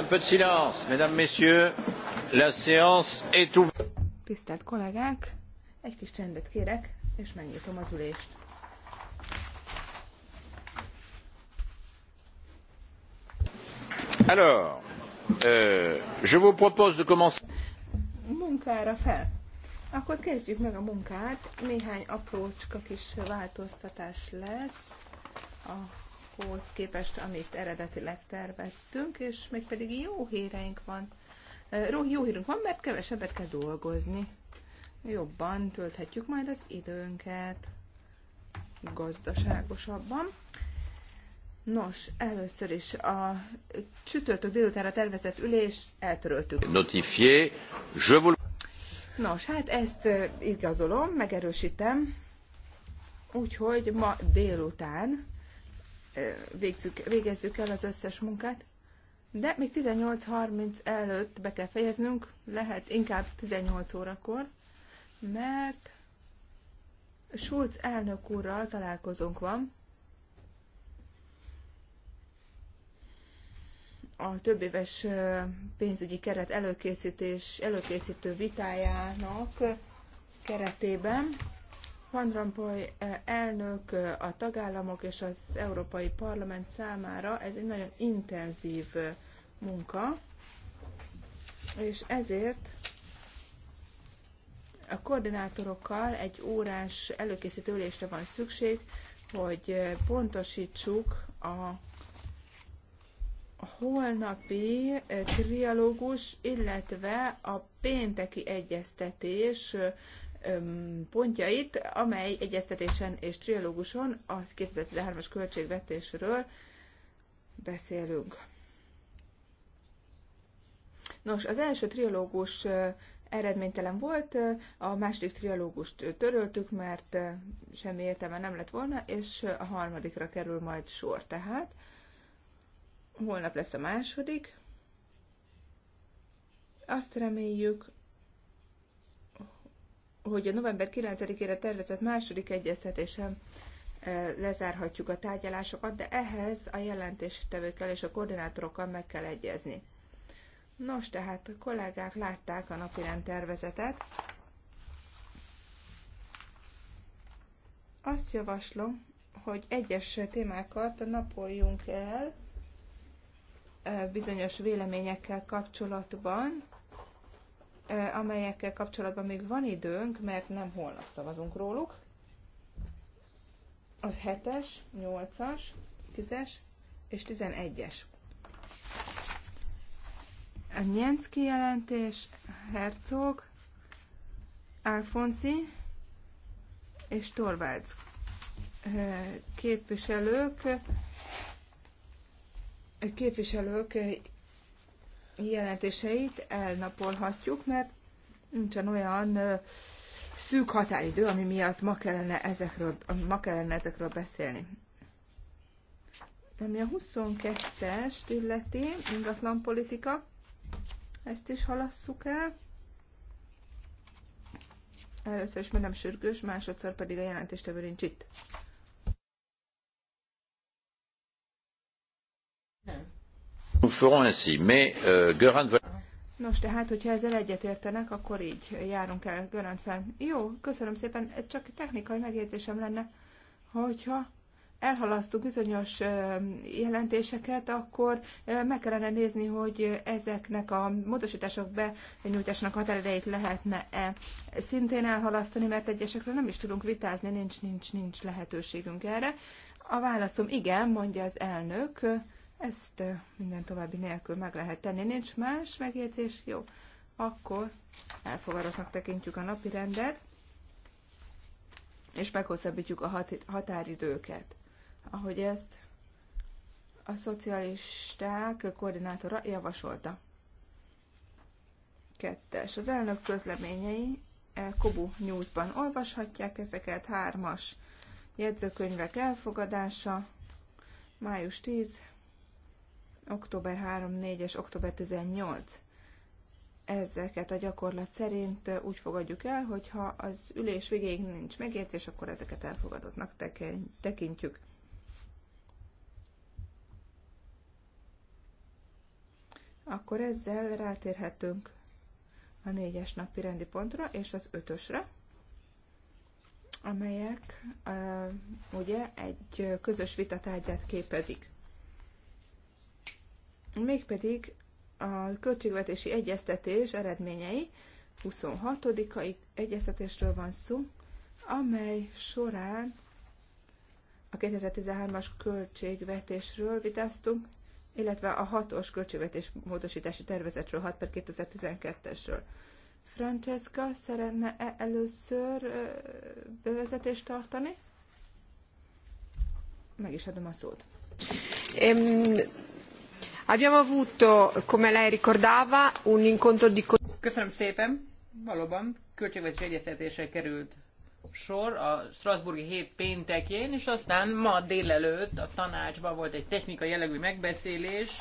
Un peu de silence, mesdames, messieurs. La séance est ouverte. Tisztelt kollégák, egy kis csendet kérek, és megnyitom az ülést. Alors, euh, je vous propose de commencer. Munkára fel. Akkor kezdjük meg a munkát. Néhány aprócska kis változtatás lesz a ahhoz képest, amit eredetileg terveztünk, és még pedig jó híreink van. Jó hírünk van, mert kevesebbet kell dolgozni. Jobban tölthetjük majd az időnket gazdaságosabban. Nos, először is a csütörtök délutára tervezett ülés eltöröltük. Notifié, je vous... Nos, hát ezt igazolom, megerősítem. Úgyhogy ma délután végzzük, végezzük el az összes munkát. De még 18.30 előtt be kell fejeznünk, lehet inkább 18 órakor, mert Schulz elnök úrral találkozunk van. A több éves pénzügyi keret előkészítés, előkészítő vitájának keretében van Rompuy eh, elnök eh, a tagállamok és az Európai Parlament számára ez egy nagyon intenzív eh, munka, és ezért a koordinátorokkal egy órás előkészítő ülésre van szükség, hogy pontosítsuk a holnapi trialógus, illetve a pénteki egyeztetés pontjait, amely egyeztetésen és trialóguson a 2013-as költségvetésről beszélünk. Nos, az első trialógus eredménytelen volt, a második trialógust töröltük, mert semmi értelme nem lett volna, és a harmadikra kerül majd sor. Tehát holnap lesz a második. Azt reméljük, hogy a november 9-ére tervezett második egyeztetésen eh, lezárhatjuk a tárgyalásokat, de ehhez a jelentéstevőkkel és a koordinátorokkal meg kell egyezni. Nos, tehát a kollégák látták a napirend tervezetet. Azt javaslom, hogy egyes témákat napoljunk el eh, bizonyos véleményekkel kapcsolatban, amelyekkel kapcsolatban még van időnk, mert nem holnap szavazunk róluk. Az 7-es, 8-as, 10-es és 11-es. A Nyenszki jelentés, Herzog, Alfonsi és Torvalds képviselők képviselők jelentéseit elnapolhatjuk, mert nincsen olyan szűk határidő, ami miatt ma kellene ezekről, ma kellene ezekről beszélni. Ami a 22-est illeti, politika, ezt is halasszuk el. Először is, mert nem sürgős, másodszor pedig a jelentéstevő nincs itt. Nem. Euh, Nos, tehát, hogyha ezzel egyetértenek, akkor így járunk el Görant fel. Jó, köszönöm szépen. Csak technikai megjegyzésem lenne, hogyha elhalasztuk bizonyos jelentéseket, akkor meg kellene nézni, hogy ezeknek a módosítások benyújtásnak határidejét lehetne-e szintén elhalasztani, mert egyesekről nem is tudunk vitázni, nincs, nincs, nincs lehetőségünk erre. A válaszom igen, mondja az elnök ezt minden további nélkül meg lehet tenni. Nincs más megjegyzés? Jó. Akkor elfogadottnak tekintjük a napi rendet, és meghosszabbítjuk a határidőket. Ahogy ezt a szocialisták koordinátora javasolta. Kettes. Az elnök közleményei e Kobu Newsban olvashatják ezeket. Hármas. Jegyzőkönyvek elfogadása. Május 10 október 3-4 és október 18. Ezeket a gyakorlat szerint úgy fogadjuk el, hogyha az ülés végéig nincs megjegyzés, akkor ezeket elfogadottnak tekintjük. Akkor ezzel rátérhetünk a négyes napi rendi pontra és az ötösre, amelyek ugye egy közös vitatárgyát képezik mégpedig a költségvetési egyeztetés eredményei, 26. egyeztetésről van szó, amely során a 2013-as költségvetésről vitáztunk, illetve a 6-os költségvetés módosítási tervezetről, 6 per 2012-esről. Francesca szeretne -e először bevezetést tartani? Meg is adom a szót. Um, Abbiamo avuto, come lei ricordava, un incontro di... Köszönöm szépen. Valóban költségvetési egyeztetésre került sor a Strasburgi hét péntekén, és aztán ma délelőtt a tanácsban volt egy technikai jellegű megbeszélés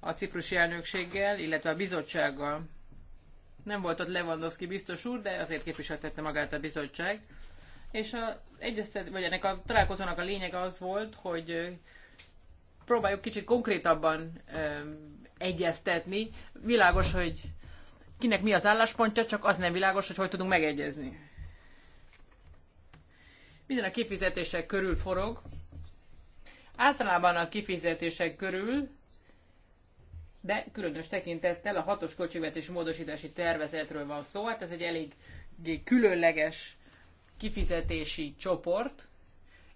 a ciprusi elnökséggel, illetve a bizottsággal. Nem volt ott Lewandowski biztos úr, de azért képviseltette magát a bizottság. És a, vagy ennek a találkozónak a lényege az volt, hogy próbáljuk kicsit konkrétabban egyeztetni. Világos, hogy kinek mi az álláspontja, csak az nem világos, hogy hogy tudunk megegyezni. Minden a kifizetések körül forog. Általában a kifizetések körül, de különös tekintettel a hatos költségvetés módosítási tervezetről van szó. Hát ez egy elég különleges kifizetési csoport.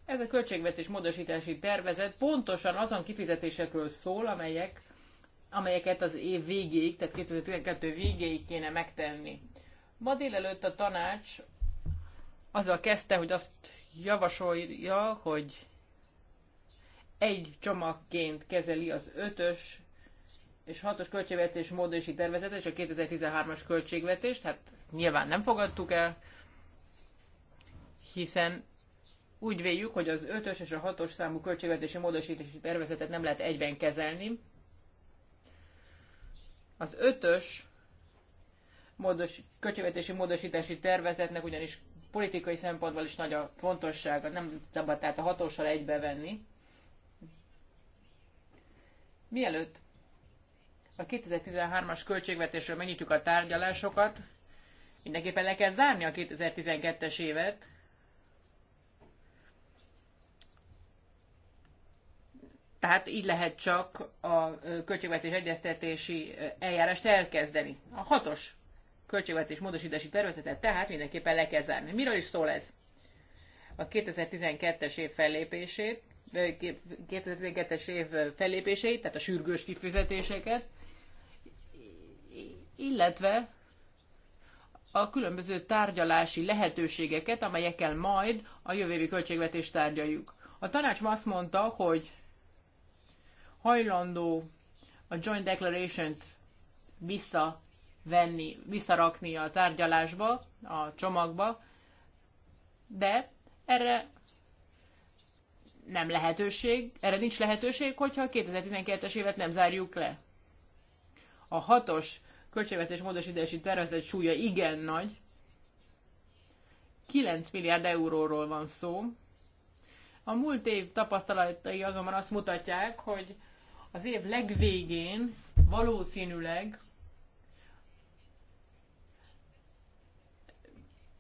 Ez a költségvetés módosítási tervezet pontosan azon kifizetésekről szól, amelyek, amelyeket az év végéig, tehát 2012 végéig kéne megtenni. Ma délelőtt a tanács azzal kezdte, hogy azt javasolja, hogy egy csomagként kezeli az ötös és hatos költségvetés módosítási tervezet és a 2013-as költségvetést, hát nyilván nem fogadtuk el, hiszen úgy véljük, hogy az 5-ös és a 6-os számú költségvetési módosítási tervezetet nem lehet egyben kezelni. Az 5-ös módos, költségvetési módosítási tervezetnek ugyanis politikai szempontból is nagy a fontossága, nem szabad tehát a hatóssal egybevenni. Mielőtt a 2013-as költségvetésről megnyitjuk a tárgyalásokat, mindenképpen le kell zárni a 2012-es évet, Tehát így lehet csak a költségvetés egyeztetési eljárást elkezdeni. A hatos költségvetés módosítási tervezetet tehát mindenképpen le kell zárni. Miről is szól ez? A 2012-es év fellépését, 2012-es év fellépéseit, tehát a sürgős kifizetéseket, illetve a különböző tárgyalási lehetőségeket, amelyekkel majd a jövő évi költségvetést tárgyaljuk. A tanács azt mondta, hogy hajlandó a Joint Declaration-t visszavenni, visszarakni a tárgyalásba, a csomagba, de erre nem lehetőség, erre nincs lehetőség, hogyha a 2012-es évet nem zárjuk le. A hatos költségvetés módosítási tervezet súlya igen nagy, 9 milliárd euróról van szó. A múlt év tapasztalatai azonban azt mutatják, hogy az év legvégén valószínűleg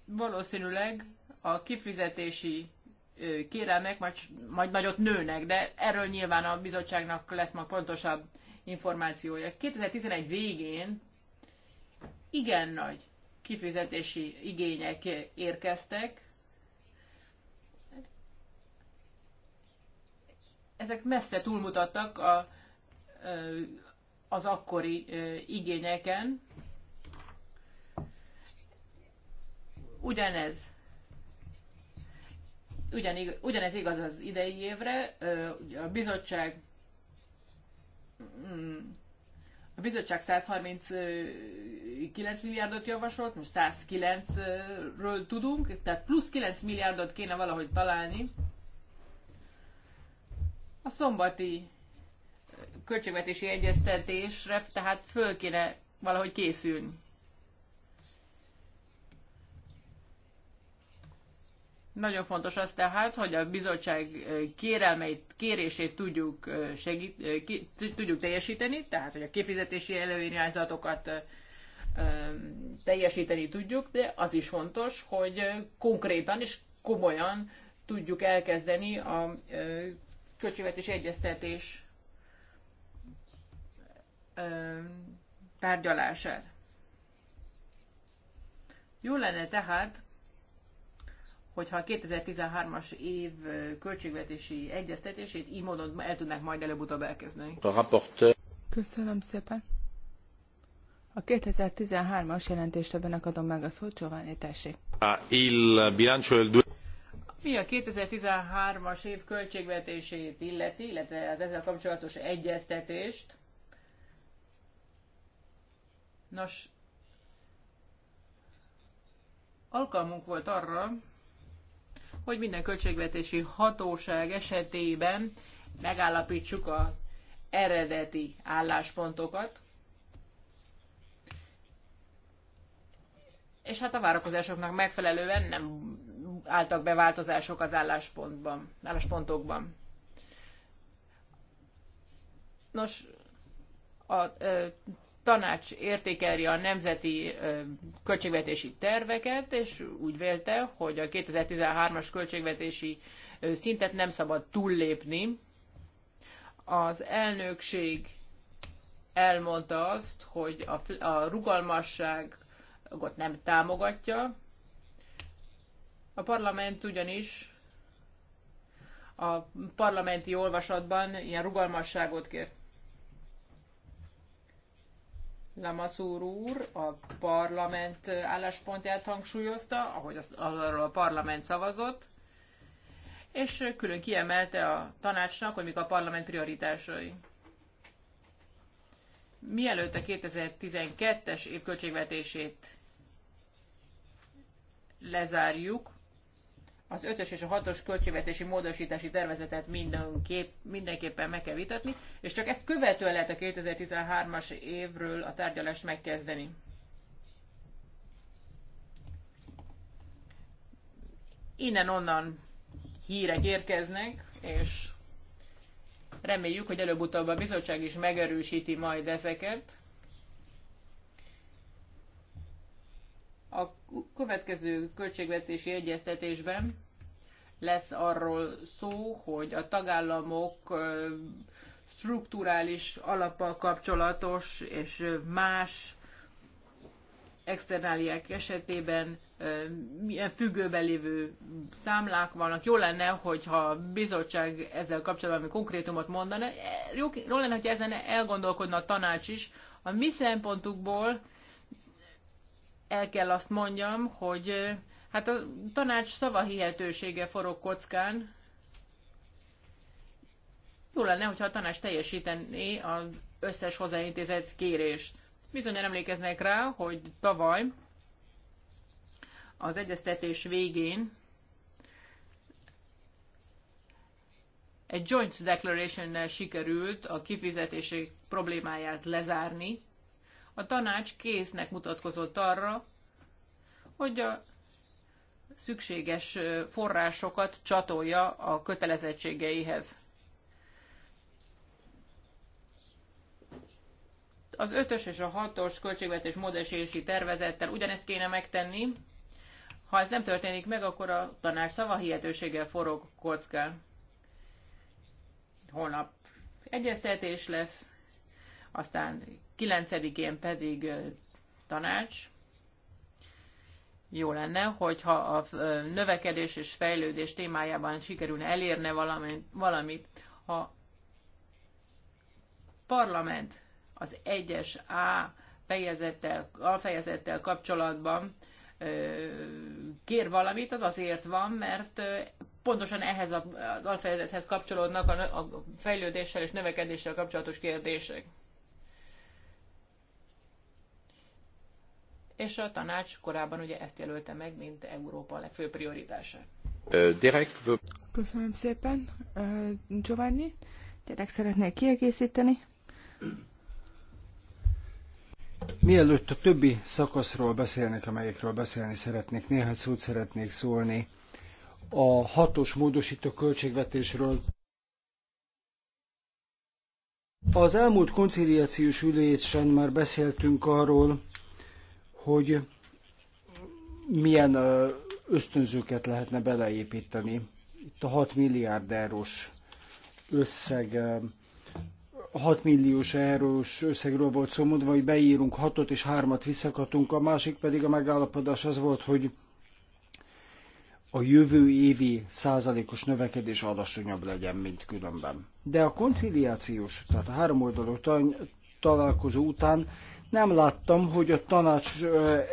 valószínűleg a kifizetési kérelmek majd, majd ott nőnek, de erről nyilván a bizottságnak lesz ma pontosabb információja. 2011 végén igen nagy kifizetési igények érkeztek. Ezek messze túlmutattak a az akkori igényeken. Ugyanez ugyan, ugyanez igaz az idei évre, a bizottság mm, a bizottság 139 milliárdot javasolt, most 109-ről tudunk, tehát plusz 9 milliárdot kéne valahogy találni. A szombati költségvetési egyeztetésre, tehát föl kéne valahogy készülni. Nagyon fontos az tehát, hogy a bizottság kérelmeit, kérését tudjuk, segít, ki, tudjuk teljesíteni, tehát hogy a kifizetési előirányzatokat teljesíteni tudjuk, de az is fontos, hogy konkrétan és komolyan tudjuk elkezdeni a költségvetési egyeztetés tárgyalását. Jó lenne tehát, hogyha a 2013-as év költségvetési egyeztetését így módon el tudnánk majd előbb-utóbb elkezdeni. Köszönöm szépen. A 2013-as jelentést ebben adom meg a szót, Giovanni, tessék. Mi a 2013-as év költségvetését illeti, illetve az ezzel kapcsolatos egyeztetést, Nos, alkalmunk volt arra, hogy minden költségvetési hatóság esetében megállapítsuk az eredeti álláspontokat, és hát a várakozásoknak megfelelően nem álltak be változások az álláspontban, álláspontokban. Nos, a ö, tanács értékeli a nemzeti költségvetési terveket, és úgy vélte, hogy a 2013-as költségvetési szintet nem szabad túllépni. Az elnökség elmondta azt, hogy a, rugalmasságot nem támogatja. A parlament ugyanis a parlamenti olvasatban ilyen rugalmasságot kért. Lamaszúr úr a parlament álláspontját hangsúlyozta, ahogy az, arról a parlament szavazott, és külön kiemelte a tanácsnak, hogy mik a parlament prioritásai. Mielőtt a 2012-es év költségvetését lezárjuk, az 5-ös és a 6-os költségvetési módosítási tervezetet mindenképp, mindenképpen meg kell vitatni, és csak ezt követően lehet a 2013-as évről a tárgyalást megkezdeni. Innen-onnan hírek érkeznek, és reméljük, hogy előbb-utóbb a bizottság is megerősíti majd ezeket. A következő költségvetési egyeztetésben lesz arról szó, hogy a tagállamok strukturális alappal kapcsolatos és más externáliák esetében milyen függőben lévő számlák vannak. Jó lenne, hogyha a bizottság ezzel kapcsolatban valami konkrétumot mondana. Jó, jó lenne, hogy ezen elgondolkodna a tanács is. A mi szempontukból el kell azt mondjam, hogy hát a tanács hihetősége forog kockán. Jó lenne, hogyha a tanács teljesítené az összes hozzáintézett kérést. Bizony emlékeznek rá, hogy tavaly az egyeztetés végén egy joint declaration sikerült a kifizetések problémáját lezárni, a tanács késznek mutatkozott arra, hogy a szükséges forrásokat csatolja a kötelezettségeihez. Az ötös és a hatos költségvetés módosítási tervezettel ugyanezt kéne megtenni. Ha ez nem történik meg, akkor a tanács szavahihetőséggel forog kockán. Holnap egyeztetés lesz, aztán 9-én pedig tanács. Jó lenne, hogyha a növekedés és fejlődés témájában sikerülne elérne valamit, valamit ha parlament az 1-es A fejezettel, alfejezettel kapcsolatban kér valamit, az azért van, mert pontosan ehhez az alfejezethez kapcsolódnak a fejlődéssel és növekedéssel kapcsolatos kérdések. és a tanács korábban ugye ezt jelölte meg, mint Európa legfőbb prioritása. Köszönöm szépen, Giovanni. Gyerek szeretnél kiegészíteni? Mielőtt a többi szakaszról beszélnek, amelyekről beszélni szeretnék, néhány szót szeretnék szólni a hatos módosító költségvetésről. Az elmúlt konciliációs ülésen már beszéltünk arról, hogy milyen ösztönzőket lehetne beleépíteni. Itt a 6 milliárd eurós összeg 6 milliós eurós összegről volt szó, mondva, hogy beírunk 6-ot és 3-at visszakatunk, a másik pedig a megállapodás az volt, hogy a jövő évi százalékos növekedés alacsonyabb legyen, mint különben. De a konciliációs, tehát a három oldalú találkozó után nem láttam, hogy a tanács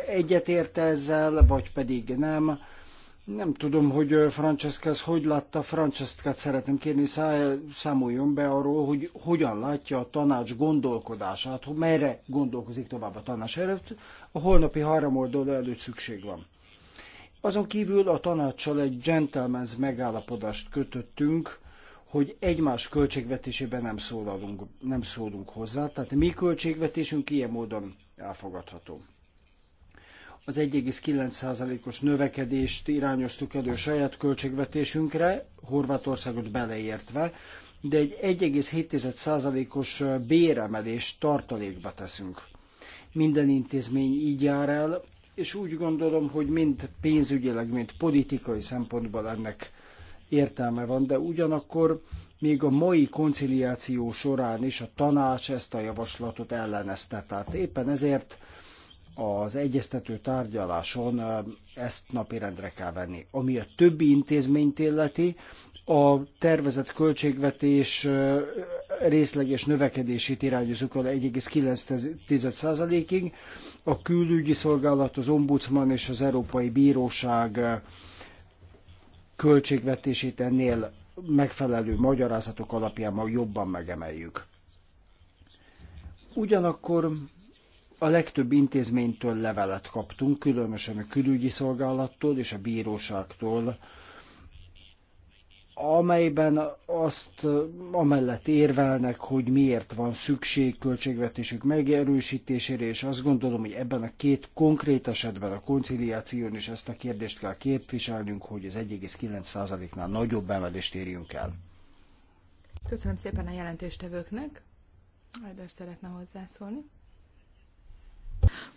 egyetérte ezzel, vagy pedig nem. Nem tudom, hogy Francesca hogy látta. francesca szeretném kérni, számoljon be arról, hogy hogyan látja a tanács gondolkodását, hogy merre gondolkozik tovább a tanács előtt. A holnapi három oldal előtt szükség van. Azon kívül a tanácssal egy gentleman's megállapodást kötöttünk, hogy egymás költségvetésében nem, szólalunk, nem szólunk hozzá, tehát mi költségvetésünk ilyen módon elfogadható. Az 1,9%-os növekedést irányoztuk elő saját költségvetésünkre, Horvátországot beleértve, de egy 1,7%-os béremelést tartalékba teszünk. Minden intézmény így jár el, és úgy gondolom, hogy mind pénzügyileg, mind politikai szempontból ennek értelme van, de ugyanakkor még a mai konciliáció során is a tanács ezt a javaslatot ellenezte. Tehát éppen ezért az egyeztető tárgyaláson ezt napirendre kell venni. Ami a többi intézményt illeti, a tervezett költségvetés részleges növekedését irányozunk el 1,9%-ig. A külügyi szolgálat, az ombudsman és az Európai Bíróság költségvetését ennél megfelelő magyarázatok alapján ma jobban megemeljük. Ugyanakkor a legtöbb intézménytől levelet kaptunk, különösen a külügyi szolgálattól és a bíróságtól, amelyben azt amellett érvelnek, hogy miért van szükség költségvetésük megerősítésére, és azt gondolom, hogy ebben a két konkrét esetben a konciliáción is ezt a kérdést kell képviselnünk, hogy az 1,9%-nál nagyobb emelést érjünk el. Köszönöm szépen a jelentéstevőknek. Ajder szeretne hozzászólni.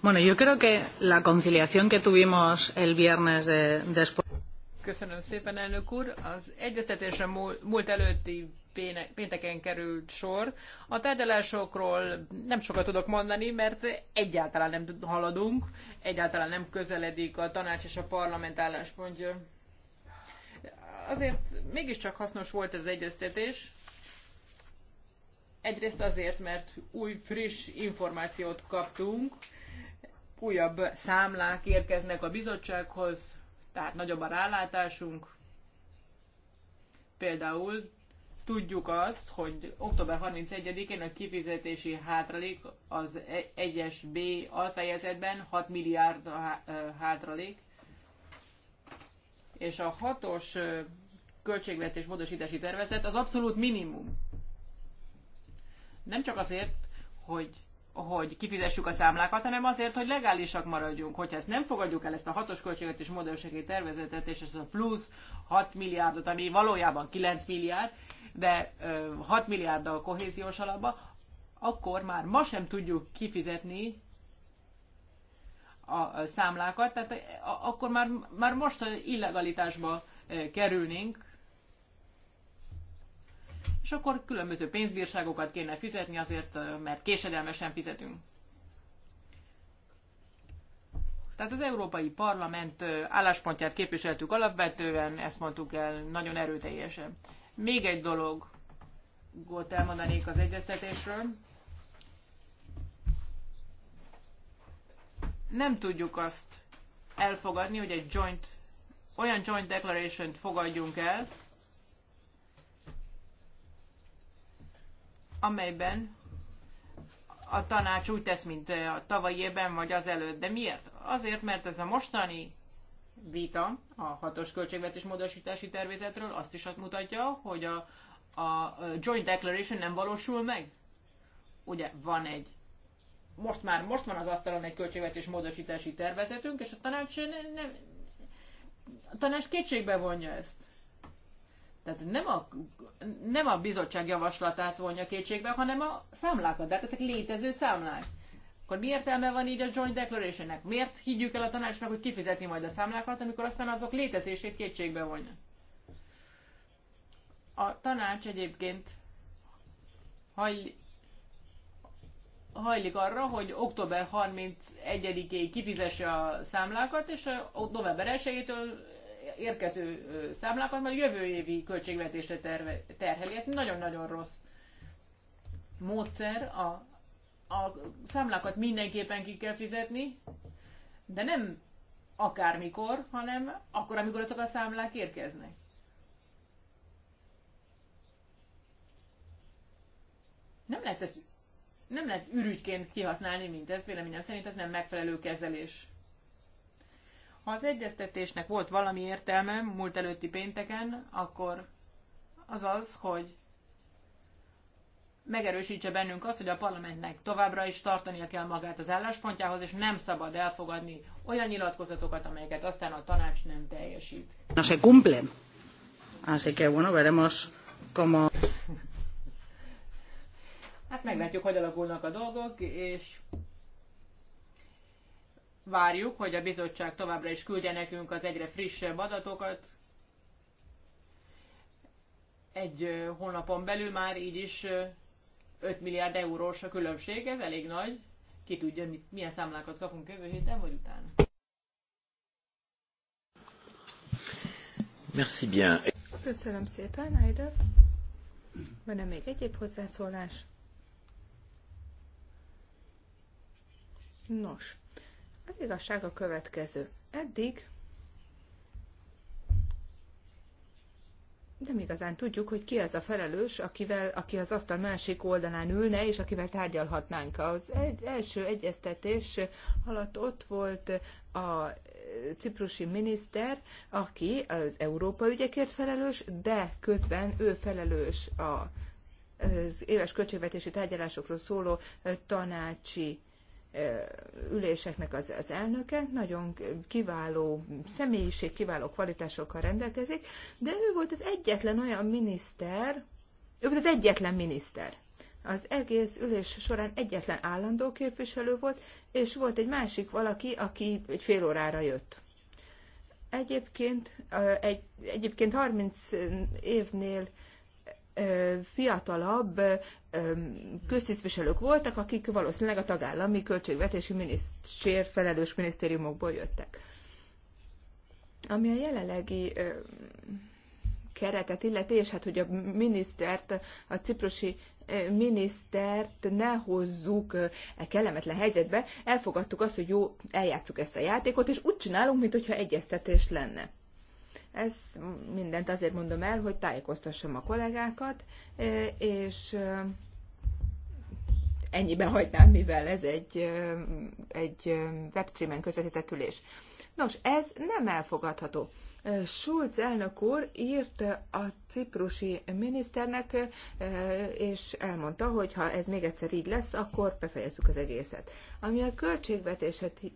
Bueno, yo creo que la conciliación que tuvimos el viernes de, después... Köszönöm szépen, elnök úr. Az egyeztetésre múlt előtti pénteken került sor. A tárgyalásokról nem sokat tudok mondani, mert egyáltalán nem haladunk, egyáltalán nem közeledik a tanács és a parlament álláspontja. Azért mégiscsak hasznos volt az egyeztetés. Egyrészt azért, mert új, friss információt kaptunk, újabb számlák érkeznek a bizottsághoz, tehát nagyobb a rálátásunk. Például tudjuk azt, hogy október 31-én a kifizetési hátralék az 1-es B alfejezetben 6 milliárd hátralék, és a hatos költségvetés módosítási tervezet az abszolút minimum. Nem csak azért, hogy hogy kifizessük a számlákat, hanem azért, hogy legálisak maradjunk. Hogyha ezt nem fogadjuk el, ezt a hatos költségvetés modellsegély tervezetet, és ezt a plusz 6 milliárdot, ami valójában 9 milliárd, de 6 milliárd a kohéziós alapba, akkor már ma sem tudjuk kifizetni a számlákat, tehát akkor már, már most illegalitásba kerülnénk, és akkor különböző pénzbírságokat kéne fizetni azért, mert késedelmesen fizetünk. Tehát az Európai Parlament álláspontját képviseltük alapvetően, ezt mondtuk el nagyon erőteljesen. Még egy dolog, volt elmondanék az egyeztetésről. Nem tudjuk azt elfogadni, hogy egy joint, olyan joint declaration-t fogadjunk el, amelyben a tanács úgy tesz, mint eh, a tavalyi évben vagy az előtt. De miért? Azért, mert ez a mostani vita a hatos költségvetés módosítási tervezetről azt is azt mutatja, hogy a, a joint declaration nem valósul meg. Ugye van egy most már most van az asztalon egy költségvetés módosítási tervezetünk, és a tanács ne, ne, a tanács kétségbe vonja ezt. Tehát nem a, nem a bizottság javaslatát vonja kétségbe, hanem a számlákat, de hát ezek létező számlák. Akkor mi értelme van így a joint declarationnek? Miért higgyük el a tanácsnak, hogy kifizeti majd a számlákat, amikor aztán azok létezését kétségbe vonja? A tanács egyébként hajl, hajlik arra, hogy október 31-ig kifizesse a számlákat, és a november 1-től érkező számlákat majd jövő évi költségvetésre terve, terheli. Ez nagyon-nagyon rossz módszer. A, a számlákat mindenképpen ki kell fizetni, de nem akármikor, hanem akkor, amikor azok a számlák érkeznek. Nem lehet ezt nem lehet ürügyként kihasználni, mint ez, véleményem szerint ez nem megfelelő kezelés. Ha az egyeztetésnek volt valami értelme múlt előtti pénteken, akkor az az, hogy megerősítse bennünk azt, hogy a parlamentnek továbbra is tartania kell magát az álláspontjához, és nem szabad elfogadni olyan nyilatkozatokat, amelyeket aztán a tanács nem teljesít. No se cumplen. Así que bueno, veremos cómo... Hát meglátjuk, hogy alakulnak a dolgok, és várjuk, hogy a bizottság továbbra is küldje nekünk az egyre frissebb adatokat. Egy hónapon belül már így is 5 milliárd eurós a különbség, ez elég nagy. Ki tudja, mit, milyen számlákat kapunk jövő héten vagy utána. Merci bien. Köszönöm szépen, Aida. Van-e még egyéb hozzászólás? Nos, az igazság a következő. Eddig nem igazán tudjuk, hogy ki az a felelős, akivel, aki az asztal másik oldalán ülne, és akivel tárgyalhatnánk. Az egy, első egyeztetés alatt ott volt a ciprusi miniszter, aki az Európa ügyekért felelős, de közben ő felelős a az éves költségvetési tárgyalásokról szóló tanácsi üléseknek az, az elnöke, nagyon kiváló személyiség, kiváló kvalitásokkal rendelkezik, de ő volt az egyetlen olyan miniszter, ő volt az egyetlen miniszter. Az egész ülés során egyetlen állandó képviselő volt, és volt egy másik valaki, aki egy fél órára jött. Egyébként, egy, egyébként 30 évnél fiatalabb köztisztviselők voltak, akik valószínűleg a tagállami költségvetési minisztér felelős minisztériumokból jöttek. Ami a jelenlegi keretet illeti, és hát hogy a minisztert, a ciprusi minisztert ne hozzuk e kellemetlen helyzetbe, elfogadtuk azt, hogy jó, eljátszuk ezt a játékot, és úgy csinálunk, mintha egyeztetés lenne. Ez mindent azért mondom el, hogy tájékoztassam a kollégákat, e, és e, ennyiben hagynám, mivel ez egy, e, egy webstreamen közvetített ülés. Nos, ez nem elfogadható. Schulz elnök úr írt a ciprusi miniszternek, eh, és elmondta, hogy ha ez még egyszer így lesz, akkor befejezzük az egészet. Ami a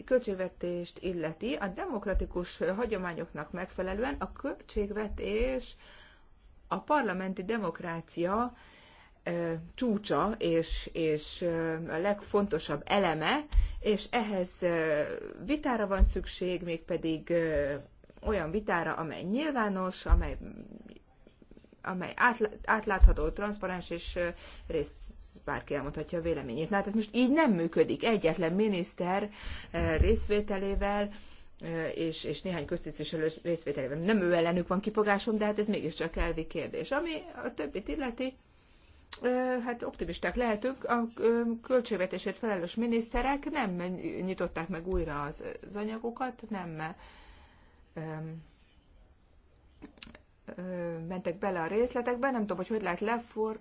költségvetést illeti, a demokratikus hagyományoknak megfelelően a költségvetés a parlamenti demokrácia eh, csúcsa és, és eh, a legfontosabb eleme, és ehhez vitára van szükség, mégpedig olyan vitára, amely nyilvános, amely, amely átlátható, transzparens és részt bárki elmondhatja a véleményét. Na hát ez most így nem működik. Egyetlen miniszter részvételével és, és néhány köztisztviselő részvételével. Nem ő ellenük van kifogásom, de hát ez mégiscsak elvi kérdés. Ami a többit illeti, hát optimisták lehetünk, a költségvetésért felelős miniszterek nem nyitották meg újra az, az anyagokat, nem mentek bele a részletekbe, nem tudom, hogy hogy lehet lefor,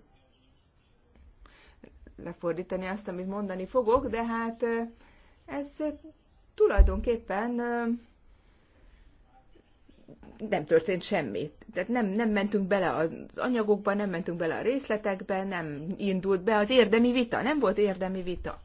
lefordítani azt, amit mondani fogok, de hát ez tulajdonképpen nem történt semmi. Tehát nem, nem mentünk bele az anyagokba, nem mentünk bele a részletekbe, nem indult be az érdemi vita, nem volt érdemi vita.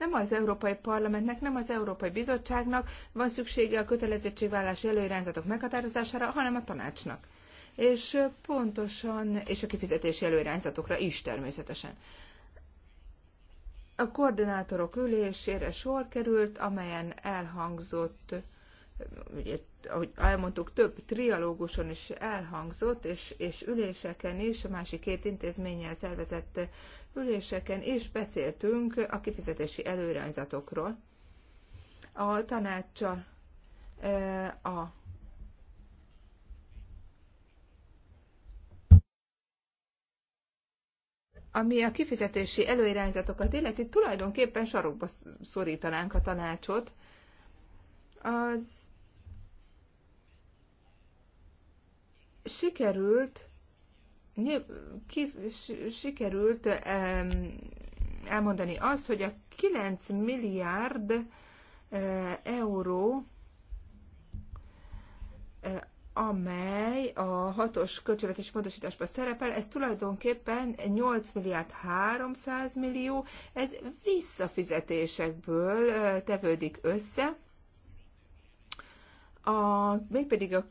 Nem az Európai Parlamentnek, nem az Európai Bizottságnak van szüksége a kötelezettségvállási előirányzatok meghatározására, hanem a tanácsnak. És pontosan, és a kifizetési előirányzatokra is természetesen. A koordinátorok ülésére sor került, amelyen elhangzott ugye, ahogy elmondtuk, több trialóguson is elhangzott, és, és üléseken is, a másik két intézménnyel szervezett üléseken is beszéltünk a kifizetési előirányzatokról. A tanácsa e, a ami a kifizetési előirányzatokat illeti, tulajdonképpen sarokba szorítanánk a tanácsot. Az sikerült ki, sikerült elmondani azt, hogy a 9 milliárd e, euró, e, amely a hatos költségvetési módosításban szerepel, ez tulajdonképpen 8 milliárd 300 millió, ez visszafizetésekből e, tevődik össze, a, mégpedig a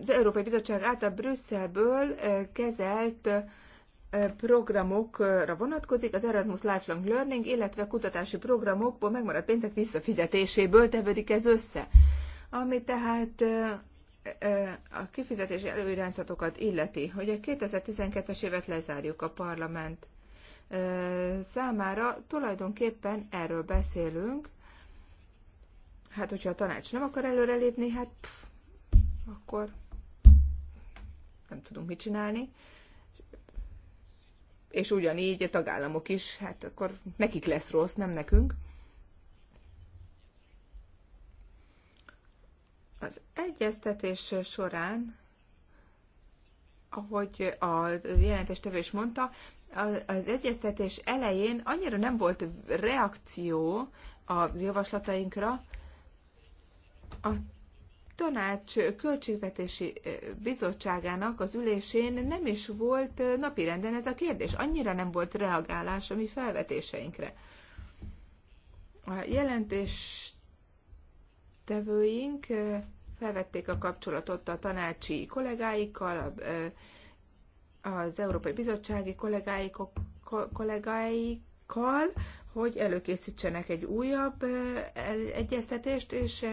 az Európai Bizottság által Brüsszelből kezelt programokra vonatkozik, az Erasmus Lifelong Learning, illetve kutatási programokból megmaradt pénzek visszafizetéséből tevődik ez össze. Ami tehát a kifizetési előirányzatokat illeti, hogy a 2012-es évet lezárjuk a parlament számára, tulajdonképpen erről beszélünk. Hát, hogyha a tanács nem akar előrelépni, hát pff, akkor nem tudunk mit csinálni. És ugyanígy a tagállamok is, hát akkor nekik lesz rossz, nem nekünk. Az egyeztetés során, ahogy a tevő is mondta, az egyeztetés elején annyira nem volt reakció a javaslatainkra, a tanács költségvetési bizottságának az ülésén nem is volt napirenden ez a kérdés. Annyira nem volt reagálás a mi felvetéseinkre. A jelentéstevőink felvették a kapcsolatot a tanácsi kollégáikkal, az Európai Bizottsági kollégáikkal, hogy előkészítsenek egy újabb egyeztetést, és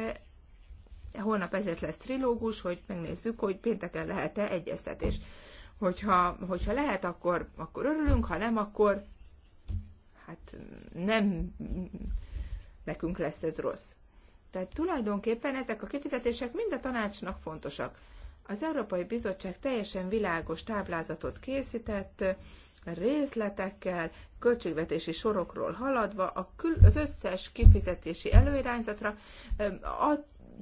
holnap ezért lesz trilógus, hogy megnézzük, hogy pénteken lehet-e egyeztetés. Hogyha, hogyha lehet, akkor, akkor örülünk, ha nem, akkor hát nem nekünk lesz ez rossz. Tehát tulajdonképpen ezek a kifizetések mind a tanácsnak fontosak. Az Európai Bizottság teljesen világos táblázatot készített, részletekkel, költségvetési sorokról haladva a kül, az összes kifizetési előirányzatra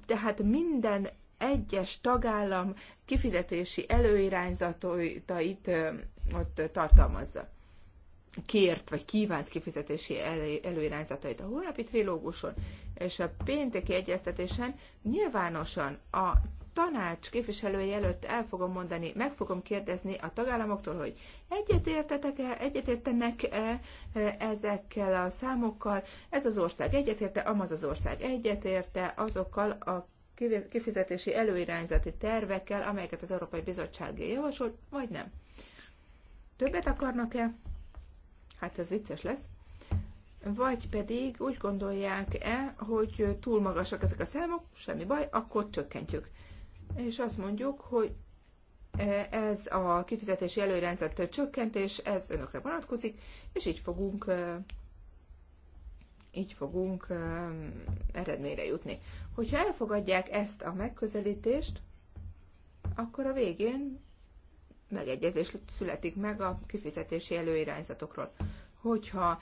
tehát minden egyes tagállam kifizetési előirányzatait ott tartalmazza kért vagy kívánt kifizetési előirányzatait a holnapi trilóguson és a pénteki egyeztetésen nyilvánosan a tanács képviselői előtt el fogom mondani, meg fogom kérdezni a tagállamoktól, hogy egyetértetek-e, egyetértenek-e e, ezekkel a számokkal, ez az ország egyetérte, amaz az ország egyetérte azokkal a kifizetési előirányzati tervekkel, amelyeket az Európai Bizottság javasolt, vagy nem. Többet akarnak-e? Hát ez vicces lesz vagy pedig úgy gondolják-e, hogy túl magasak ezek a számok, semmi baj, akkor csökkentjük és azt mondjuk, hogy e, ez a kifizetési előrendzett csökkentés, ez önökre vonatkozik, és így fogunk e, így fogunk e, eredményre jutni. Hogyha elfogadják ezt a megközelítést, akkor a végén megegyezés születik meg a kifizetési előirányzatokról. Hogyha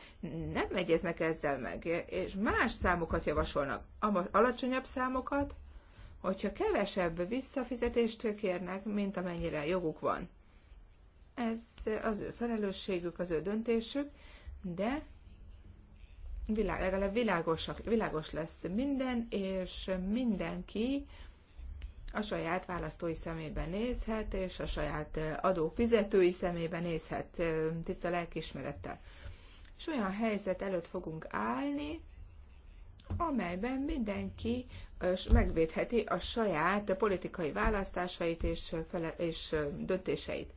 nem egyeznek ezzel meg, és más számokat javasolnak, alacsonyabb számokat, hogyha kevesebb visszafizetést kérnek, mint amennyire joguk van. Ez az ő felelősségük, az ő döntésük, de világ, legalább világos, világos lesz minden, és mindenki a saját választói szemébe nézhet, és a saját adófizetői szemébe nézhet tiszta lelkismerettel. És olyan helyzet előtt fogunk állni, amelyben mindenki megvédheti a saját politikai választásait és, fele, és döntéseit.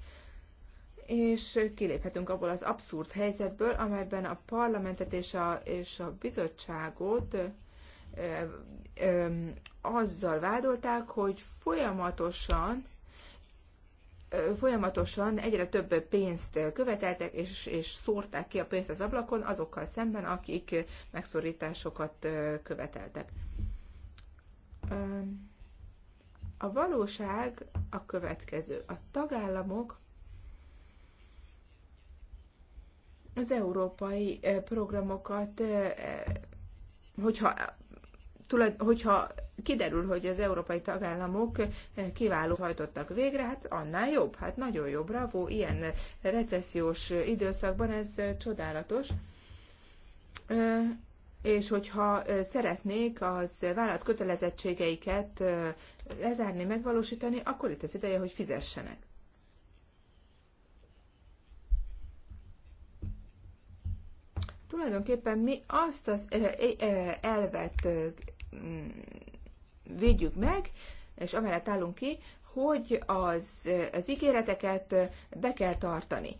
És kiléphetünk abból az abszurd helyzetből, amelyben a parlamentet és a, és a bizottságot ö, ö, azzal vádolták, hogy folyamatosan folyamatosan egyre több pénzt követeltek, és, és szórták ki a pénzt az ablakon azokkal szemben, akik megszorításokat követeltek. A valóság a következő. A tagállamok az európai programokat, hogyha, hogyha kiderül, hogy az európai tagállamok kiváló hajtottak végre, hát annál jobb, hát nagyon jobb, bravo, ilyen recessziós időszakban ez csodálatos és hogyha szeretnék az vállalat kötelezettségeiket lezárni, megvalósítani, akkor itt az ideje, hogy fizessenek. Tulajdonképpen mi azt az elvet védjük meg, és amellett állunk ki, hogy az, az ígéreteket be kell tartani.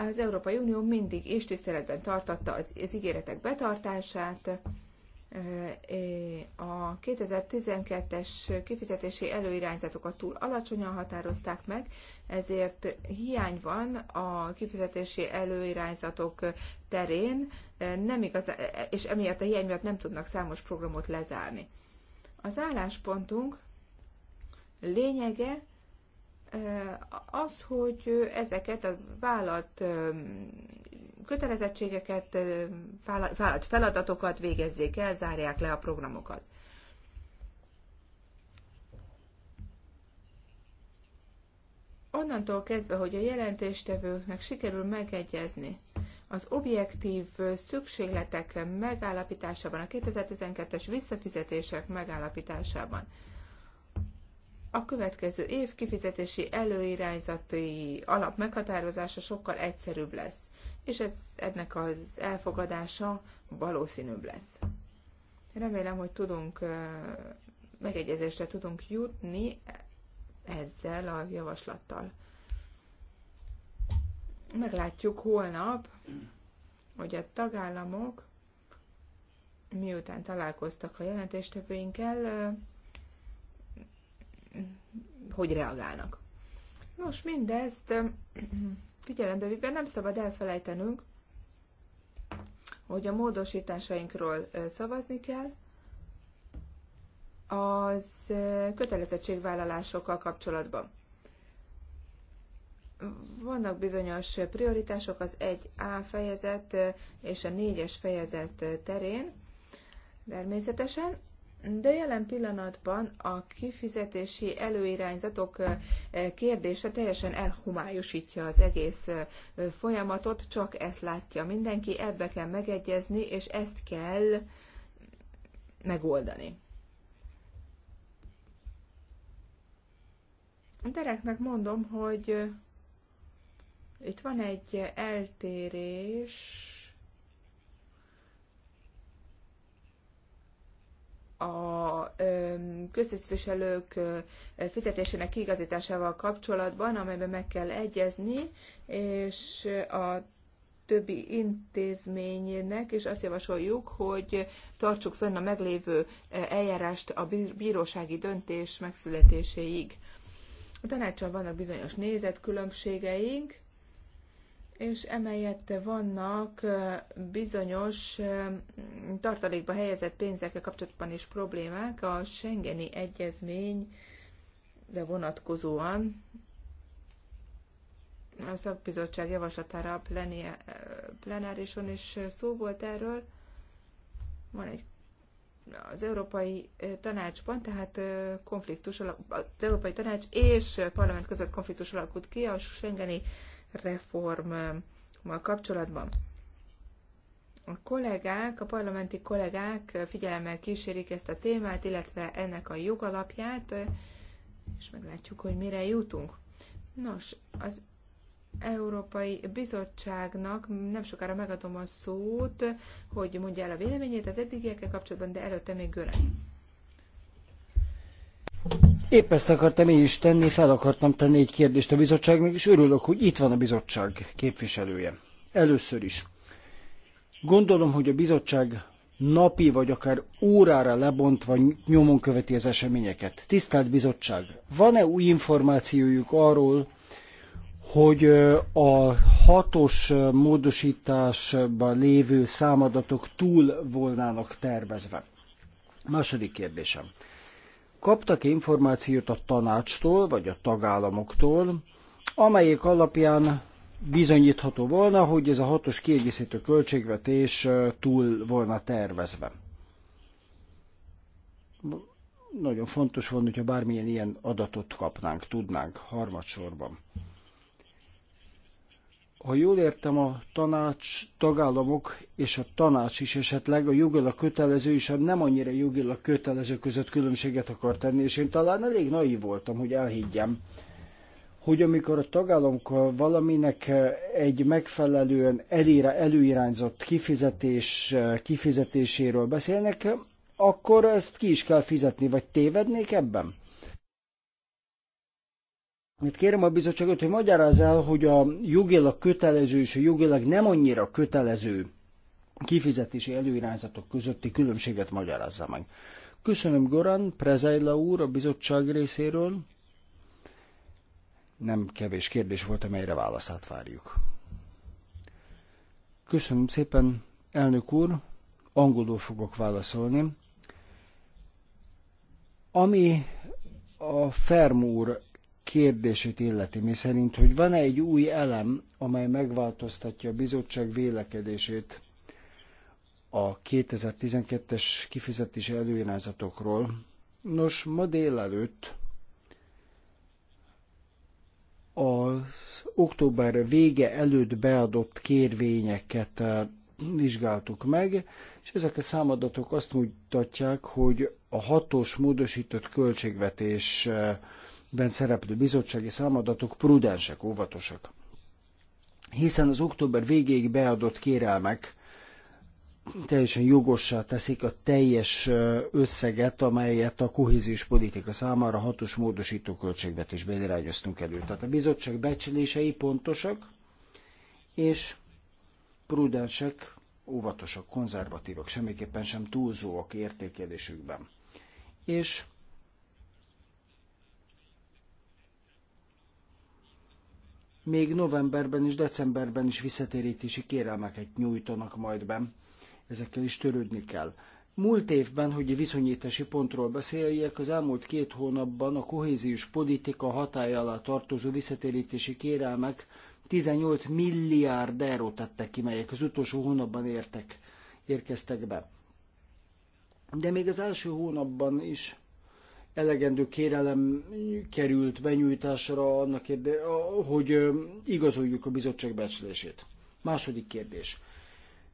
Az Európai Unió mindig is tiszteletben tartotta az, az ígéretek betartását, a 2012-es kifizetési előirányzatokat túl alacsonyan határozták meg, ezért hiány van a kifizetési előirányzatok terén, nem igaz, és emiatt a hiány miatt nem tudnak számos programot lezárni. Az álláspontunk lényege az, hogy ezeket a vállalt kötelezettségeket, vállalt feladatokat végezzék el, zárják le a programokat. Onnantól kezdve, hogy a jelentéstevőknek sikerül megegyezni az objektív szükségletek megállapításában, a 2012-es visszafizetések megállapításában, a következő év kifizetési előirányzati alap meghatározása sokkal egyszerűbb lesz, és ez, ennek az elfogadása valószínűbb lesz. Remélem, hogy tudunk megegyezésre tudunk jutni ezzel a javaslattal. Meglátjuk holnap, hogy a tagállamok miután találkoztak a jelentéstevőinkkel, hogy reagálnak. Nos, mindezt figyelembe véve nem szabad elfelejtenünk, hogy a módosításainkról szavazni kell, az kötelezettségvállalásokkal kapcsolatban. Vannak bizonyos prioritások az 1A fejezet és a 4-es fejezet terén, természetesen, de jelen pillanatban a kifizetési előirányzatok kérdése teljesen elhumályosítja az egész folyamatot, csak ezt látja mindenki, ebbe kell megegyezni, és ezt kell megoldani. Dereknek mondom, hogy itt van egy eltérés, a köztisztviselők fizetésének kiigazításával kapcsolatban, amelyben meg kell egyezni, és a többi intézménynek, és azt javasoljuk, hogy tartsuk fönn a meglévő eljárást a bírósági döntés megszületéséig. A tanácsal vannak bizonyos nézetkülönbségeink, és emellett vannak bizonyos tartalékba helyezett pénzekkel kapcsolatban is problémák a Schengeni egyezményre vonatkozóan. A szakbizottság javaslatára a plenárison is szó volt erről. Van egy az Európai Tanácsban, tehát konfliktus alak, az Európai Tanács és Parlament között konfliktus alakult ki a Schengeni reformmal kapcsolatban. A kollégák, a parlamenti kollégák figyelemmel kísérik ezt a témát, illetve ennek a jogalapját, és meglátjuk, hogy mire jutunk. Nos, az Európai Bizottságnak nem sokára megadom a szót, hogy mondja el a véleményét az eddigiekkel kapcsolatban, de előtte még görög. Épp ezt akartam én is tenni, fel akartam tenni egy kérdést a bizottságnak, és örülök, hogy itt van a bizottság képviselője. Először is. Gondolom, hogy a bizottság napi vagy akár órára lebontva nyomon követi az eseményeket. Tisztelt bizottság, van-e új információjuk arról, hogy a hatos módosításban lévő számadatok túl volnának tervezve? Második kérdésem kaptak -e információt a tanácstól, vagy a tagállamoktól, amelyek alapján bizonyítható volna, hogy ez a hatos kiegészítő költségvetés túl volna tervezve. Nagyon fontos volna, hogyha bármilyen ilyen adatot kapnánk, tudnánk harmadsorban ha jól értem, a tanács, tagállamok és a tanács is esetleg a jogilag kötelező és a nem annyira jogilag kötelező között különbséget akar tenni, és én talán elég naív voltam, hogy elhiggyem, hogy amikor a tagállamok valaminek eh, egy megfelelően elére előirányzott kifizetés, eh, kifizetéséről beszélnek, eh, akkor ezt ki is kell fizetni, vagy tévednék ebben? Mit kérem a bizottságot, hogy magyarázz el, hogy a jogilag kötelező és a jogilag nem annyira kötelező kifizetési előirányzatok közötti különbséget magyarázza meg. Köszönöm Goran, Prezajla úr a bizottság részéről. Nem kevés kérdés volt, amelyre válaszát várjuk. Köszönöm szépen, elnök úr, angolul fogok válaszolni. Ami a Ferm úr kérdését illeti, mi szerint, hogy van-e egy új elem, amely megváltoztatja a bizottság vélekedését a 2012-es kifizetési előirányzatokról. Nos, ma délelőtt az október vége előtt beadott kérvényeket eh, vizsgáltuk meg, és ezek a számadatok azt mutatják, hogy a hatos módosított költségvetés eh, ben szereplő bizottsági számadatok prudensek, óvatosak. Hiszen az október végéig beadott kérelmek teljesen jogossá teszik a teljes összeget, amelyet a kohéziós politika számára hatos módosító költségvetésbe irányoztunk elő. Tehát a bizottság becslései pontosak, és prudensek, óvatosak, konzervatívak, semmiképpen sem túlzóak értékelésükben. És még novemberben és decemberben is visszatérítési kérelmeket nyújtanak majd be. Ezekkel is törődni kell. Múlt évben, hogy viszonyítási pontról beszéljek, az elmúlt két hónapban a kohéziós politika hatája alá tartozó visszatérítési kérelmek 18 milliárd eurót tettek ki, melyek az utolsó hónapban értek, érkeztek be. De még az első hónapban is elegendő kérelem került benyújtásra annak érde, hogy igazoljuk a bizottság becslését. Második kérdés.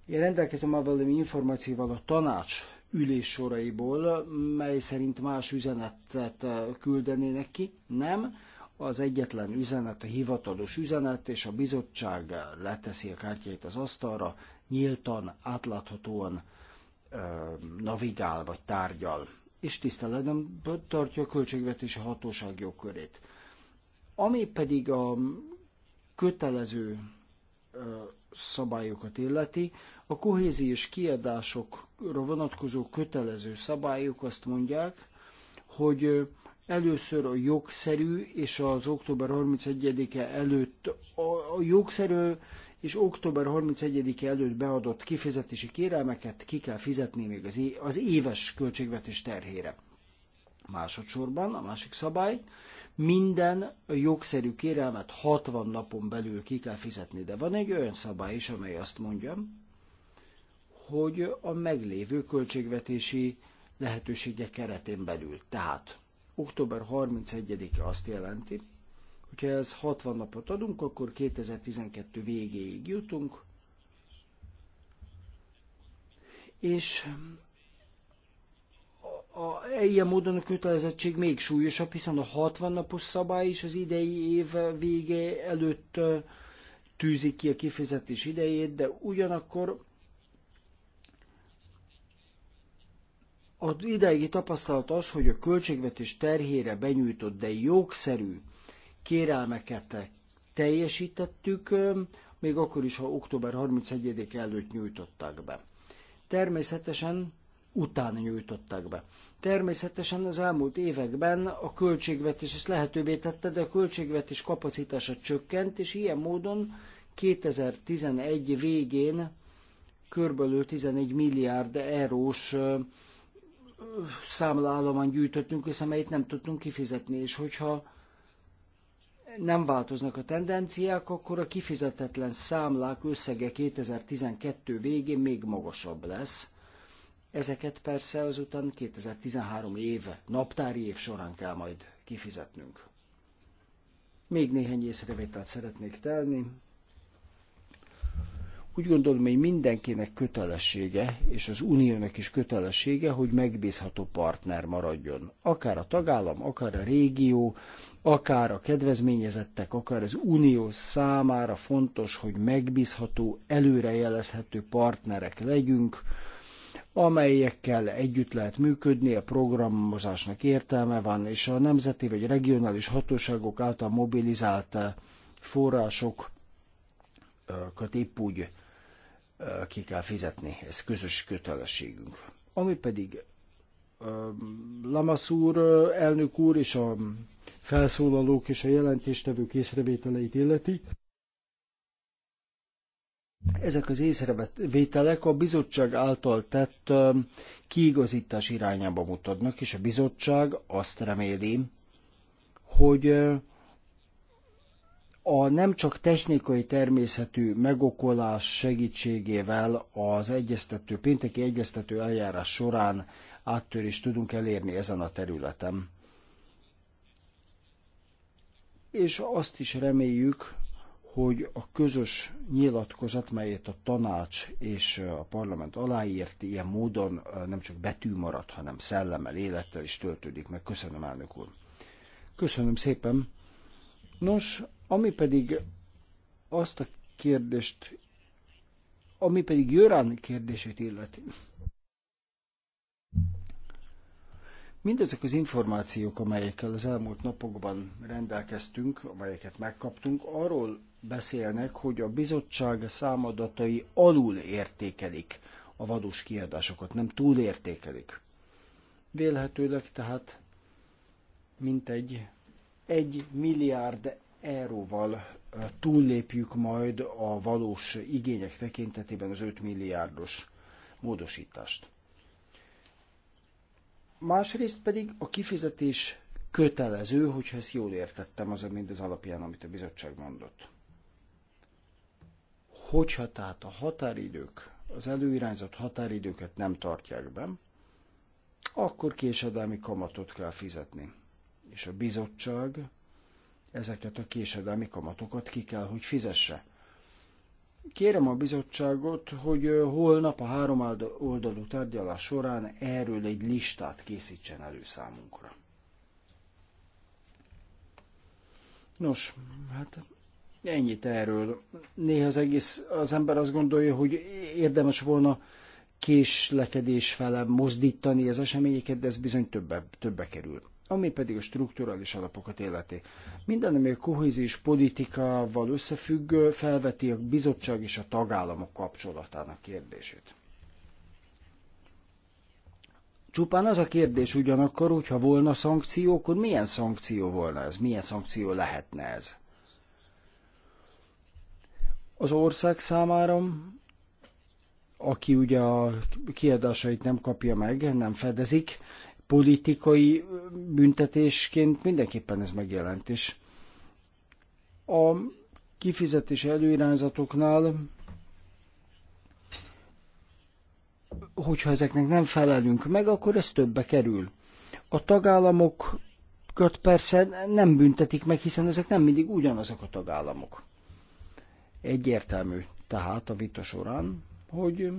Én rendelkezem valami információval a tanács ülés soraiból, mely szerint más üzenetet küldenének ki. Nem, az egyetlen üzenet, a hivatalos üzenet, és a bizottság leteszi a kártyáit az asztalra, nyíltan, átláthatóan navigál vagy tárgyal és tiszteletben tartja a költségvetési hatóság jogkörét. Ami pedig a kötelező szabályokat illeti, a kohéziós kiadásokra vonatkozó kötelező szabályok azt mondják, hogy először a jogszerű és az október 31-e előtt a jogszerű és október 31-e előtt beadott kifizetési kérelmeket ki kell fizetni még az, éves költségvetés terhére. Másodszorban a másik szabály, minden jogszerű kérelmet 60 napon belül ki kell fizetni, de van egy olyan szabály is, amely azt mondja, hogy a meglévő költségvetési lehetősége keretén belül. Tehát október 31-e azt jelenti, ez 60 napot adunk, akkor 2012 végéig jutunk. És a, e ilyen módon a kötelezettség még súlyosabb, hiszen a 60 napos szabály is az idei év vége előtt tűzik ki a kifizetés idejét, de ugyanakkor az ideigi tapasztalat az, hogy a költségvetés terhére benyújtott, de jogszerű kérelmeket teljesítettük, még akkor is, ha október 31 előtt nyújtották be. Természetesen utána nyújtották be. Természetesen az elmúlt években a költségvetés ezt lehetővé tette, de a költségvetés kapacitása csökkent, és ilyen módon 2011 végén körülbelül 11 milliárd eurós számlaállomány gyűjtöttünk és amelyet nem tudtunk kifizetni, és hogyha nem változnak a tendenciák, akkor a kifizetetlen számlák összege 2012 végén még magasabb lesz. Ezeket persze azután 2013 év, naptári év során kell majd kifizetnünk. Még néhány észrevételt szeretnék tenni. Úgy gondolom, hogy mindenkinek kötelessége, és az uniónak is kötelessége, hogy megbízható partner maradjon. Akár a tagállam, akár a régió, akár a kedvezményezettek, akár az unió számára fontos, hogy megbízható, előrejelezhető partnerek legyünk, amelyekkel együtt lehet működni, a programozásnak értelme van, és a nemzeti vagy regionális hatóságok által mobilizált eh, forrásokat eh, épp úgy eh, ki kell fizetni. Ez közös kötelességünk. Ami pedig Lamassur elnök úr és a felszólalók és a jelentéstevők észrevételeit illeti. Ezek az észrevételek a bizottság által tett kiigazítás irányába mutatnak, és a bizottság azt reméli, hogy a nem csak technikai természetű megokolás segítségével az egyeztető, pénteki egyeztető eljárás során áttörést tudunk elérni ezen a területen és azt is reméljük, hogy a közös nyilatkozat, melyet a tanács és a parlament aláírt, ilyen módon nem csak betű marad, hanem szellemmel, élettel is töltődik meg. Köszönöm, elnök úr. Köszönöm szépen. Nos, ami pedig azt a kérdést, ami pedig Jörán kérdését illeti, Mindezek az információk, amelyekkel az elmúlt napokban rendelkeztünk, amelyeket megkaptunk, arról beszélnek, hogy a bizottság számadatai alul értékelik a vadós kiadásokat, nem túlértékelik. Vélhetőleg tehát mintegy egy milliárd euróval túllépjük majd a valós igények tekintetében az 5 milliárdos módosítást másrészt pedig a kifizetés kötelező, hogyha ezt jól értettem, az az alapján, amit a bizottság mondott. Hogyha tehát a határidők, az előirányzott határidőket nem tartják be, akkor késedelmi kamatot kell fizetni. És a bizottság ezeket a késedelmi kamatokat ki kell, hogy fizesse. Kérem a bizottságot, hogy holnap a három oldalú tárgyalás során erről egy listát készítsen elő számunkra. Nos, hát ennyit erről. Néha az egész, az ember azt gondolja, hogy érdemes volna késlekedés fele mozdítani az eseményeket, de ez bizony többe, többe kerül ami pedig a strukturális alapokat életi. Minden, ami a kohézis politikával összefügg, felveti a bizottság és a tagállamok kapcsolatának kérdését. Csupán az a kérdés ugyanakkor, hogyha volna szankció, akkor milyen szankció volna ez? Milyen szankció lehetne ez? Az ország számára, aki ugye a kiadásait nem kapja meg, nem fedezik, politikai büntetésként mindenképpen ez megjelent is. A kifizetési előirányzatoknál, hogyha ezeknek nem felelünk meg, akkor ez többe kerül. A tagállamokat persze nem büntetik meg, hiszen ezek nem mindig ugyanazok a tagállamok. Egyértelmű tehát a vita során, hogy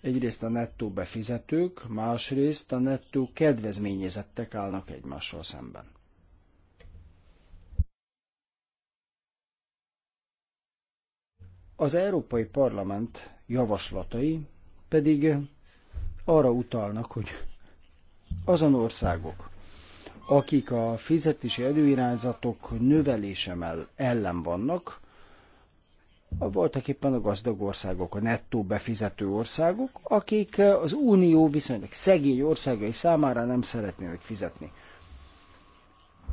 Egyrészt a nettó befizetők, másrészt a nettó kedvezményezettek állnak egymással szemben. Az Európai Parlament javaslatai pedig arra utalnak, hogy azon országok, akik a fizetési előirányzatok növelése ellen vannak, voltak éppen a gazdag országok, a nettó befizető országok, akik eh, az unió viszonylag szegény országai számára nem szeretnének fizetni.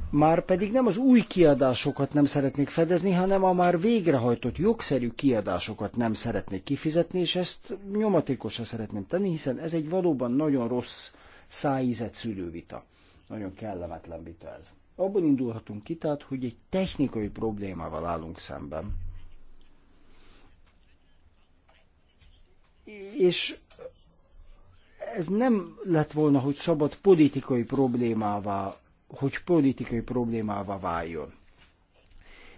Már pedig nem az új kiadásokat nem szeretnék fedezni, hanem a már végrehajtott jogszerű kiadásokat nem szeretnék kifizetni, és ezt nyomatékosra szeretném tenni, hiszen ez egy valóban nagyon rossz szájízett szülővita. Nagyon kellemetlen vita ez. Abban indulhatunk ki, tehát, hogy egy technikai problémával állunk szemben és ez nem lett volna, hogy szabad politikai problémává, hogy politikai problémává váljon.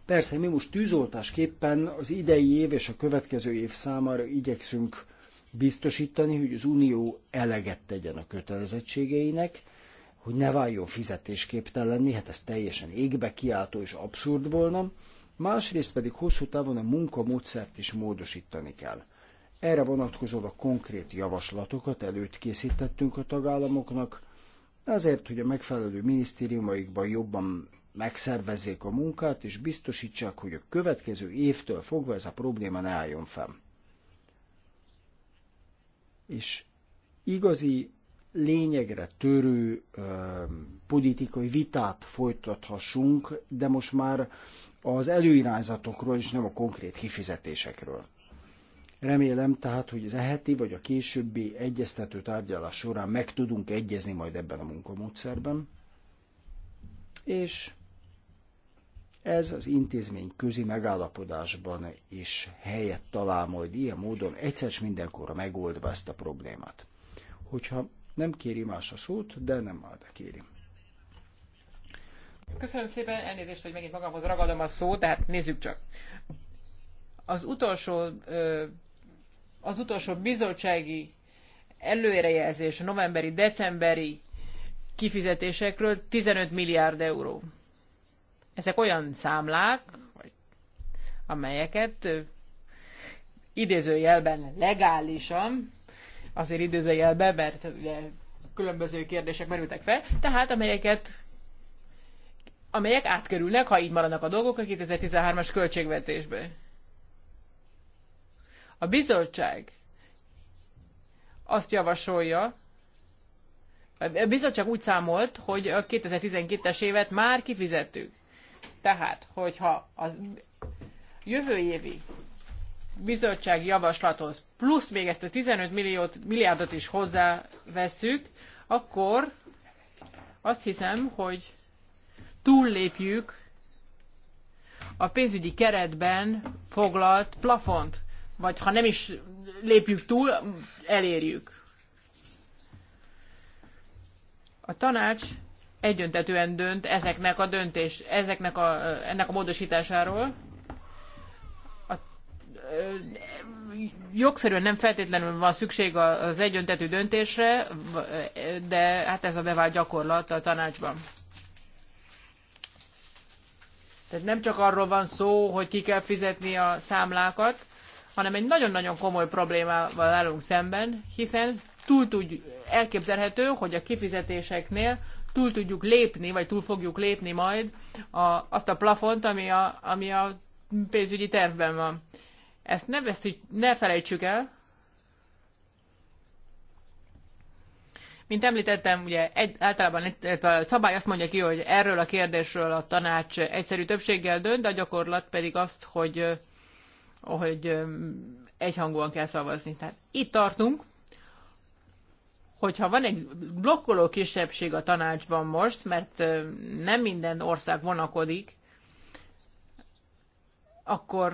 Persze, mi most tűzoltásképpen az idei év és a következő év számára igyekszünk biztosítani, hogy az Unió eleget tegyen a kötelezettségeinek, hogy ne váljon fizetésképtelenni, hát ez teljesen égbe kiáltó és abszurd volna, másrészt pedig hosszú távon a munkamódszert is módosítani kell. Erre vonatkozóan konkrét javaslatokat előtt készítettünk a tagállamoknak, azért, hogy a megfelelő minisztériumaikban jobban megszervezzék a munkát, és biztosítsák, hogy a következő évtől fogva ez a probléma ne álljon fenn. És igazi lényegre törő ö, politikai vitát folytathassunk, de most már az előirányzatokról és nem a konkrét kifizetésekről. Remélem tehát, hogy az eheti vagy a későbbi egyeztető tárgyalás során meg tudunk egyezni majd ebben a munkamódszerben, és ez az intézmény közi megállapodásban is helyet talál majd ilyen módon egyszer s mindenkorra megoldva ezt a problémát. Hogyha nem kéri más a szót, de nem már de kéri. Köszönöm szépen, elnézést, hogy megint magamhoz ragadom a szót, tehát nézzük csak. Az utolsó ö, az utolsó bizottsági előrejelzés novemberi, decemberi kifizetésekről 15 milliárd euró. Ezek olyan számlák, amelyeket idézőjelben legálisan, azért idézőjelben, mert ugye különböző kérdések merültek fel, tehát amelyeket amelyek átkerülnek, ha így maradnak a dolgok, a 2013-as költségvetésbe. A bizottság azt javasolja, a bizottság úgy számolt, hogy a 2012-es évet már kifizettük. Tehát, hogyha a jövő évi bizottság javaslathoz plusz még ezt a 15 milliót, milliárdot is hozzáveszünk, akkor azt hiszem, hogy túllépjük a pénzügyi keretben foglalt plafont vagy ha nem is lépjük túl, elérjük. A tanács egyöntetően dönt ezeknek a döntés, ezeknek a, ennek a módosításáról. A, jogszerűen nem feltétlenül van szükség az egyöntetű döntésre, de hát ez a bevált gyakorlat a tanácsban. Tehát nem csak arról van szó, hogy ki kell fizetni a számlákat, hanem egy nagyon-nagyon komoly problémával állunk szemben, hiszen túl tudj, elképzelhető, hogy a kifizetéseknél túl tudjuk lépni, vagy túl fogjuk lépni majd a, azt a plafont, ami a, ami a pénzügyi tervben van. Ezt ne, veszít, ne felejtsük el. Mint említettem, ugye egy, általában a szabály azt mondja ki, hogy erről a kérdésről a tanács egyszerű többséggel dönt, de a gyakorlat pedig azt, hogy hogy egyhangúan kell szavazni. Tehát itt tartunk, hogyha van egy blokkoló kisebbség a tanácsban most, mert nem minden ország vonakodik, akkor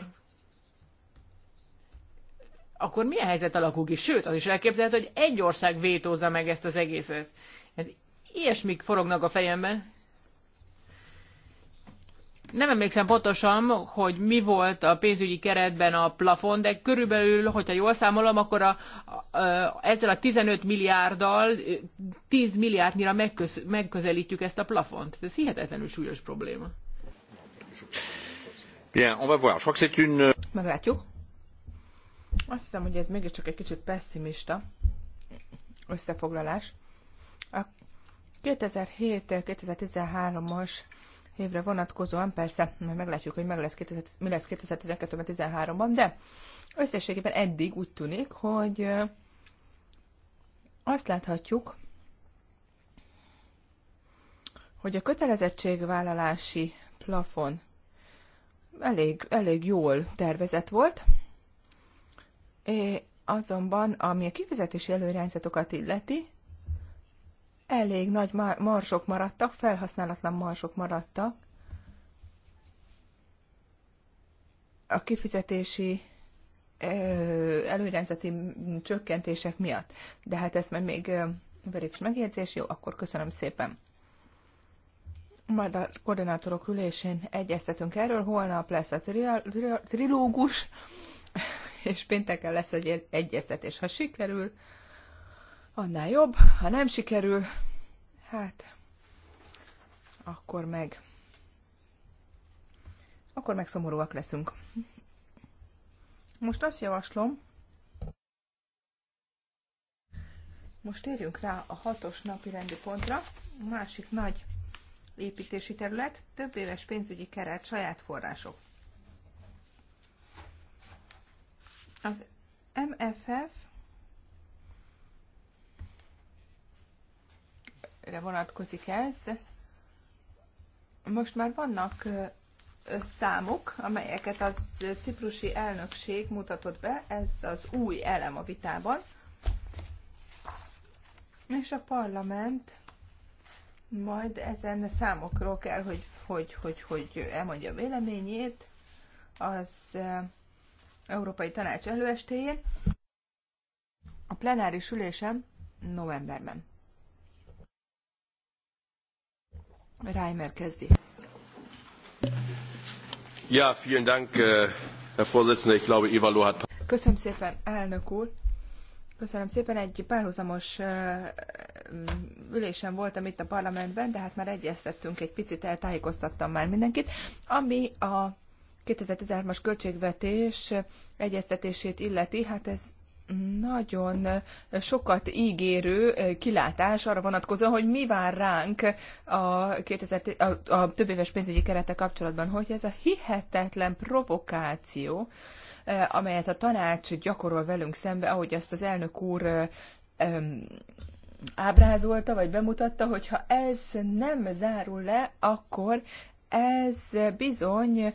akkor milyen helyzet alakul ki? Sőt, az is elképzelhető, hogy egy ország vétózza meg ezt az egészet. Hát ilyesmik forognak a fejemben nem emlékszem pontosan, hogy mi volt a pénzügyi keretben a plafon, de körülbelül, hogyha jól számolom, akkor a, a, a, ezzel a 15 milliárddal 10 milliárdnyira megköz, megközelítjük ezt a plafont. Ez hihetetlenül súlyos probléma. Bien, on va voir. Je crois que c'est une... Euh, Meglátjuk. Azt hiszem, hogy ez mégiscsak egy kicsit pessimista összefoglalás. A 2007-2013-os évre vonatkozóan, persze majd meglátjuk, hogy meg lesz 2000, mi lesz 2012-13-ban, de összességében eddig úgy tűnik, hogy azt láthatjuk, hogy a kötelezettségvállalási plafon elég, elég jól tervezett volt, azonban ami a kifizetési előirányzatokat illeti, elég nagy marsok maradtak, felhasználatlan marsok maradtak. A kifizetési előrendzeti csökkentések miatt. De hát ez már még Beriks megjegyzés, jó, akkor köszönöm szépen. Majd a koordinátorok ülésén egyeztetünk erről, holnap lesz a trilógus, és pénteken lesz egy egyeztetés. Ha sikerül, annál jobb. Ha nem sikerül, hát akkor meg akkor meg szomorúak leszünk. Most azt javaslom, most térjünk rá a hatos napi rendi pontra, a másik nagy építési terület, több éves pénzügyi keret, saját források. Az MFF vonatkozik ez. Most már vannak számok, amelyeket az ciprusi elnökség mutatott be, ez az új elem a vitában. És a parlament majd ezen a számokról kell, hogy, hogy, hogy, hogy elmondja a véleményét az Európai Tanács előestéjén. A plenáris ülésem novemberben. Reimer kezdi. Ja, vielen Dank, äh, Herr Vorsitzender. Ich glaube, Ivalo hat... Köszönöm szépen, elnök úr. Köszönöm szépen. Egy párhuzamos mm, ülésen voltam itt a parlamentben, de hát már egyeztettünk egy picit, eltájékoztattam már mindenkit, ami a 2013-as költségvetés egyeztetését illeti, hát ez nagyon eh, sokat ígérő eh, kilátás arra vonatkozóan, hogy mi vár ránk a, 2000, a, a több éves pénzügyi kerete kapcsolatban, hogy ez a hihetetlen provokáció, eh, amelyet a tanács gyakorol velünk szembe, ahogy ezt az elnök úr ábrázolta, vagy bemutatta, hogyha ez nem zárul le, akkor ez bizony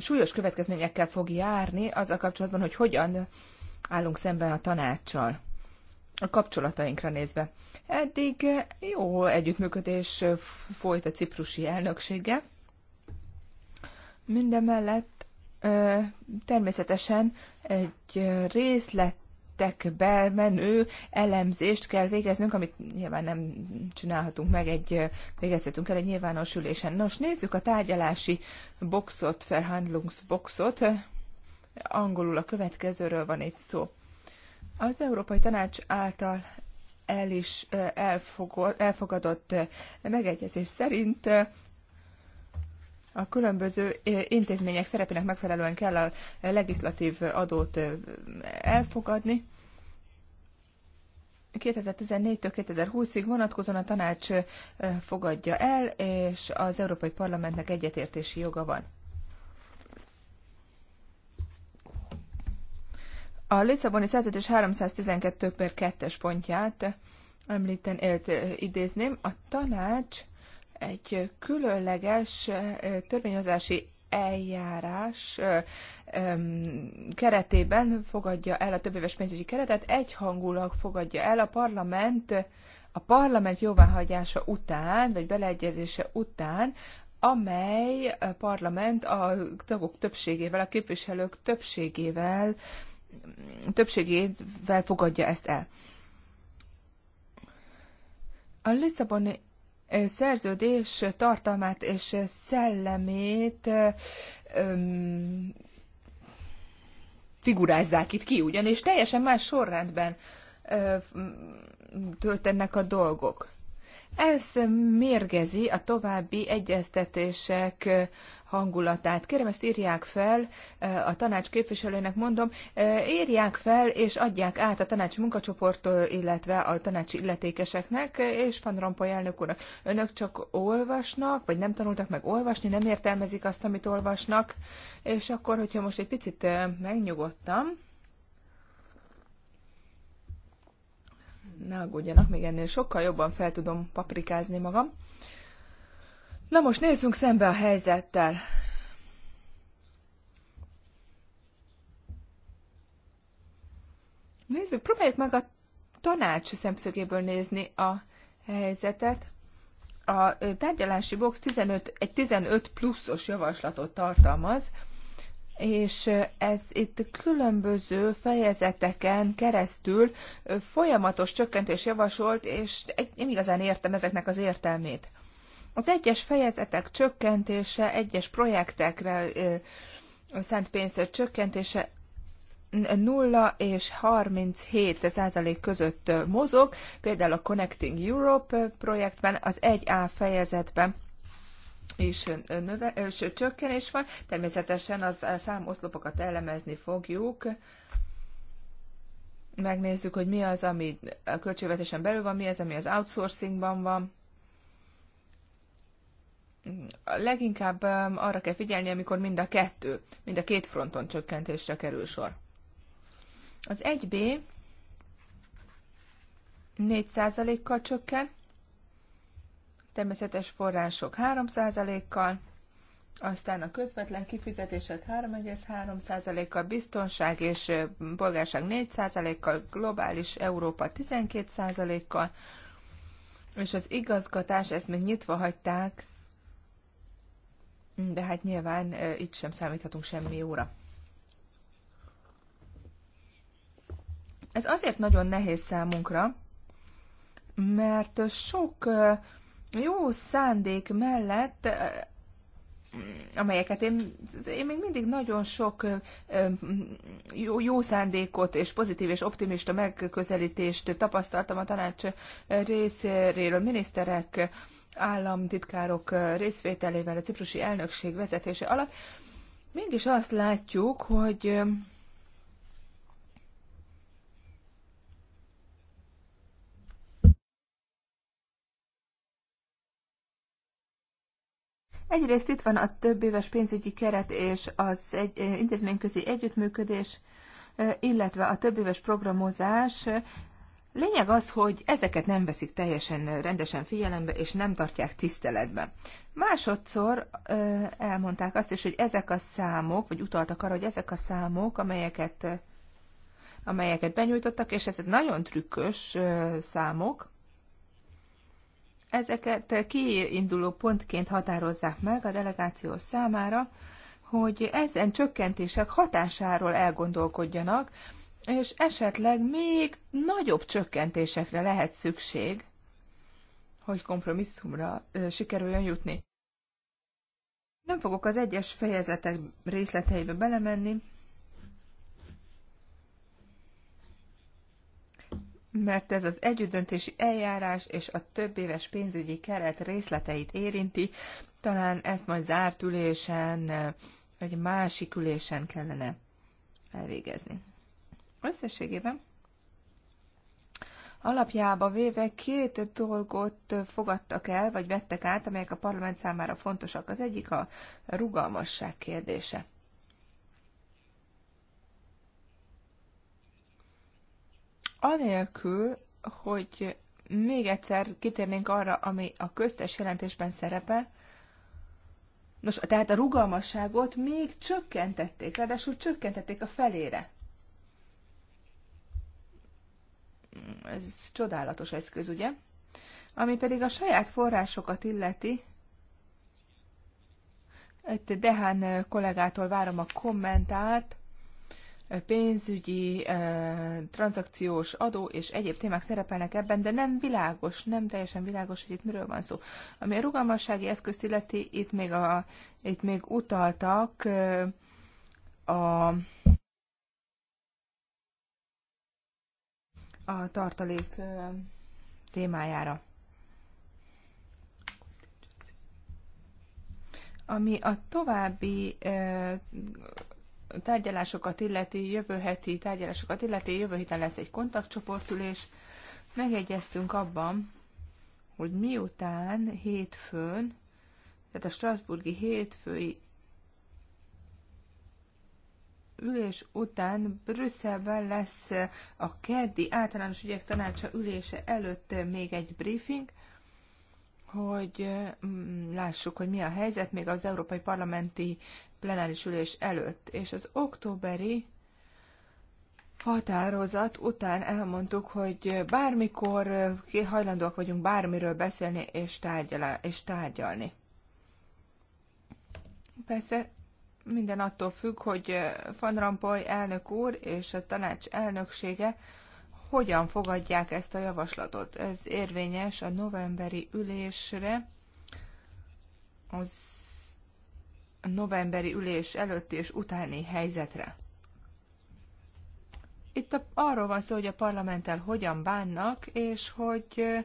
súlyos következményekkel fog járni az a kapcsolatban, hogy hogyan állunk szemben a tanácssal, a kapcsolatainkra nézve. Eddig jó együttműködés folyt a ciprusi elnöksége. Mindemellett természetesen egy részletekbe menő elemzést kell végeznünk, amit nyilván nem csinálhatunk meg, egy, végezhetünk el egy nyilvános ülésen. Nos, nézzük a tárgyalási boxot, Verhandlungsboxot, Angolul a következőről van itt szó. Az Európai Tanács által el is elfogadott megegyezés szerint a különböző intézmények szerepének megfelelően kell a legislatív adót elfogadni. 2014-től 2020-ig vonatkozóan a tanács fogadja el, és az Európai Parlamentnek egyetértési joga van. a Lisszaboni szerződés 312 per 2-es pontját említen élt, idézném, a tanács egy különleges törvényhozási eljárás keretében fogadja el a éves pénzügyi keretet, egyhangulag fogadja el a parlament a parlament jóváhagyása után, vagy beleegyezése után, amely parlament a tagok többségével, a képviselők többségével többségével fogadja ezt el. A Lisszaboni szerződés tartalmát és szellemét öm, figurázzák itt ki, ugyanis teljesen más sorrendben töltenek a dolgok. Ez mérgezi a további egyeztetések hangulatát. Kérem, ezt írják fel, e, a tanács képviselőnek mondom, e, írják fel és adják át a tanács munkacsoport, e, illetve a tanács illetékeseknek és Van Rompuy elnök úrnak. Önök csak olvasnak, vagy nem tanultak meg olvasni, nem értelmezik azt, amit olvasnak, és akkor, hogyha most egy picit megnyugodtam, ne aggódjanak, még ennél sokkal jobban fel tudom paprikázni magam. Na most nézzünk szembe a helyzettel. Nézzük, próbáljuk meg a tanács szemszögéből nézni a helyzetet. A tárgyalási box 15, egy 15 pluszos javaslatot tartalmaz, és ez itt különböző fejezeteken keresztül folyamatos csökkentés javasolt, és nem igazán értem ezeknek az értelmét. Az egyes fejezetek csökkentése, egyes projektekre szent pénzök csökkentése 0 és 37 százalék között mozog, például a Connecting Europe projektben, az 1A fejezetben is, növe, és csökkenés van. Természetesen az számoszlopokat elemezni fogjuk. Megnézzük, hogy mi az, ami a költségvetésen belül van, mi az, ami az outsourcingban van leginkább arra kell figyelni, amikor mind a kettő, mind a két fronton csökkentésre kerül sor. Az 1B 4%-kal csökken, természetes források 3%-kal, aztán a közvetlen kifizetések 3,3%-kal, biztonság és polgárság 4%-kal, globális Európa 12%-kal, és az igazgatás, ezt még nyitva hagyták, de hát nyilván itt sem számíthatunk semmi óra. Ez azért nagyon nehéz számunkra, mert sok jó szándék mellett, amelyeket én, én még mindig nagyon sok jó, jó szándékot és pozitív és optimista megközelítést tapasztaltam a tanács részéről, miniszterek, államtitkárok részvételével a ciprusi elnökség vezetése alatt, mégis azt látjuk, hogy Egyrészt itt van a több éves pénzügyi keret és az egy, intézményközi együttműködés, illetve a több éves programozás, Lényeg az, hogy ezeket nem veszik teljesen rendesen figyelembe, és nem tartják tiszteletbe. Másodszor ö, elmondták azt is, hogy ezek a számok, vagy utaltak arra, hogy ezek a számok, amelyeket, amelyeket benyújtottak, és ezek nagyon trükkös ö, számok, ezeket kiinduló pontként határozzák meg a delegáció számára, hogy ezen csökkentések hatásáról elgondolkodjanak, és esetleg még nagyobb csökkentésekre lehet szükség, hogy kompromisszumra sikerüljön jutni. Nem fogok az egyes fejezetek részleteibe belemenni, mert ez az együttdöntési eljárás és a több éves pénzügyi keret részleteit érinti, talán ezt majd zárt ülésen, vagy másik ülésen kellene elvégezni. Összességében alapjába véve két dolgot fogadtak el, vagy vettek át, amelyek a parlament számára fontosak. Az egyik a rugalmasság kérdése. Anélkül, hogy még egyszer kitérnénk arra, ami a köztes jelentésben szerepel, Nos, tehát a rugalmasságot még csökkentették, ráadásul csökkentették a felére. ez csodálatos eszköz, ugye? Ami pedig a saját forrásokat illeti, egy Dehán kollégától várom a kommentát, pénzügyi, tranzakciós adó és egyéb témák szerepelnek ebben, de nem világos, nem teljesen világos, hogy itt miről van szó. Ami a rugalmassági eszközt illeti, itt még, a, itt még utaltak a a tartalék témájára. Ami a további tárgyalásokat illeti, jövő heti tárgyalásokat illeti, jövő héten lesz egy kontaktcsoportülés. Megegyeztünk abban, hogy miután hétfőn, tehát a Strasburgi hétfői ülés után Brüsszelben lesz a keddi általános ügyek tanácsa ülése előtt még egy briefing, hogy mm, lássuk, hogy mi a helyzet még az Európai Parlamenti plenáris ülés előtt. És az októberi határozat után elmondtuk, hogy bármikor hajlandóak vagyunk bármiről beszélni és, tárgyal és tárgyalni. Persze minden attól függ, hogy Van Rompuy elnök úr és a tanács elnöksége hogyan fogadják ezt a javaslatot. Ez érvényes a novemberi ülésre, az novemberi ülés előtti és utáni helyzetre. Itt a, arról van szó, hogy a parlamenttel hogyan bánnak, és hogy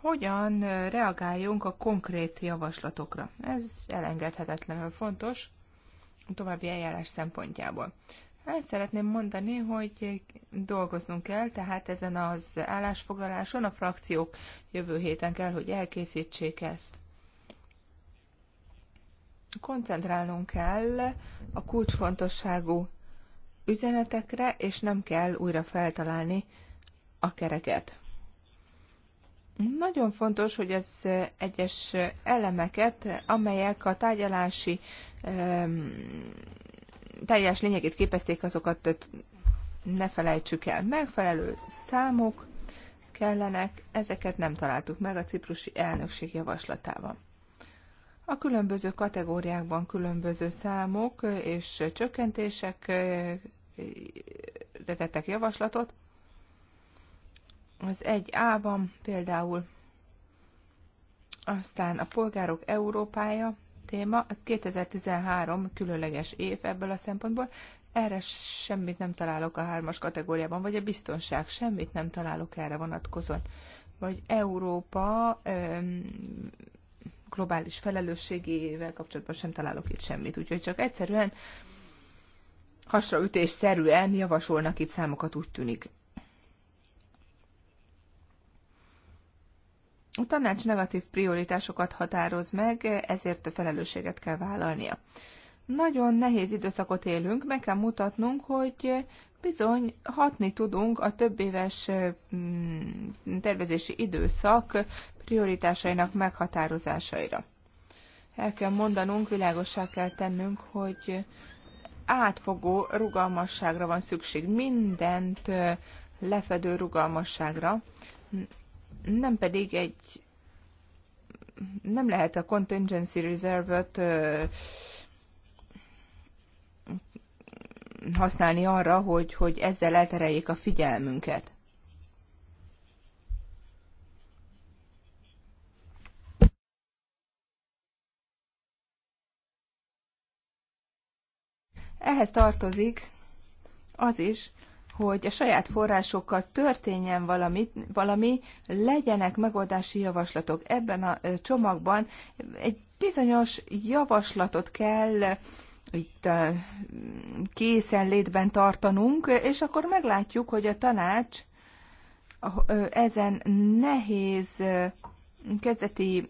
hogyan reagáljunk a konkrét javaslatokra. Ez elengedhetetlenül fontos további eljárás szempontjából. El szeretném mondani, hogy dolgoznunk kell, tehát ezen az állásfoglaláson a frakciók jövő héten kell, hogy elkészítsék ezt. Koncentrálnunk kell a kulcsfontosságú üzenetekre, és nem kell újra feltalálni a kereket. Nagyon fontos, hogy az egyes elemeket, amelyek a tárgyalási teljes lényegét képezték, azokat ne felejtsük el. Megfelelő számok kellenek, ezeket nem találtuk meg a ciprusi elnökség javaslatában. A különböző kategóriákban különböző számok és csökkentések tettek javaslatot, az egy a ban például, aztán a polgárok Európája téma, az 2013 különleges év ebből a szempontból, erre semmit nem találok a hármas kategóriában, vagy a biztonság, semmit nem találok erre vonatkozóan. Vagy Európa öm, globális felelősségével kapcsolatban sem találok itt semmit, úgyhogy csak egyszerűen hasraütésszerűen javasolnak itt számokat, úgy tűnik. A tanács negatív prioritásokat határoz meg, ezért felelősséget kell vállalnia. Nagyon nehéz időszakot élünk, meg kell mutatnunk, hogy bizony hatni tudunk a több éves mm, tervezési időszak prioritásainak meghatározásaira. El kell mondanunk, világossá kell tennünk, hogy átfogó rugalmasságra van szükség, mindent lefedő rugalmasságra, nem pedig egy nem lehet a contingency reserve-ot használni arra, hogy, hogy ezzel eltereljék a figyelmünket. Ehhez tartozik az is, hogy a saját forrásokkal történjen valami, valami legyenek megoldási javaslatok. Ebben a csomagban egy bizonyos javaslatot kell itt készen létben tartanunk, és akkor meglátjuk, hogy a tanács ezen nehéz kezdeti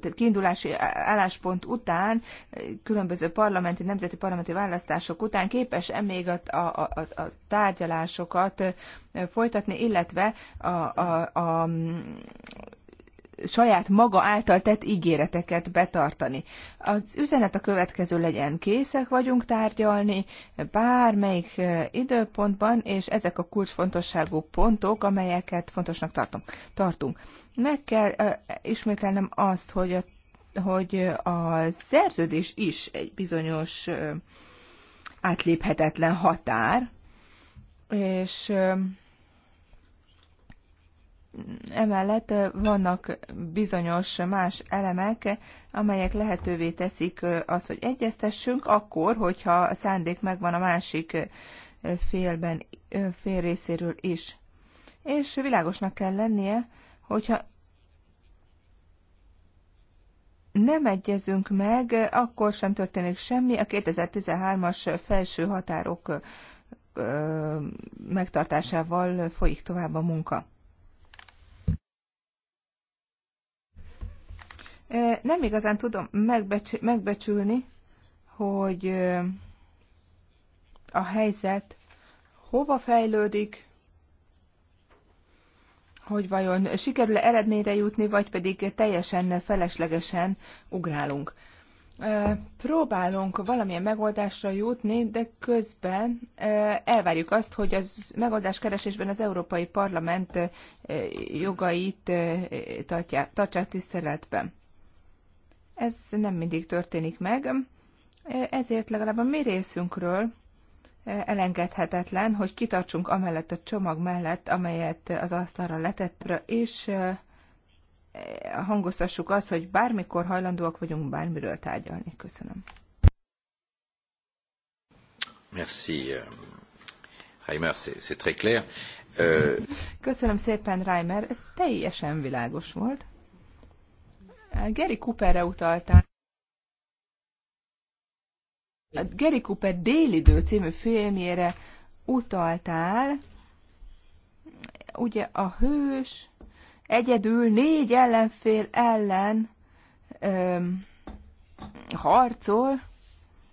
tehát kiindulási álláspont után, különböző parlamenti, nemzeti parlamenti választások után képes-e még a, a, a, a tárgyalásokat folytatni, illetve a, a, a saját maga által tett ígéreteket betartani. Az üzenet a következő legyen, készek vagyunk tárgyalni bármelyik eh, időpontban, és ezek a kulcsfontosságú pontok, amelyeket fontosnak tartom, tartunk. Meg kell uh, ismételnem azt, hogy a, hogy a szerződés is egy bizonyos uh, átléphetetlen határ, és uh, Emellett vannak bizonyos más elemek, amelyek lehetővé teszik azt, hogy egyeztessünk, akkor, hogyha a szándék megvan a másik félben, fél részéről is. És világosnak kell lennie, hogyha nem egyezünk meg, akkor sem történik semmi. A 2013-as felső határok megtartásával folyik tovább a munka. Nem igazán tudom megbecs- megbecsülni, hogy a helyzet hova fejlődik, hogy vajon sikerül-e eredményre jutni, vagy pedig teljesen feleslegesen ugrálunk. Próbálunk valamilyen megoldásra jutni, de közben elvárjuk azt, hogy az megoldás keresésben az Európai Parlament jogait tartják, tartsák tiszteletben. Ez nem mindig történik meg, ezért legalább a mi részünkről eh, elengedhetetlen, hogy kitartsunk amellett a csomag mellett, amelyet az asztalra letettre, és eh, hangoztassuk azt, hogy bármikor hajlandóak vagyunk bármiről tárgyalni. Köszönöm. Merci, eh, Reimer, c'est très clair. Euh, Köszönöm szépen, Reimer, ez teljesen világos volt. Gary Cooperre utaltál. A Gary Cooper Délidő című filmjére utaltál. Ugye a hős egyedül négy ellenfél ellen öm, harcol,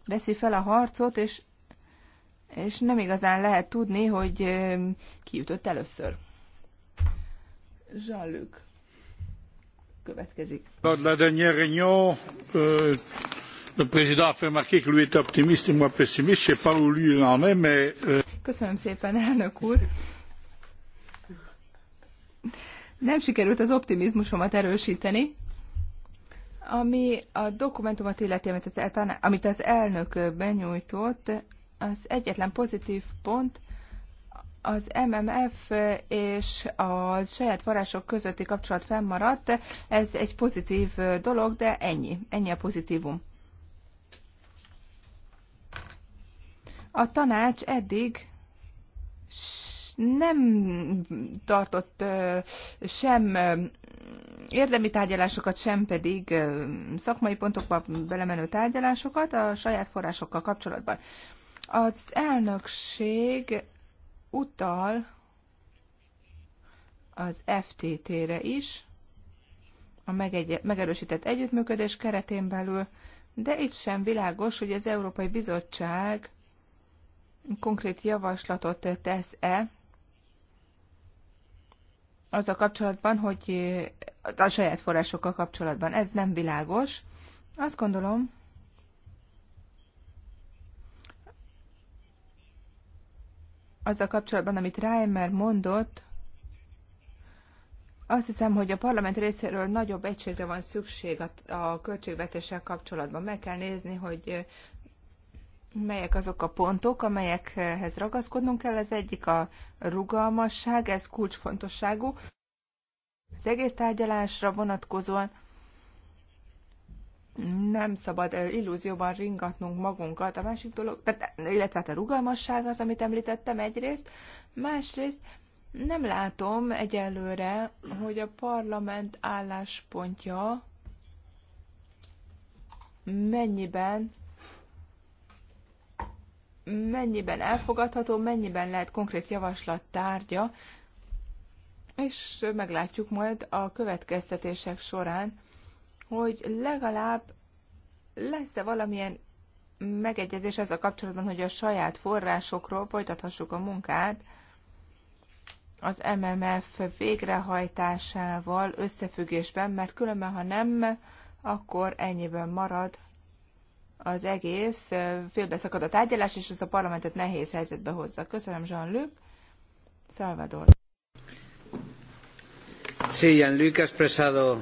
veszi fel a harcot, és, és nem igazán lehet tudni, hogy öm, ki először. Zsallük következik. La dernière réunion, euh, le président a fait remarquer que lui était optimiste et moi pessimiste. Je sais pas où lui en est, mais... Euh, Köszönöm szépen, elnök úr. Nem sikerült az optimizmusomat erősíteni, ami a dokumentumot illeti, amit az, amit az elnök benyújtott, az egyetlen pozitív pont, az MMF és a saját források közötti kapcsolat fennmaradt. Ez egy pozitív dolog, de ennyi. Ennyi a pozitívum. A tanács eddig nem tartott sem érdemi tárgyalásokat, sem pedig szakmai pontokba belemenő tárgyalásokat a saját forrásokkal kapcsolatban. Az elnökség utal az FTT-re is, a megerősített együttműködés keretén belül, de itt sem világos, hogy az Európai Bizottság konkrét javaslatot tesz-e az a kapcsolatban, hogy a saját forrásokkal kapcsolatban. Ez nem világos. Azt gondolom, azzal kapcsolatban, amit Reimer mondott, azt hiszem, hogy a parlament részéről nagyobb egységre van szükség a, a költségvetéssel kapcsolatban. Meg kell nézni, hogy melyek azok a pontok, amelyekhez ragaszkodnunk kell. Ez egyik a rugalmasság, ez kulcsfontosságú. Az egész tárgyalásra vonatkozóan nem szabad eh, illúzióban ringatnunk magunkat. A másik dolog, tehát, illetve hát a rugalmasság az, amit említettem egyrészt, másrészt nem látom egyelőre, hogy a parlament álláspontja mennyiben mennyiben elfogadható, mennyiben lehet konkrét javaslat tárgya, és meglátjuk majd a következtetések során, hogy legalább lesz-e valamilyen megegyezés ezzel kapcsolatban, hogy a saját forrásokról folytathassuk a munkát az MMF végrehajtásával összefüggésben, mert különben, ha nem, akkor ennyiben marad az egész, félbeszakad a tárgyalás, és ez a parlamentet nehéz helyzetbe hozza. Köszönöm, Jean-Luc. Salvador. Sí, Jean-Luc ha expresado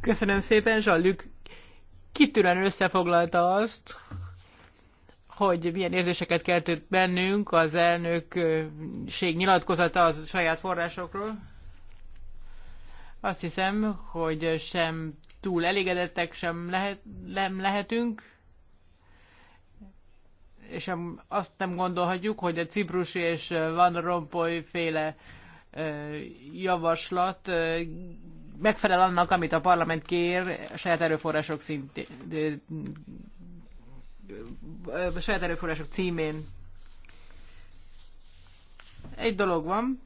Köszönöm szépen, Zsallük. Kitűnően összefoglalta azt, hogy milyen érzéseket keltett bennünk az elnökség nyilatkozata az saját forrásokról. Azt hiszem, hogy sem túl elégedettek, sem lehet, nem lehetünk, és azt nem gondolhatjuk, hogy a ciprusi és Van Rompuy féle javaslat megfelel annak, amit a parlament kér saját erőforrások szintén, saját erőforrások címén. Egy dolog van,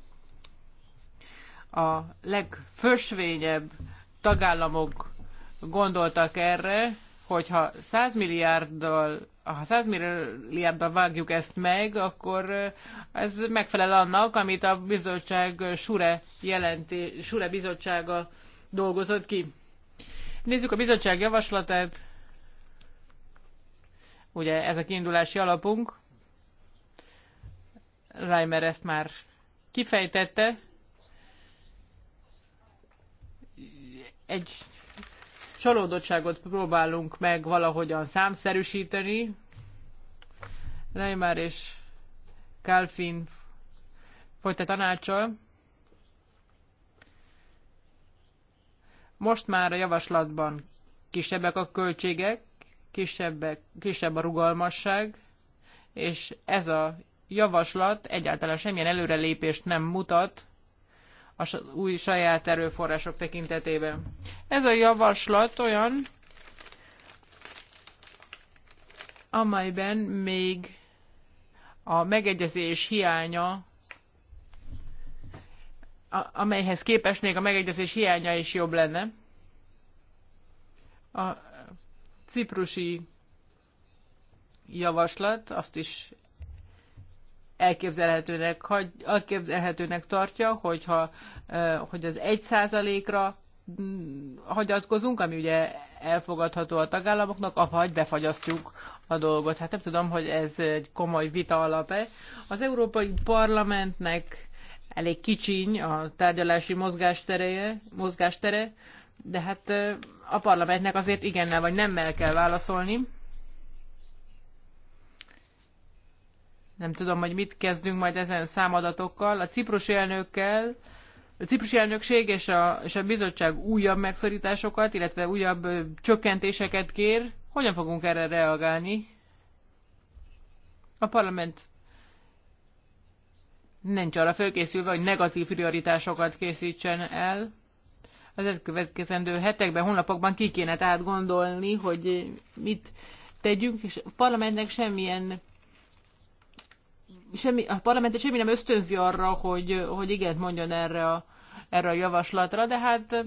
a legfősvényebb tagállamok gondoltak erre, hogyha 100 milliárddal ha 100 milliárdba vágjuk ezt meg, akkor ez megfelel annak, amit a bizottság Sure, jelenti, Sure bizottsága dolgozott ki. Nézzük a bizottság javaslatát. Ugye ez a kiindulási alapunk. Reimer ezt már kifejtette. Egy csalódottságot próbálunk meg valahogyan számszerűsíteni. Neymar és Calvin folyta tanácsol. Most már a javaslatban kisebbek a költségek, kisebbek, kisebb a rugalmasság, és ez a javaslat egyáltalán semmilyen előrelépést nem mutat az új saját erőforrások tekintetében. Ez a javaslat olyan, amelyben még a megegyezés hiánya, amelyhez képest még a megegyezés hiánya is jobb lenne. A ciprusi javaslat azt is elképzelhetőnek, hagy, elképzelhetőnek tartja, hogyha, hogy az egy százalékra mm, hagyatkozunk, ami ugye elfogadható a tagállamoknak, vagy befagyasztjuk a dolgot. Hát nem tudom, hogy ez egy komoly vita alape. Az Európai Parlamentnek elég kicsiny a tárgyalási mozgástereje, mozgástere de hát a parlamentnek azért igennel vagy nemmel kell válaszolni. nem tudom, hogy mit kezdünk majd ezen számadatokkal. A ciprusi elnökkel, a ciprusi elnökség és a, és a bizottság újabb megszorításokat, illetve újabb ö, csökkentéseket kér. Hogyan fogunk erre reagálni? A parlament nincs arra fölkészülve, hogy negatív prioritásokat készítsen el. Az elkövetkezendő hetekben, hónapokban ki kéne átgondolni, hogy mit tegyünk, és a parlamentnek semmilyen semmi, a parlament semmi nem ösztönzi arra, hogy, hogy igent mondjon erre a, erre a javaslatra, de hát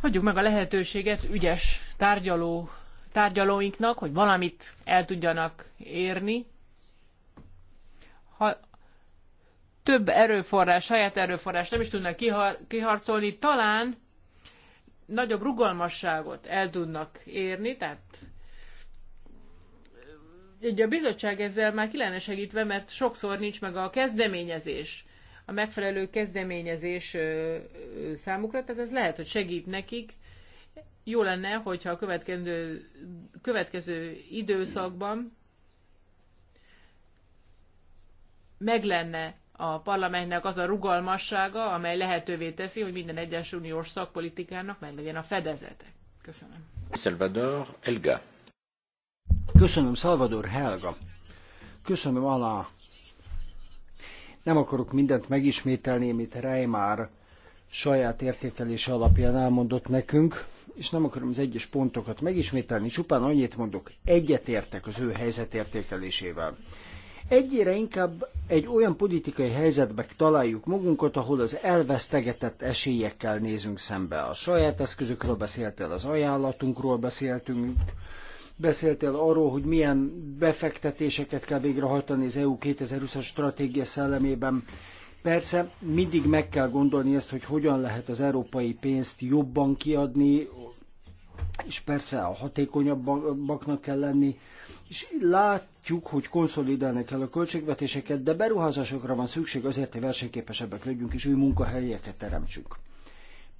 hagyjuk meg a lehetőséget ügyes tárgyaló, tárgyalóinknak, hogy valamit el tudjanak érni. Ha több erőforrás, saját erőforrás nem is tudnak kihar, kiharcolni, talán nagyobb rugalmasságot el tudnak érni, tehát Ugye a bizottság ezzel már ki lenne segítve, mert sokszor nincs meg a kezdeményezés, a megfelelő kezdeményezés számukra, tehát ez lehet, hogy segít nekik. Jó lenne, hogyha a következő, következő időszakban meg lenne a parlamentnek az a rugalmassága, amely lehetővé teszi, hogy minden egyes uniós szakpolitikának meg legyen a fedezete. Köszönöm. Salvador Elga. Köszönöm, Salvador Helga. Köszönöm, Alá. Nem akarok mindent megismételni, amit Reimár saját értékelése alapján elmondott nekünk, és nem akarom az egyes pontokat megismételni, csupán annyit mondok, egyetértek az ő helyzetértékelésével. Egyére inkább egy olyan politikai helyzetbe találjuk magunkat, ahol az elvesztegetett esélyekkel nézünk szembe. A saját eszközökről beszéltél, az ajánlatunkról beszéltünk, Beszéltél arról, hogy milyen befektetéseket kell végrehajtani az EU 2020-as stratégia szellemében. Persze mindig meg kell gondolni ezt, hogy hogyan lehet az európai pénzt jobban kiadni, és persze a hatékonyabbaknak kell lenni, és látjuk, hogy konszolidálni kell a költségvetéseket, de beruházásokra van szükség azért, hogy versenyképesebbek legyünk, és új munkahelyeket teremtsünk.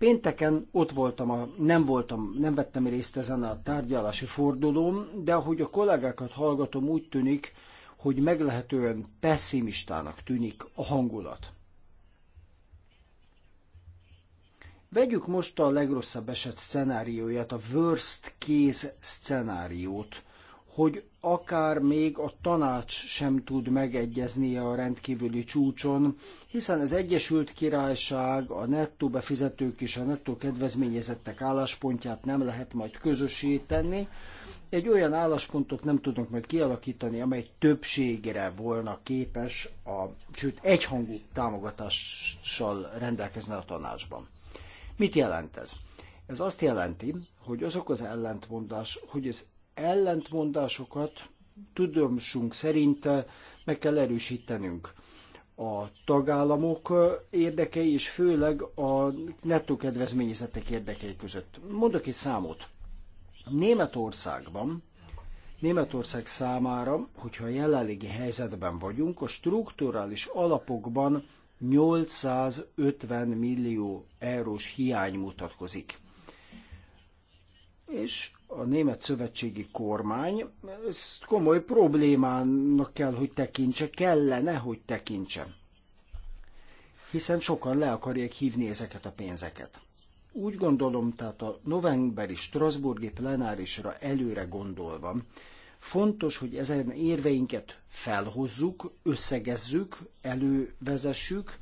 Pénteken ott voltam, a, nem voltam, nem vettem részt ezen a tárgyalási fordulón, de ahogy a kollégákat hallgatom, úgy tűnik, hogy meglehetően pessimistának tűnik a hangulat. Vegyük most a legrosszabb eset szenárióját, a worst case szenáriót, hogy akár még a tanács sem tud megegyezni a rendkívüli csúcson, hiszen az Egyesült Királyság, a nettó befizetők és a nettó kedvezményezettek álláspontját nem lehet majd közösíteni. Egy olyan álláspontot nem tudnak majd kialakítani, amely többségre volna képes, a, sőt egyhangú támogatással rendelkezne a tanácsban. Mit jelent ez? Ez azt jelenti, hogy azok az ellentmondás, hogy az ellentmondásokat tudomsunk szerint meg kell erősítenünk. A tagállamok érdekei és főleg a nettó kedvezményezetek érdekei között. Mondok egy számot. Németországban Németország számára, hogyha a jelenlegi helyzetben vagyunk, a strukturális alapokban 850 millió eurós hiány mutatkozik. És a német szövetségi kormány, ezt komoly problémának kell, hogy tekintse, kellene, hogy tekintse. Hiszen sokan le akarják hívni ezeket a pénzeket. Úgy gondolom, tehát a novemberi Strasburgi plenárisra előre gondolva, fontos, hogy ezen érveinket felhozzuk, összegezzük, elővezessük,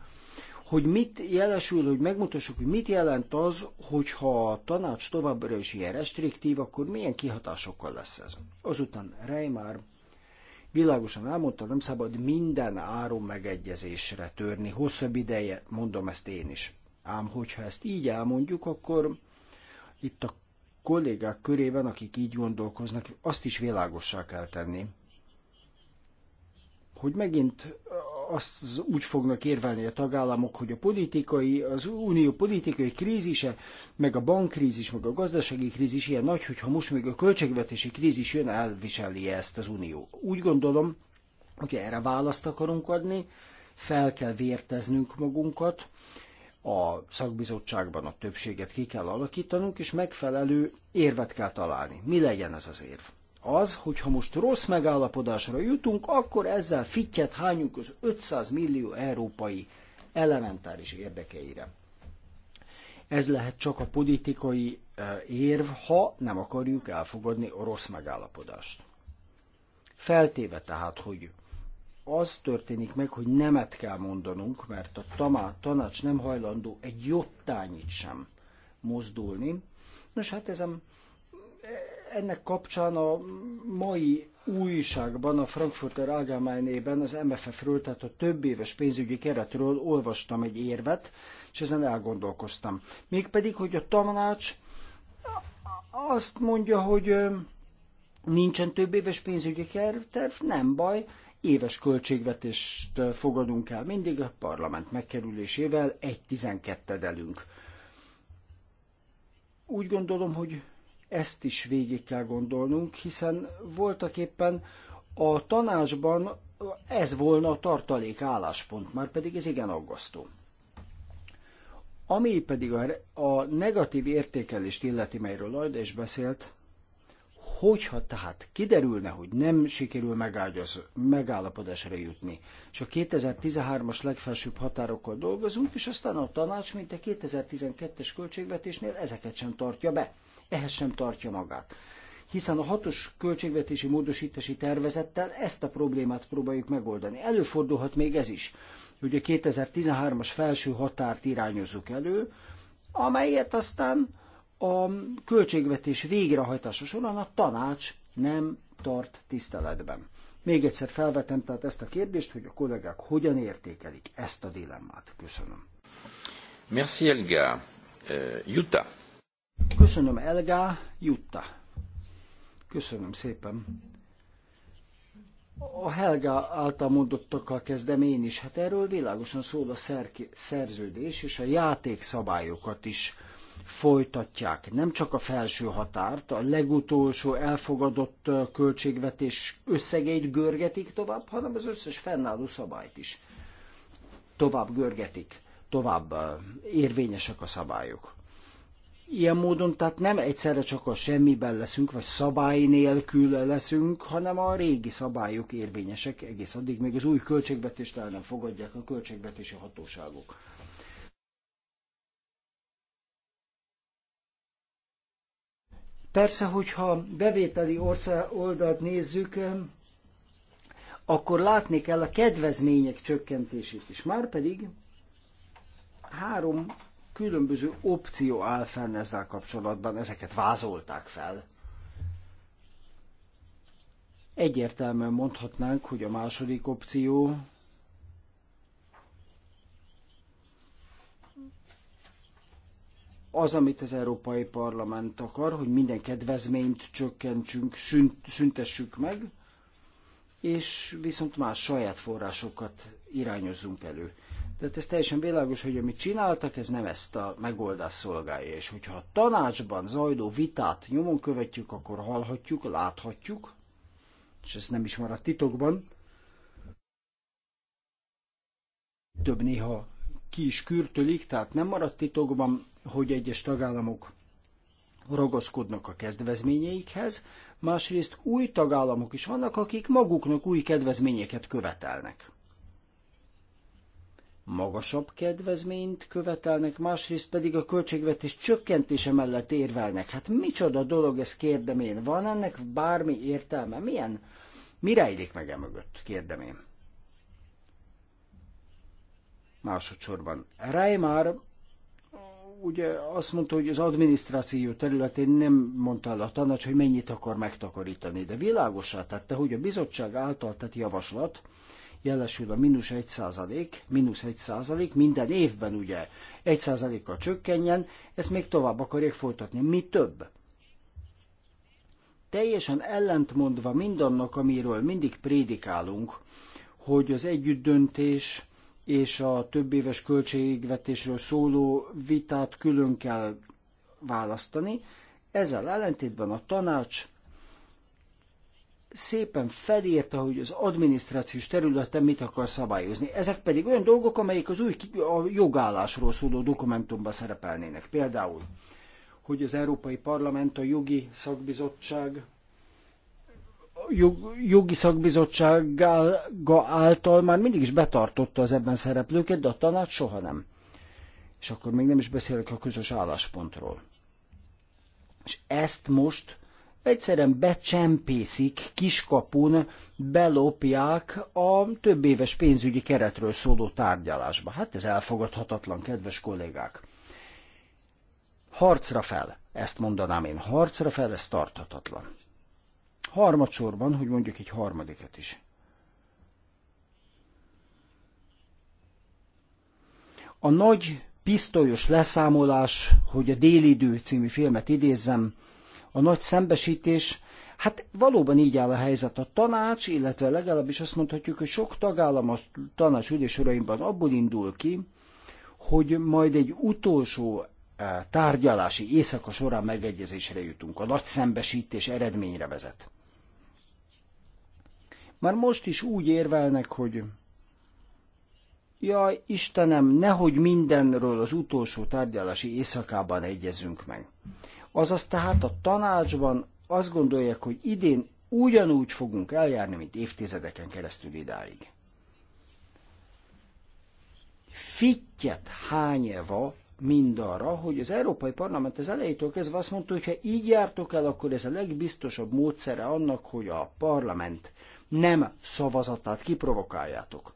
hogy mit jelesül, hogy megmutassuk, hogy mit jelent az, hogyha a tanács továbbra is ilyen restriktív, akkor milyen kihatásokkal lesz ez. Azután Reimár világosan elmondta, nem szabad minden áron megegyezésre törni. Hosszabb ideje, mondom ezt én is. Ám hogyha ezt így elmondjuk, akkor itt a kollégák körében, akik így gondolkoznak, azt is világossá kell tenni, hogy megint azt úgy fognak érvelni a tagállamok, hogy a politikai, az unió politikai krízise, meg a bankkrízis, meg a gazdasági krízis ilyen nagy, hogyha most még a költségvetési krízis jön, elviseli ezt az unió. Úgy gondolom, hogy erre választ akarunk adni, fel kell vérteznünk magunkat, a szakbizottságban a többséget ki kell alakítanunk, és megfelelő érvet kell találni. Mi legyen ez az érv? az, hogy ha most rossz megállapodásra jutunk, akkor ezzel fittyet hányunk az 500 millió európai elementáris érdekeire. Ez lehet csak a politikai e, érv, ha nem akarjuk elfogadni a rossz megállapodást. Feltéve tehát, hogy az történik meg, hogy nemet kell mondanunk, mert a tamá, tanács nem hajlandó egy jottányit sem mozdulni. Nos, hát ezen ennek kapcsán a mai újságban, a Frankfurter Allgemeinében az MFF-ről, tehát a több éves pénzügyi keretről olvastam egy érvet, és ezen elgondolkoztam. Mégpedig, hogy a tanács azt mondja, hogy nincsen több éves pénzügyi terv, nem baj, éves költségvetést fogadunk el mindig a parlament megkerülésével, egy tizenkettedelünk. Úgy gondolom, hogy ezt is végig kell gondolnunk, hiszen voltak éppen a tanácsban ez volna a tartalék álláspont, már pedig ez igen aggasztó. Ami pedig a, negatív értékelést illeti, melyről Lajda is beszélt, hogyha tehát kiderülne, hogy nem sikerül megágyaz, megállapodásra jutni, és a 2013-as legfelsőbb határokkal dolgozunk, és aztán a tanács, mint a 2012-es költségvetésnél ezeket sem tartja be ehhez sem tartja magát. Hiszen a hatos költségvetési módosítási tervezettel ezt a problémát próbáljuk megoldani. Előfordulhat még ez is, hogy a 2013-as felső határt irányozzuk elő, amelyet aztán a költségvetés végrehajtása során a tanács nem tart tiszteletben. Még egyszer felvetem tehát ezt a kérdést, hogy a kollégák hogyan értékelik ezt a dilemmát. Köszönöm. Merci Elga. Euh, Utah. Köszönöm, Elgá, Jutta. Köszönöm szépen. A Helga által mondottakkal kezdem én is. Hát erről világosan szól a szerződés, és a játékszabályokat is folytatják. Nem csak a felső határt, a legutolsó elfogadott költségvetés összegeit görgetik tovább, hanem az összes fennálló szabályt is tovább görgetik, tovább érvényesek a szabályok. Ilyen módon tehát nem egyszerre csak a semmiben leszünk, vagy szabály nélkül leszünk, hanem a régi szabályok érvényesek egész addig, még az új költségvetést el nem fogadják a költségvetési hatóságok. Persze, hogyha bevételi ország oldalt nézzük, akkor látni kell a kedvezmények csökkentését is. Márpedig három különböző opció áll fenn ezzel kapcsolatban, ezeket vázolták fel. Egyértelműen mondhatnánk, hogy a második opció az, amit az Európai Parlament akar, hogy minden kedvezményt csökkentsünk, szüntessük meg, és viszont más saját forrásokat irányozzunk elő. Tehát ez teljesen világos, hogy amit csináltak, ez nem ezt a megoldás szolgálja. És hogyha a tanácsban zajló vitát nyomon követjük, akkor hallhatjuk, láthatjuk, és ez nem is maradt titokban, több néha ki is kürtölik, tehát nem maradt titokban, hogy egyes tagállamok ragaszkodnak a kezdvezményeikhez, másrészt új tagállamok is vannak, akik maguknak új kedvezményeket követelnek magasabb kedvezményt követelnek, másrészt pedig a költségvetés csökkentése mellett érvelnek. Hát micsoda dolog ez kérdem én. Van ennek bármi értelme? Milyen? Mi rejlik meg e mögött? Kérdem én. Másodszorban. Reimar ugye azt mondta, hogy az adminisztráció területén nem mondta el a tanács, hogy mennyit akar megtakarítani, de világosá tette, hogy a bizottság által tett javaslat, jelesül a mínusz 1 százalék, mínusz 1 százalék, minden évben ugye 1 százalékkal csökkenjen, ezt még tovább akarják folytatni. Mi több? Teljesen ellentmondva mindannak, amiről mindig prédikálunk, hogy az együttdöntés és a több éves költségvetésről szóló vitát külön kell választani, ezzel ellentétben a tanács szépen felírta, hogy az adminisztrációs területen mit akar szabályozni. Ezek pedig olyan dolgok, amelyek az új a jogállásról szóló dokumentumban szerepelnének. Például, hogy az Európai Parlament a jogi szakbizottság jogi szakbizottsága által már mindig is betartotta az ebben szereplőket, de a tanács soha nem. És akkor még nem is beszélek a közös álláspontról. És ezt most egyszerűen becsempészik, kiskapun belopják a több éves pénzügyi keretről szóló tárgyalásba. Hát ez elfogadhatatlan, kedves kollégák. Harcra fel, ezt mondanám én, harcra fel, ez tarthatatlan. Harmadsorban, hogy mondjuk egy harmadikat is. A nagy pisztolyos leszámolás, hogy a déli Idő című filmet idézzem, a nagy szembesítés, Hát valóban így áll a helyzet a tanács, illetve legalábbis azt mondhatjuk, hogy sok tagállam a tanács ügyesoraimban abból indul ki, hogy majd egy utolsó eh, tárgyalási éjszaka során megegyezésre jutunk. A nagy szembesítés eredményre vezet. Már most is úgy érvelnek, hogy jaj, Istenem, nehogy mindenről az utolsó tárgyalási éjszakában egyezünk meg. Azaz tehát a tanácsban azt gondolják, hogy idén ugyanúgy fogunk eljárni, mint évtizedeken keresztül idáig. Fittyet hányeva arra, hogy az Európai Parlament az elejétől kezdve azt mondta, hogy ha így jártok el, akkor ez a legbiztosabb módszere annak, hogy a parlament nem szavazatát kiprovokáljátok.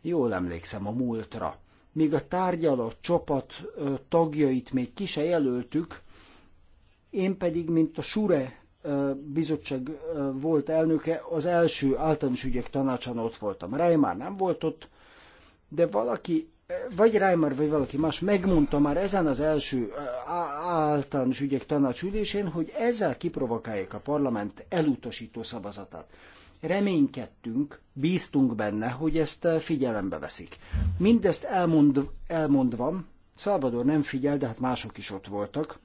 Jól emlékszem a múltra. még a tárgyaló csapat tagjait még ki se jelöltük, én pedig, mint a SURE bizottság volt elnöke, az első általános ügyek tanácsán ott voltam. Reimár nem volt ott, de valaki, vagy Reimár, vagy valaki más megmondta már ezen az első általános ügyek tanácsülésén, hogy ezzel kiprovokálják a parlament elutasító szavazatát. Reménykedtünk, bíztunk benne, hogy ezt figyelembe veszik. Mindezt elmond, elmondva, Szalvador nem figyel, de hát mások is ott voltak,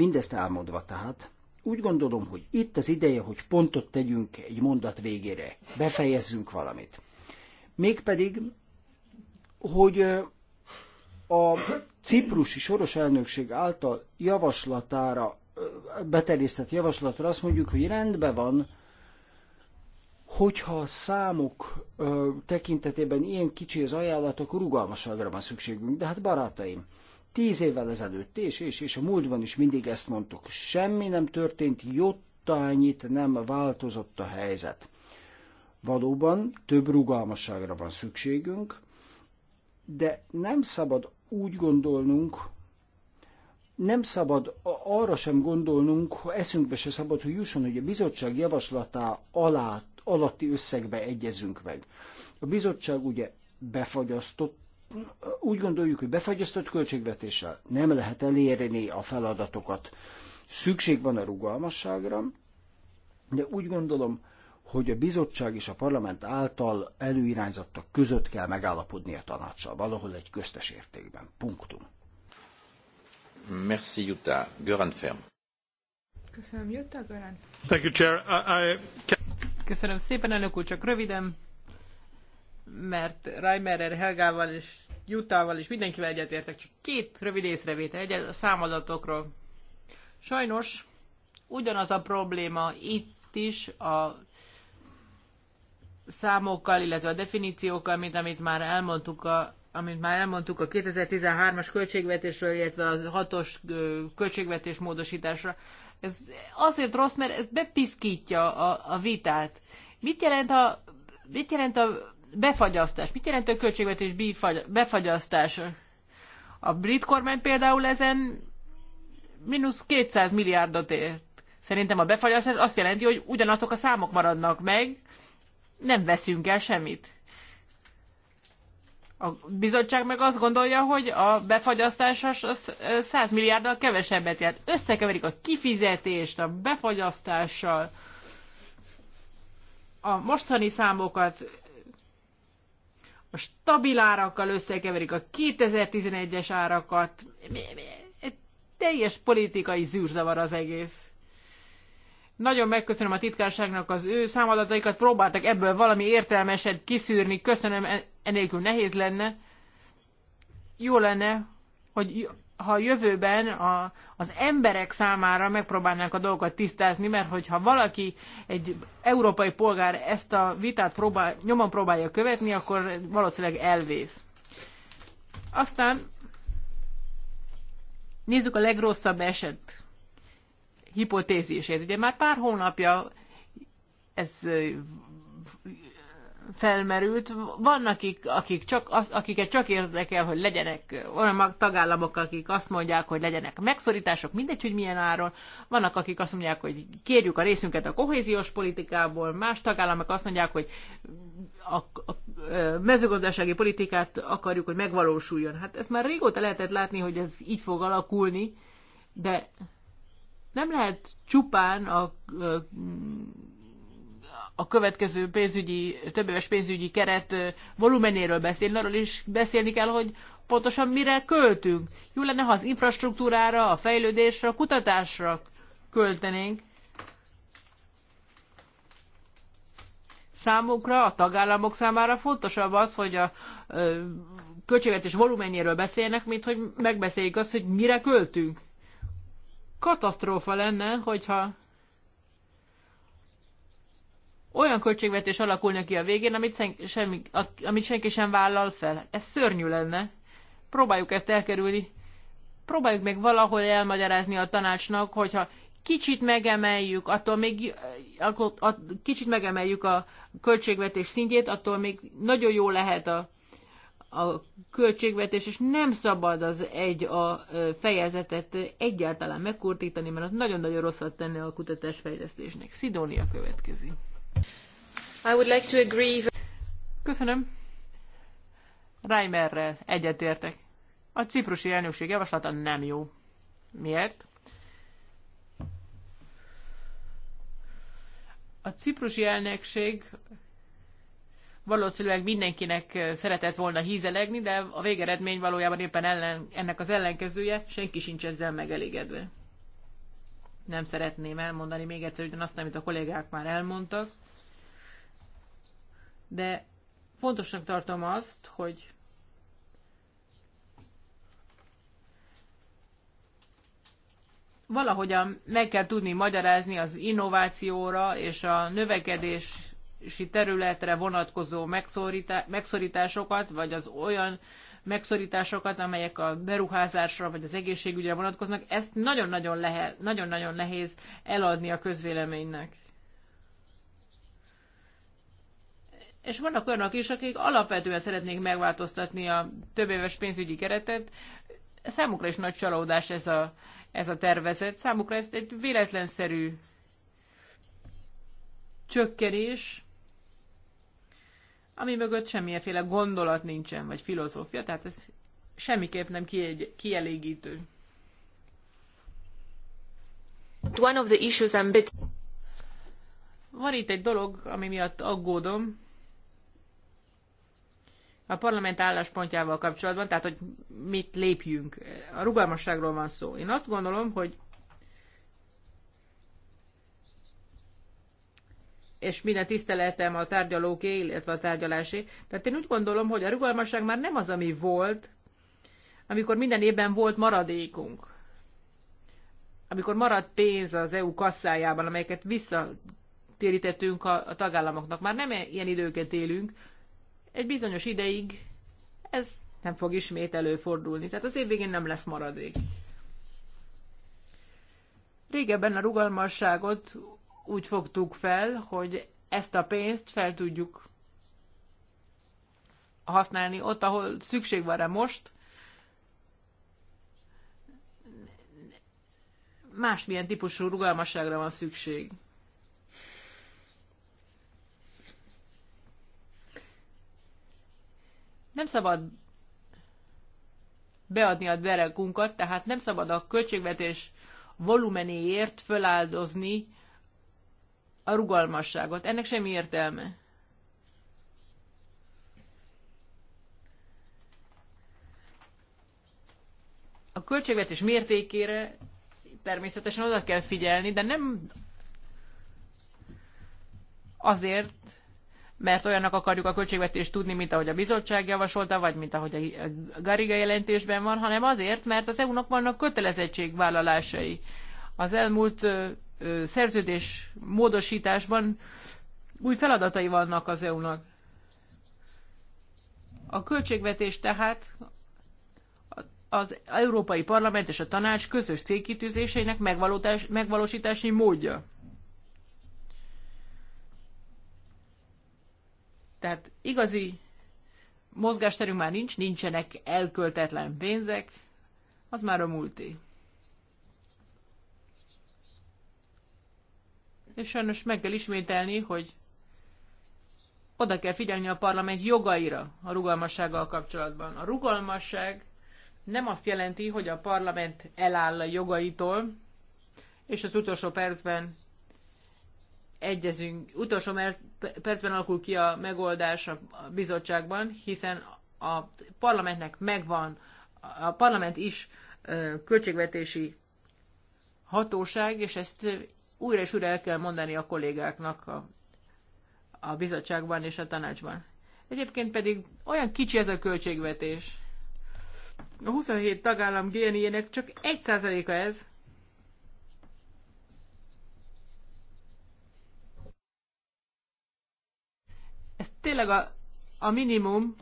Mindezt elmondva tehát, úgy gondolom, hogy itt az ideje, hogy pontot tegyünk egy mondat végére, befejezzünk valamit. Mégpedig, hogy a ciprusi soros elnökség által javaslatára, beterjesztett javaslatra azt mondjuk, hogy rendben van, hogyha a számok tekintetében ilyen kicsi az ajánlat, akkor rugalmasságra van szükségünk. De hát barátaim, Tíz évvel ezelőtt, és, és, és a múltban is mindig ezt mondtuk, semmi nem történt, jotta annyit, nem változott a helyzet. Valóban több rugalmasságra van szükségünk, de nem szabad úgy gondolnunk, nem szabad arra sem gondolnunk, ha eszünkbe se szabad, hogy jusson, hogy a bizottság javaslatá alá, alatti összegbe egyezünk meg. A bizottság ugye befagyasztott úgy gondoljuk, hogy befagyasztott költségvetéssel nem lehet elérni a feladatokat. Szükség van a rugalmasságra, de úgy gondolom, hogy a bizottság és a parlament által előirányzottak között kell megállapodni a tanácssal, valahol egy köztes értékben. Punktum. Merci, Jutta. Göran Ferm. Köszönöm, Jutta. Göran. Thank you, Chair. I, I... Köszönöm szépen, elnök úr, csak röviden mert Reimerer, Helgával és Jutával és mindenkivel egyetértek, csak két rövid észrevétel, egy a számadatokról. Sajnos ugyanaz a probléma itt is a számokkal, illetve a definíciókkal, mint amit már elmondtuk a amit már elmondtuk a 2013-as költségvetésről, illetve a hatos költségvetés módosításra. Ez azért rossz, mert ez bepiszkítja a, a vitát. Mit jelent a, mit jelent a befagyasztás. Mit jelent a költségvetés befagyasztás? A brit kormány például ezen mínusz 200 milliárdot ért. Szerintem a befagyasztás azt jelenti, hogy ugyanazok a számok maradnak meg, nem veszünk el semmit. A bizottság meg azt gondolja, hogy a befagyasztás az 100 milliárddal kevesebbet jelent. Összekeverik a kifizetést a befagyasztással. A mostani számokat a stabil árakkal összekeverik a 2011-es árakat. Teljes politikai zűrzavar az egész. Nagyon megköszönöm a titkárságnak az ő számadataikat, próbáltak ebből valami értelmeset kiszűrni, köszönöm, e- enélkül nehéz lenne. Jó lenne, hogy ha a jövőben a, az emberek számára megpróbálnánk a dolgokat tisztázni, mert hogyha valaki, egy európai polgár ezt a vitát próbál, nyomon próbálja követni, akkor valószínűleg elvész. Aztán nézzük a legrosszabb eset hipotézisét. Ugye már pár hónapja ez felmerült. Vannak, akik, akik csak, az, akiket csak érdekel, hogy legyenek olyan tagállamok, akik azt mondják, hogy legyenek megszorítások, mindegy, hogy milyen áron. Vannak, akik azt mondják, hogy kérjük a részünket a kohéziós politikából, más tagállamok azt mondják, hogy a, a, a mezőgazdasági politikát akarjuk, hogy megvalósuljon. Hát ezt már régóta lehetett látni, hogy ez így fog alakulni, de nem lehet csupán a a következő pénzügyi, többéves pénzügyi keret volumenéről beszélni, arról is beszélni kell, hogy pontosan mire költünk. Jó lenne, ha az infrastruktúrára, a fejlődésre, a kutatásra költenénk. Számukra, a tagállamok számára fontosabb az, hogy a költségvetés volumenjéről beszélnek, mint hogy megbeszéljük azt, hogy mire költünk. Katasztrófa lenne, hogyha olyan költségvetés alakulna ki a végén, amit, semmi, amit senki sem vállal fel. Ez szörnyű lenne. Próbáljuk ezt elkerülni. Próbáljuk meg valahol elmagyarázni a tanácsnak, hogyha kicsit megemeljük, attól még eh, akkor, a, kicsit megemeljük a költségvetés szintjét, attól még nagyon jó lehet a, a költségvetés, és nem szabad az egy a fejezetet egyáltalán megkurtítani, mert az nagyon-nagyon rosszat tenni a kutatásfejlesztésnek. Szidónia következik. Köszönöm. Reimerrel egyetértek. A ciprusi elnökség javaslata nem jó. Miért? A ciprusi elnökség valószínűleg mindenkinek szeretett volna hízelegni, de a végeredmény valójában éppen ellen, ennek az ellenkezője, senki sincs ezzel megelégedve. Nem szeretném elmondani még egyszer ugyanazt, amit a kollégák már elmondtak de fontosnak tartom azt, hogy valahogyan meg kell tudni magyarázni az innovációra és a növekedési területre vonatkozó megszorításokat, vagy az olyan megszorításokat, amelyek a beruházásra vagy az egészségügyre vonatkoznak, ezt nagyon-nagyon, lehe, nagyon-nagyon nehéz eladni a közvéleménynek. és vannak olyanok is, akik alapvetően szeretnék megváltoztatni a többéves pénzügyi keretet. Számukra is nagy csalódás ez a, ez a tervezet. Számukra ez egy véletlenszerű csökkenés, ami mögött semmilyenféle gondolat nincsen, vagy filozófia, tehát ez semmiképp nem kiegy, kielégítő. One of the issues I'm bit... Van itt egy dolog, ami miatt aggódom a parlament álláspontjával kapcsolatban, tehát hogy mit lépjünk. A rugalmasságról van szó. Én azt gondolom, hogy és minden tiszteletem a tárgyalóké, illetve a tárgyalásé. Tehát én úgy gondolom, hogy a rugalmasság már nem az, ami volt, amikor minden évben volt maradékunk. Amikor maradt pénz az EU kasszájában, amelyeket visszatérítettünk a, a tagállamoknak. Már nem ilyen időket élünk, egy bizonyos ideig ez nem fog ismét előfordulni. Tehát az év végén nem lesz maradék. Régebben a rugalmasságot úgy fogtuk fel, hogy ezt a pénzt fel tudjuk használni ott, ahol szükség van rá most, másmilyen típusú rugalmasságra van szükség. nem szabad beadni a derekunkat, tehát nem szabad a költségvetés volumenéért föláldozni a rugalmasságot. Ennek semmi értelme. A költségvetés mértékére természetesen oda kell figyelni, de nem azért, mert olyanak akarjuk a költségvetést tudni, mint ahogy a bizottság javasolta, vagy mint ahogy a Gariga jelentésben van, hanem azért, mert az EU-nak vannak kötelezettségvállalásai. Az elmúlt szerződés módosításban új feladatai vannak az EU-nak. A költségvetés tehát az Európai Parlament és a Tanács közös célkitűzéseinek megvalósítási módja. Tehát igazi mozgásterünk már nincs, nincsenek elköltetlen pénzek, az már a múlté. És sajnos meg kell ismételni, hogy oda kell figyelni a parlament jogaira a rugalmassággal kapcsolatban. A rugalmasság nem azt jelenti, hogy a parlament eláll a jogaitól, és az utolsó percben egyezünk, utolsó percben alakul ki a megoldás a bizottságban, hiszen a parlamentnek megvan, a parlament is költségvetési hatóság, és ezt újra és újra el kell mondani a kollégáknak a, a bizottságban és a tanácsban. Egyébként pedig olyan kicsi ez a költségvetés. A 27 tagállam GNI-nek csak 1%-a ez, Ez tényleg a, a minimum,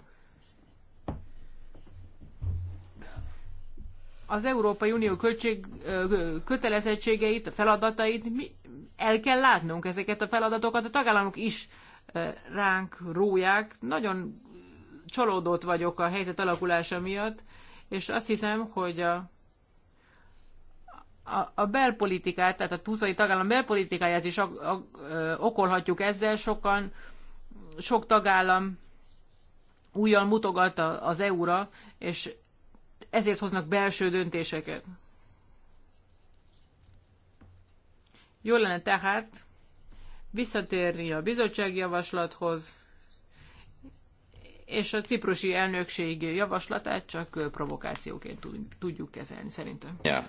az Európai Unió költség, kötelezettségeit, a feladatait mi, el kell látnunk ezeket a feladatokat, a tagállamok is ránk róják. Nagyon csalódott vagyok a helyzet alakulása miatt, és azt hiszem, hogy a, a, a belpolitikát, tehát a 20 tagállam belpolitikáját is a, a, okolhatjuk ezzel, sokan sok tagállam újjal mutogat az EU-ra, és ezért hoznak belső döntéseket. Jó lenne tehát visszatérni a bizottsági javaslathoz, és a ciprusi elnökség javaslatát csak provokációként tudjuk kezelni, szerintem. Ja.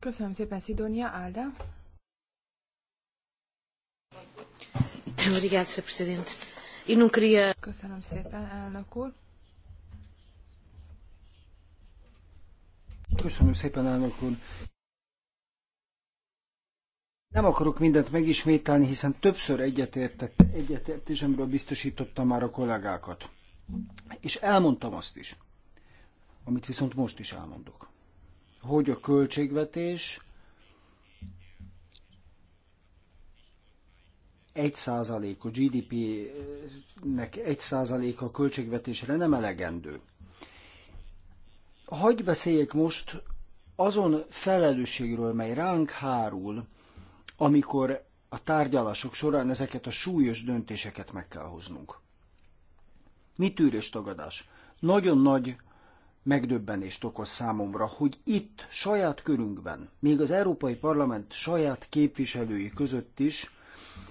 Köszönöm szépen, Szidónia. Álda. E Köszönöm szépen, elnök úr. Köszönöm szépen, elnök úr. Nem akarok mindent megismételni, hiszen többször egyetértett, egyetértésemről biztosítottam már a kollégákat. És elmondtam azt is, amit viszont most is elmondok, hogy a költségvetés egy százalék, a GDP-nek egy százalék a költségvetésre nem elegendő. Hagy beszéljek most azon felelősségről, mely ránk hárul, amikor a tárgyalások során ezeket a súlyos döntéseket meg kell hoznunk. Mi tűrés tagadás? Nagyon nagy megdöbbenést okoz számomra, hogy itt, saját körünkben, még az Európai Parlament saját képviselői között is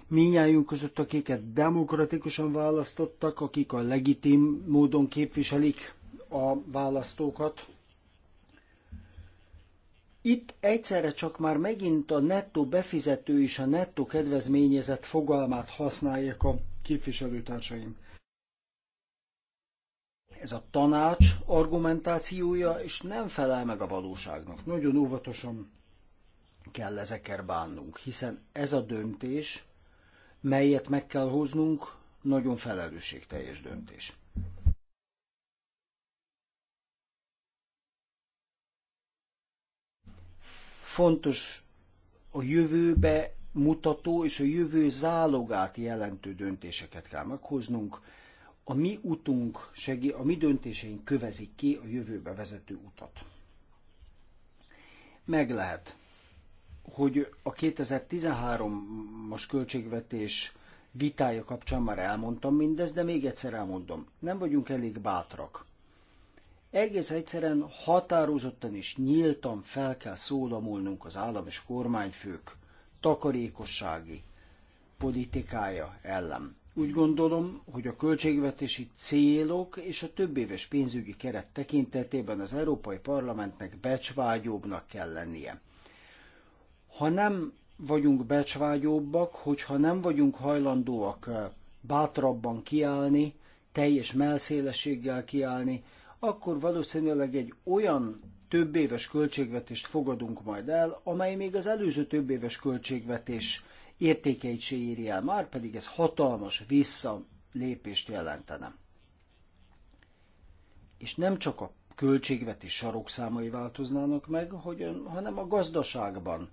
minnyájunk között, akiket demokratikusan választottak, akik a legitim módon képviselik a választókat. Itt egyszerre csak már megint a nettó befizető és a nettó kedvezményezett fogalmát használják a képviselőtársaim. Ez a tanács argumentációja, és nem felel meg a valóságnak. Nagyon óvatosan kell ezekkel bánnunk, hiszen ez a döntés, melyet meg kell hoznunk, nagyon felelősségteljes döntés. Fontos a jövőbe mutató és a jövő zálogát jelentő döntéseket kell meghoznunk. A mi utunk, segí, a mi döntéseink kövezik ki a jövőbe vezető utat. Meg lehet hogy a 2013-as költségvetés vitája kapcsán már elmondtam mindezt, de még egyszer elmondom. Nem vagyunk elég bátrak. Egész egyszerűen határozottan és nyíltan fel kell szólamolnunk az állam és kormányfők takarékossági politikája ellen. Úgy gondolom, hogy a költségvetési célok és a többéves pénzügyi keret tekintetében az Európai Parlamentnek becsvágyóbbnak kell lennie. Ha nem vagyunk becsvágyóbbak, hogyha nem vagyunk hajlandóak bátrabban kiállni, teljes melszélességgel kiállni, akkor valószínűleg egy olyan több éves költségvetést fogadunk majd el, amely még az előző több éves költségvetés értékeit se éri el már, pedig ez hatalmas visszalépést jelentene. És nem csak a költségvetés sarokszámai változnának meg, hanem a gazdaságban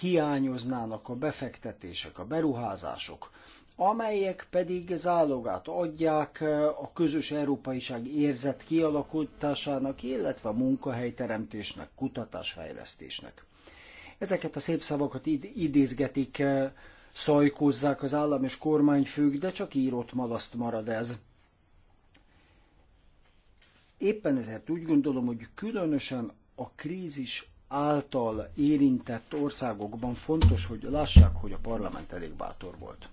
hiányoznának a befektetések, a beruházások, amelyek pedig zálogát adják a közös európaiság érzet kialakításának, illetve a munkahelyteremtésnek, kutatásfejlesztésnek. Ezeket a szép szavakat id- idézgetik, szajkozzák az állam és kormányfők, de csak írott malaszt marad ez. Éppen ezért úgy gondolom, hogy különösen a krízis által érintett országokban fontos, hogy lássák, hogy a parlament elég bátor volt.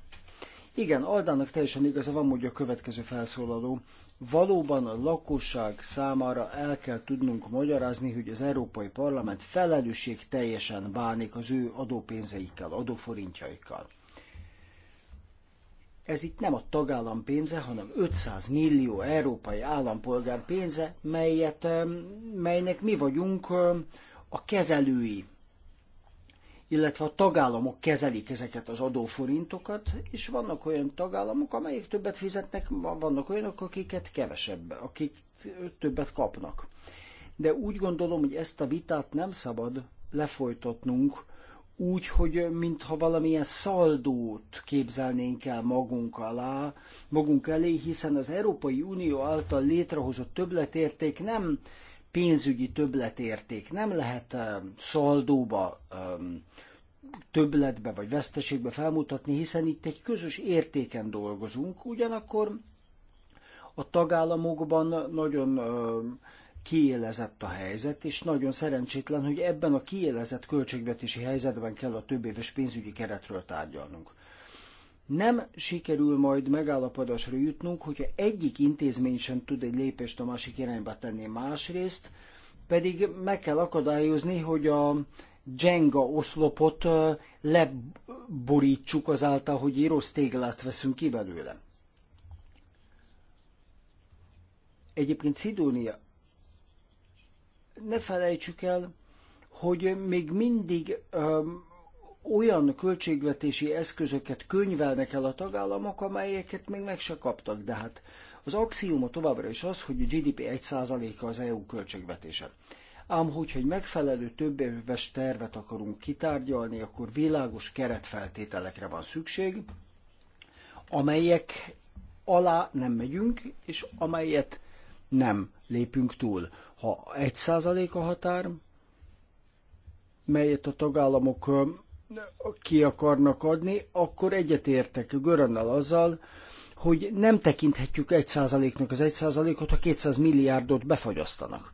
Igen, Aldának teljesen igaza van, mondja a következő felszólaló. Valóban a lakosság számára el kell tudnunk magyarázni, hogy az Európai Parlament felelősség teljesen bánik az ő adópénzeikkel, adóforintjaikkal. Ez itt nem a tagállam pénze, hanem 500 millió európai állampolgár pénze, melyet, melynek mi vagyunk a kezelői, illetve a tagállamok kezelik ezeket az adóforintokat, és vannak olyan tagállamok, amelyek többet fizetnek, vannak olyanok, akiket kevesebb, akik többet kapnak. De úgy gondolom, hogy ezt a vitát nem szabad lefolytatnunk, úgy, hogy mintha valamilyen szaldót képzelnénk el magunk alá, magunk elé, hiszen az Európai Unió által létrehozott többletérték nem pénzügyi többletérték. Nem lehet um, szaldóba, um, többletbe vagy veszteségbe felmutatni, hiszen itt egy közös értéken dolgozunk, ugyanakkor a tagállamokban nagyon um, kiélezett a helyzet, és nagyon szerencsétlen, hogy ebben a kiélezett költségvetési helyzetben kell a többéves pénzügyi keretről tárgyalnunk nem sikerül majd megállapodásra jutnunk, hogyha egyik intézmény sem tud egy lépést a másik irányba tenni. Másrészt pedig meg kell akadályozni, hogy a Jenga oszlopot leborítsuk azáltal, hogy rossz téglát veszünk ki belőle. Egyébként Szidónia, ne felejtsük el, hogy még mindig um, olyan költségvetési eszközöket könyvelnek el a tagállamok, amelyeket még meg se kaptak, de hát az axióma továbbra is az, hogy a GDP 1%-a az EU költségvetése. Ám hogyha egy megfelelő több éves tervet akarunk kitárgyalni, akkor világos keretfeltételekre van szükség, amelyek alá nem megyünk, és amelyet nem lépünk túl. Ha 1% a határ, melyet a tagállamok ki akarnak adni, akkor egyetértek Görönnel azzal, hogy nem tekinthetjük 1%-nak az 1%-ot, ha 200 milliárdot befagyasztanak.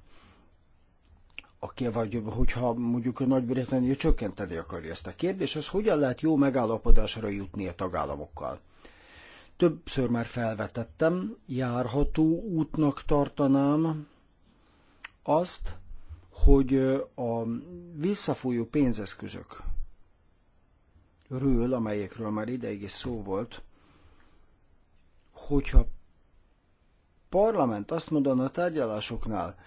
Aki vagy, hogyha mondjuk a Nagy-Britannia csökkenteni akarja ezt a kérdést, az hogyan lehet jó megállapodásra jutni a tagállamokkal? Többször már felvetettem, járható útnak tartanám azt, hogy a visszafolyó pénzeszközök ről, amelyekről már ideig is szó volt, hogyha parlament azt mondaná a tárgyalásoknál,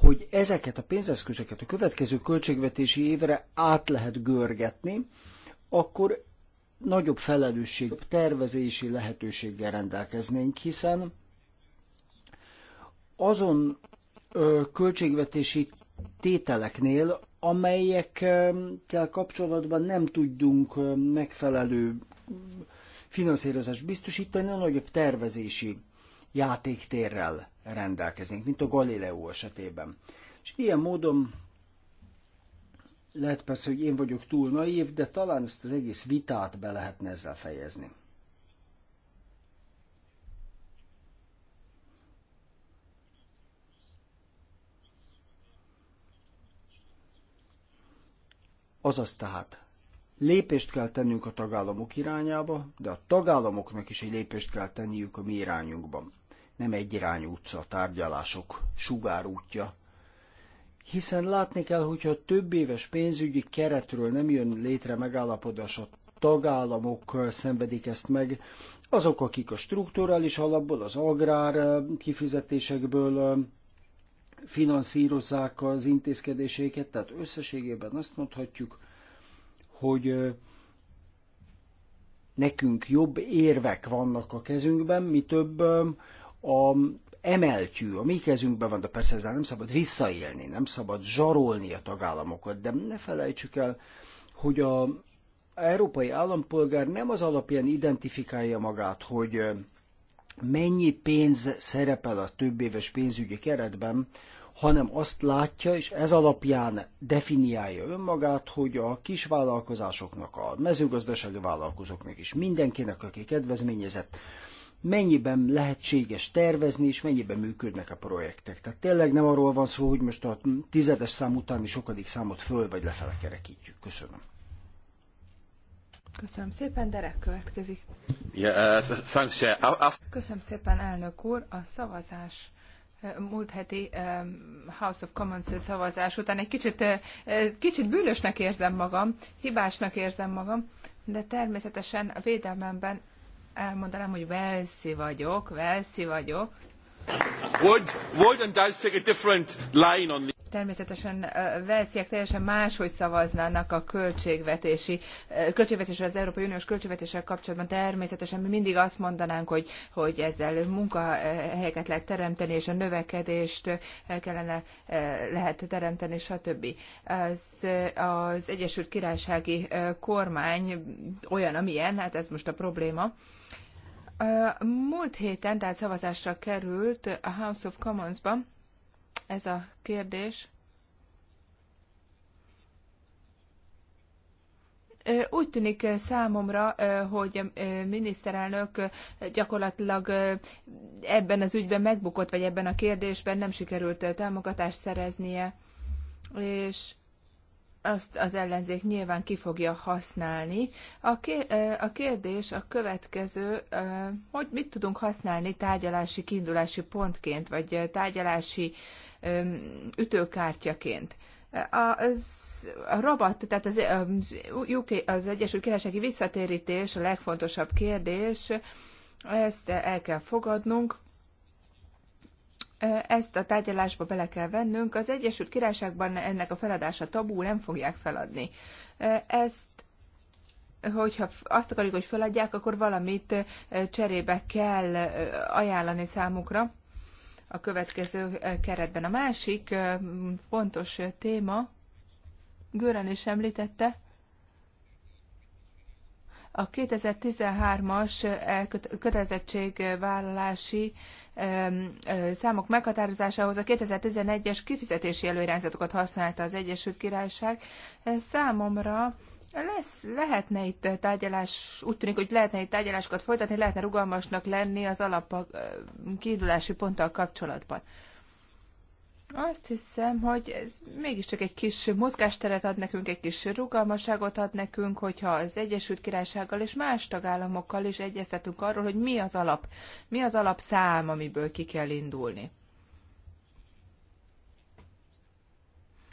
hogy ezeket a pénzeszközöket a következő költségvetési évre át lehet görgetni, akkor nagyobb felelősség, tervezési lehetőséggel rendelkeznénk, hiszen azon ö, költségvetési tételeknél, amelyekkel kapcsolatban nem tudunk megfelelő finanszírozást biztosítani, a nagyobb tervezési játéktérrel rendelkeznénk, mint a Galileo esetében. És ilyen módon lehet persze, hogy én vagyok túl naív, de talán ezt az egész vitát be lehetne ezzel fejezni. Azaz tehát lépést kell tennünk a tagállamok irányába, de a tagállamoknak is egy lépést kell tenniük a mi irányunkban. Nem egy irányú utca a tárgyalások sugárútja, hiszen látni kell, hogyha a több éves pénzügyi keretről nem jön létre megállapodás, a tagállamok szenvedik ezt meg, azok, akik a strukturális alapból, az agrár kifizetésekből finanszírozzák az intézkedéseiket, tehát összességében azt mondhatjuk, hogy nekünk jobb érvek vannak a kezünkben, mi több a emeltyű, a mi kezünkben van, de persze ezzel nem szabad visszaélni, nem szabad zsarolni a tagállamokat, de ne felejtsük el, hogy a európai állampolgár nem az alapján identifikálja magát, hogy mennyi pénz szerepel a többéves pénzügyi keretben, hanem azt látja, és ez alapján definiálja önmagát, hogy a kisvállalkozásoknak, a mezőgazdasági vállalkozóknak és mindenkinek, aki kedvezményezett, mennyiben lehetséges tervezni, és mennyiben működnek a projektek. Tehát tényleg nem arról van szó, hogy most a tizedes szám utáni sokadik számot föl vagy lefele kerekítjük. Köszönöm. Köszönöm szépen, Derek következik. Yeah, uh, thanks, yeah. Köszönöm szépen, elnök úr. A szavazás eh, múlt heti House of Commons szavazás után egy kicsit, eh, eh, kicsit bűnösnek érzem magam, hibásnak érzem magam, de természetesen a védelmemben elmondanám, hogy Velszi vagyok, Velszi vagyok. Would, would and does take a different line on the természetesen velsziek teljesen máshogy szavaznának a költségvetési, költségvetésre, az Európai Uniós költségvetéssel kapcsolatban. Természetesen mi mindig azt mondanánk, hogy, hogy ezzel munkahelyeket lehet teremteni, és a növekedést kellene lehet teremteni, stb. Az, az Egyesült Királysági kormány olyan, amilyen, hát ez most a probléma. Múlt héten, tehát szavazásra került a House of Commons-ban, ez a kérdés. Úgy tűnik számomra, hogy a miniszterelnök gyakorlatilag ebben az ügyben megbukott, vagy ebben a kérdésben nem sikerült támogatást szereznie, és azt az ellenzék nyilván ki fogja használni. A kérdés a következő, hogy mit tudunk használni tárgyalási kiindulási pontként, vagy tárgyalási ütőkártyaként. Az a rabat, tehát az, UK, az Egyesült Királysági visszatérítés a legfontosabb kérdés, ezt el kell fogadnunk, ezt a tárgyalásba bele kell vennünk. Az Egyesült Királyságban ennek a feladása tabú, nem fogják feladni. Ezt hogyha azt akarjuk, hogy feladják, akkor valamit cserébe kell ajánlani számukra a következő keretben. A másik fontos téma, Gören is említette, a 2013-as kötelezettségvállalási számok meghatározásához a 2011-es kifizetési előirányzatokat használta az Egyesült Királyság. Számomra lesz, lehetne itt tárgyalás, úgy tűnik, hogy lehetne itt tárgyalásokat folytatni, lehetne rugalmasnak lenni az alap kiindulási ponttal kapcsolatban. Azt hiszem, hogy ez mégiscsak egy kis mozgásteret ad nekünk, egy kis rugalmasságot ad nekünk, hogyha az Egyesült Királysággal és más tagállamokkal is egyeztetünk arról, hogy mi az alap, mi az alapszám, amiből ki kell indulni.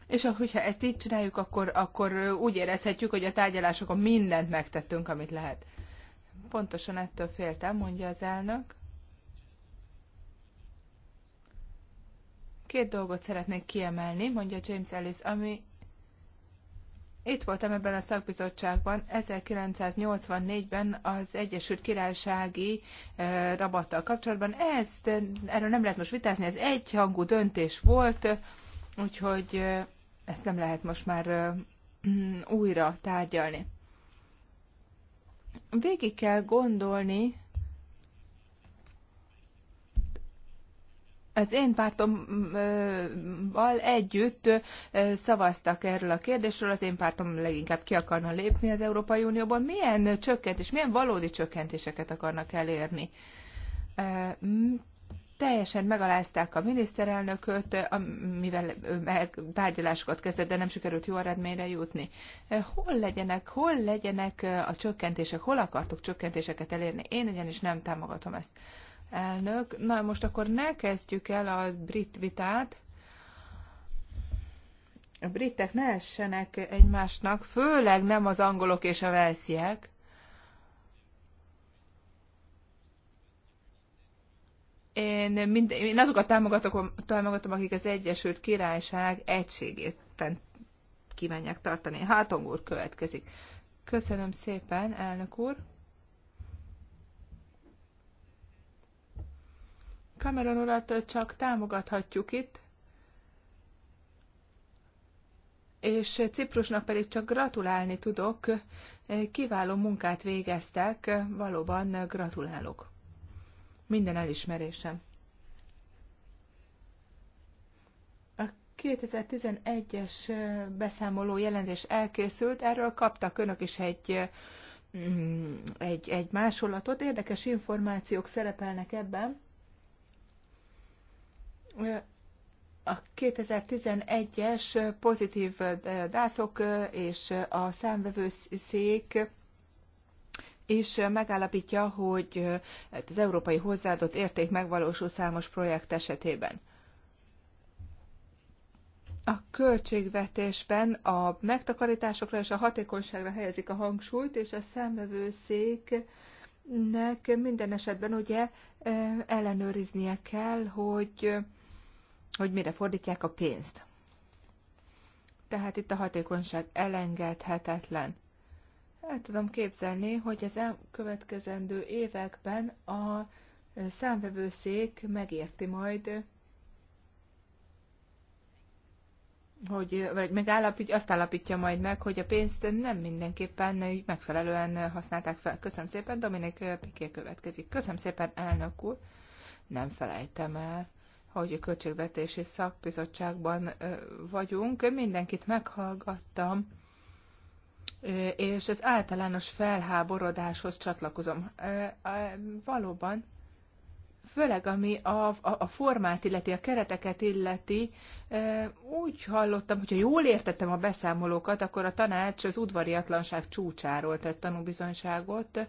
És hogyha ezt így csináljuk, akkor, akkor úgy érezhetjük, hogy a tárgyalásokon mindent megtettünk, amit lehet. Pontosan ettől féltem, mondja az elnök. Két dolgot szeretnék kiemelni, mondja James Ellis, ami itt voltam ebben a szakbizottságban 1984-ben az Egyesült Királysági eh, rabattal kapcsolatban. Ezt, erről nem lehet most vitázni, ez egyhangú döntés volt, úgyhogy eh, ezt nem lehet most már újra tárgyalni. Végig kell gondolni, az én pártommal együtt szavaztak erről a kérdésről, az én pártom leginkább ki akarna lépni az Európai Unióból. Milyen csökkentés, milyen valódi csökkentéseket akarnak elérni? teljesen megalázták a miniszterelnököt, mivel tárgyalásokat kezdett, de nem sikerült jó eredményre jutni. Eh, hol legyenek, hol legyenek eh, a csökkentések, hol akartok csökkentéseket elérni? Én ugyanis nem támogatom ezt. Elnök, na most akkor ne kezdjük el a brit vitát. A britek ne essenek egymásnak, főleg nem az angolok és a velsziek. Én, mind, én azokat támogatok, támogatom, akik az Egyesült Királyság egységét kívánják tartani. Hátong úr következik. Köszönöm szépen, elnök úr. Cameron urat csak támogathatjuk itt, és Ciprusnak pedig csak gratulálni tudok. Kiváló munkát végeztek, valóban gratulálok minden elismerésem. A 2011-es beszámoló jelentés elkészült, erről kaptak önök is egy, mm, egy, egy másolatot, érdekes információk szerepelnek ebben. A 2011-es pozitív dászok és a számvevőszék és megállapítja, hogy hát az európai hozzáadott érték megvalósul számos projekt esetében. A költségvetésben a megtakarításokra és a hatékonyságra helyezik a hangsúlyt, és a számvevőszék nek minden esetben ugye ellenőriznie kell, hogy, hogy mire fordítják a pénzt. Tehát itt a hatékonyság elengedhetetlen. El tudom képzelni, hogy az elkövetkezendő években a számvevőszék megérti majd, hogy, vagy megállapít, azt állapítja majd meg, hogy a pénzt nem mindenképpen megfelelően használták fel. Köszönöm szépen, Dominik Piké következik. Köszönöm szépen, elnök úr. Nem felejtem el, hogy a költségvetési szakbizottságban vagyunk. Mindenkit meghallgattam és az általános felháborodáshoz csatlakozom. Valóban, főleg ami a, a, a formát illeti, a kereteket illeti, úgy hallottam, hogyha jól értettem a beszámolókat, akkor a tanács az udvariatlanság csúcsáról tett tanúbizonyságot.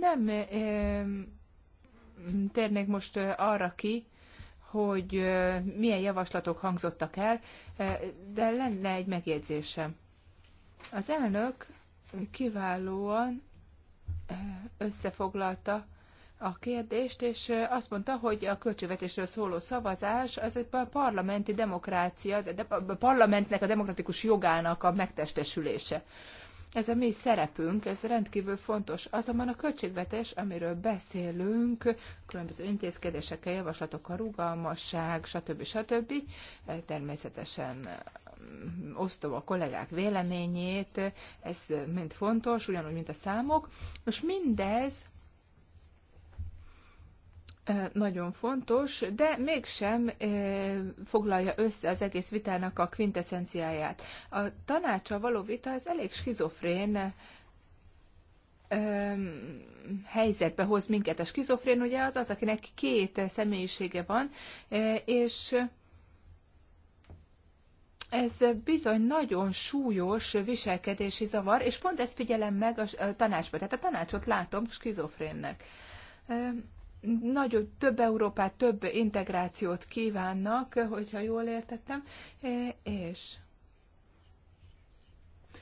Nem térnék most arra ki, hogy milyen javaslatok hangzottak el, de lenne egy megjegyzésem. Az elnök kiválóan összefoglalta a kérdést, és azt mondta, hogy a költségvetésről szóló szavazás az egy parlamenti demokrácia, de a parlamentnek a demokratikus jogának a megtestesülése. Ez a mi szerepünk, ez rendkívül fontos. Azonban a költségvetés, amiről beszélünk, különböző intézkedésekkel, javaslatokkal, rugalmasság, stb. stb. Természetesen mm, osztom a kollégák véleményét, ez mind fontos, ugyanúgy, mint a számok. Most mindez nagyon fontos, de mégsem foglalja össze az egész vitának a quintessenciáját. A tanácsa való vita az elég skizofrén helyzetbe hoz minket. A skizofrén ugye az az, akinek két személyisége van, és ez bizony nagyon súlyos viselkedési zavar, és pont ezt figyelem meg a tanácsba. Tehát a tanácsot látom skizofrénnek nagyobb, több Európát, több integrációt kívánnak, hogyha jól értettem, e, és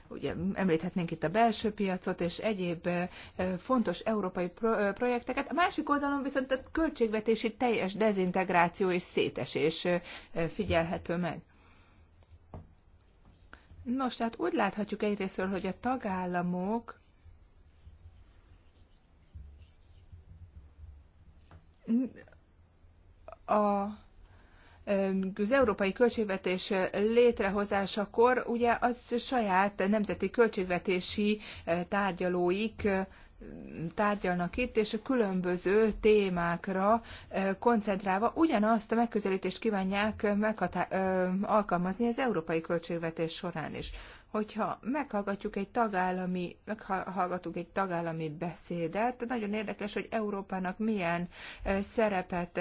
ugye említhetnénk itt a belső piacot és egyéb e, fontos európai e, projekteket. A másik oldalon viszont a költségvetési teljes dezintegráció és szétesés figyelhető meg. Nos, tehát úgy láthatjuk egyrésztről, hogy a tagállamok a az európai költségvetés létrehozásakor ugye az saját nemzeti költségvetési eh, tárgyalóik eh, tárgyalnak itt, és a különböző témákra eh, koncentrálva ugyanazt a megközelítést kívánják alkalmazni az európai költségvetés során is hogyha meghallgatjuk egy tagállami, meghallgatunk egy tagállami beszédet, nagyon érdekes, hogy Európának milyen szerepet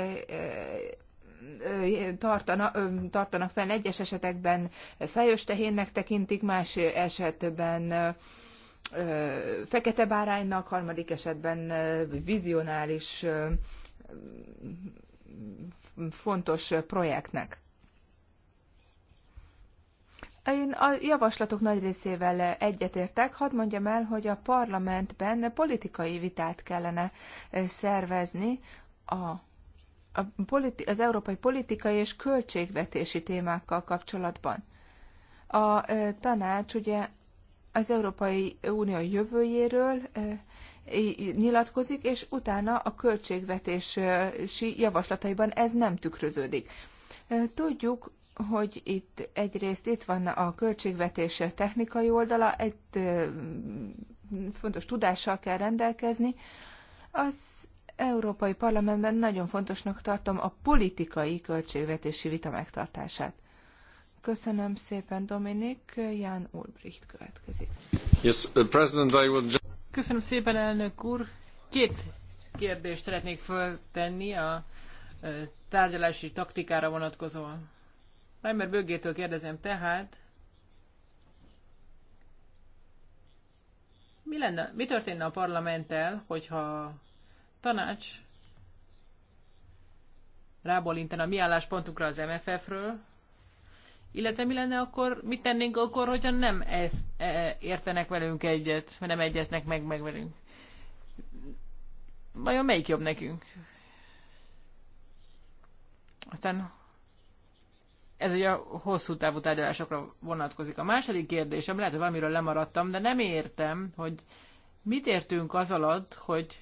tartana, tartanak fel. Egyes esetekben fejös tehénnek tekintik, más esetben fekete báránynak, harmadik esetben vizionális fontos projektnek. Én a javaslatok nagy részével egyetértek. Hadd mondjam el, hogy a parlamentben politikai vitát kellene szervezni a a politi- az európai politikai és költségvetési témákkal kapcsolatban. A e, tanács ugye az Európai Unió jövőjéről e, nyilatkozik, és utána a költségvetési javaslataiban ez nem tükröződik. E, tudjuk, hogy itt egyrészt itt van a költségvetés technikai oldala, egy fontos tudással kell rendelkezni. Az Európai Parlamentben nagyon fontosnak tartom a politikai költségvetési vita megtartását. Köszönöm szépen, Dominik. Jan Ulbricht következik. Yes, uh, President, I will... Köszönöm szépen, elnök úr. Két kérdést szeretnék föltenni a tárgyalási taktikára vonatkozóan. Leimer Bögétől kérdezem tehát, mi, lenne, mi történne a parlamenttel, hogyha tanács rábólintana mi álláspontunkra az MFF-ről, illetve mi lenne akkor, mit tennénk akkor, hogyha nem ezt, e, értenek velünk egyet, mert nem egyeznek meg, meg velünk. Vajon melyik jobb nekünk? Aztán ez ugye a hosszú távú tárgyalásokra vonatkozik. A második kérdésem, lehet, hogy valamiről lemaradtam, de nem értem, hogy mit értünk az alatt, hogy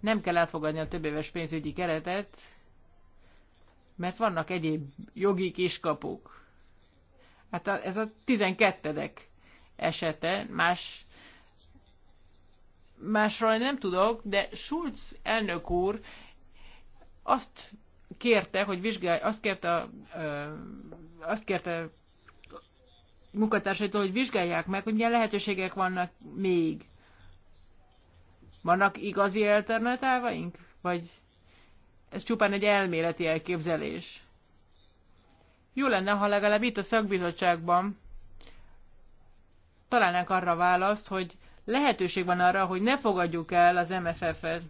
nem kell elfogadni a éves pénzügyi keretet, mert vannak egyéb jogi kiskapuk. Hát a, ez a 12 esete, más, másról nem tudok, de Schulz elnök úr azt kérte, hogy vizsgálj, azt kérte, ö, azt kérte munkatársaitól, hogy vizsgálják meg, hogy milyen lehetőségek vannak még. Vannak igazi alternatávaink? Vagy ez csupán egy elméleti elképzelés? Jó lenne, ha legalább itt a szakbizottságban találnánk arra választ, hogy lehetőség van arra, hogy ne fogadjuk el az MFF-et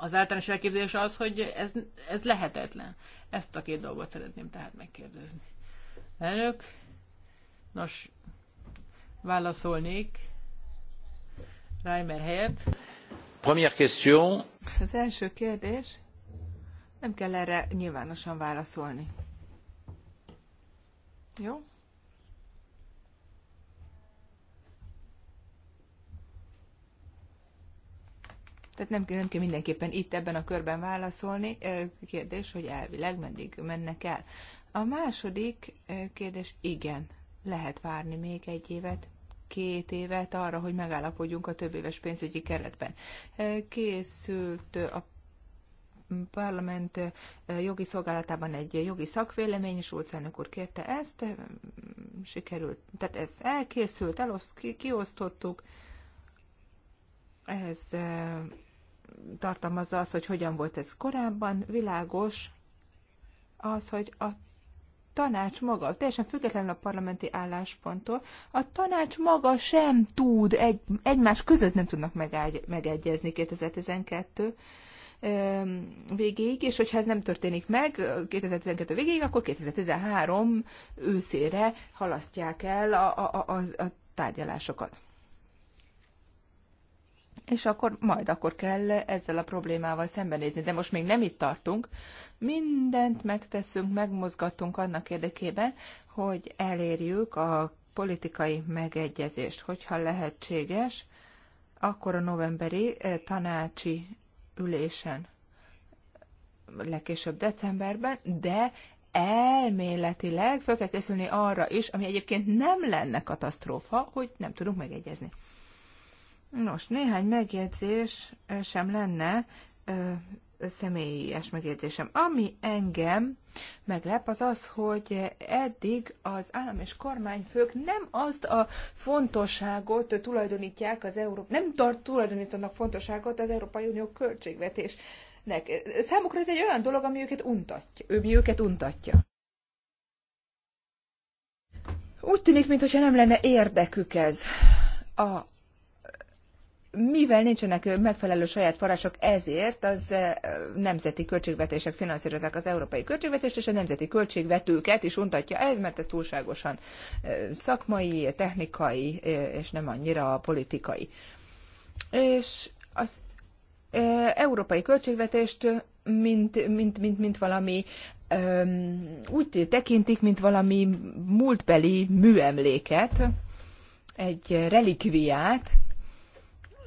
az általános elképzelés az, hogy ez, ez lehetetlen. Ezt a két dolgot szeretném tehát megkérdezni. Elnök, nos, válaszolnék Reimer helyett. Première question. Az első kérdés, nem kell erre nyilvánosan válaszolni. Jó? Tehát nem, nem kell mindenképpen itt ebben a körben válaszolni. Kérdés, hogy elvileg meddig mennek el. A második kérdés, igen, lehet várni még egy évet, két évet arra, hogy megállapodjunk a több éves pénzügyi keretben. Készült a parlament jogi szolgálatában egy jogi szakvélemény, és Ulc úr kérte ezt, sikerült, tehát ez elkészült, eloszt, kiosztottuk, ez tartalmazza az, hogy hogyan volt ez korábban, világos az, hogy a tanács maga, teljesen függetlenül a parlamenti állásponttól, a tanács maga sem tud, egy, egymás között nem tudnak megágy, megegyezni 2012 végéig, és hogyha ez nem történik meg 2012 végéig, akkor 2013 őszére halasztják el a, a, a, a tárgyalásokat és akkor majd akkor kell ezzel a problémával szembenézni. De most még nem itt tartunk. Mindent megteszünk, megmozgatunk annak érdekében, hogy elérjük a politikai megegyezést, hogyha lehetséges, akkor a novemberi eh, tanácsi ülésen, legkésőbb decemberben, de elméletileg fel kell készülni arra is, ami egyébként nem lenne katasztrófa, hogy nem tudunk megegyezni. Nos, néhány megjegyzés sem lenne ö, személyes megjegyzésem. Ami engem meglep, az az, hogy eddig az állam és kormányfők nem azt a fontosságot tulajdonítják az Európa, nem tart tulajdonítanak fontosságot az Európai Unió költségvetésnek. Számukra ez egy olyan dolog, ami őket untatja. mi őket untatja. Úgy tűnik, mintha nem lenne érdekük ez. A mivel nincsenek megfelelő saját források, ezért az eh, nemzeti költségvetések finanszírozzák az európai költségvetést, és a nemzeti költségvetőket is untatja ez, mert ez túlságosan eh, szakmai, technikai, eh, és nem annyira politikai. És az európai költségvetést mint, mint, mint, mint valami úgy tekintik, mint valami múltbeli műemléket, egy relikviát,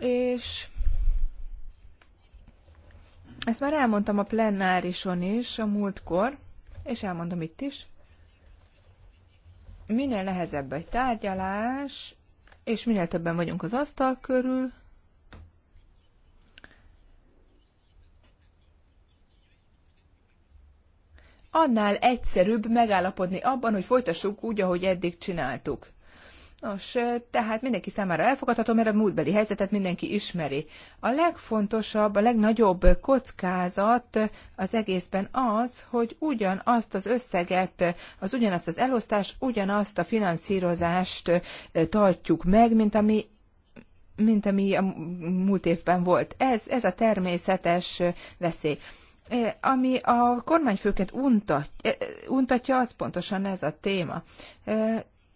és ezt már elmondtam a plenárison is a múltkor, és elmondom itt is. Minél nehezebb egy tárgyalás, és minél többen vagyunk az asztal körül, annál egyszerűbb megállapodni abban, hogy folytassuk úgy, ahogy eddig csináltuk. Nos, tehát mindenki számára elfogadható, mert a múltbeli helyzetet mindenki ismeri. A legfontosabb, a legnagyobb kockázat az egészben az, hogy ugyanazt az összeget, az ugyanazt az elosztást, ugyanazt a finanszírozást tartjuk meg, mint ami mint ami a múlt évben volt. Ez, ez a természetes veszély. Ami a kormányfőket untat, untatja, az pontosan ez a téma.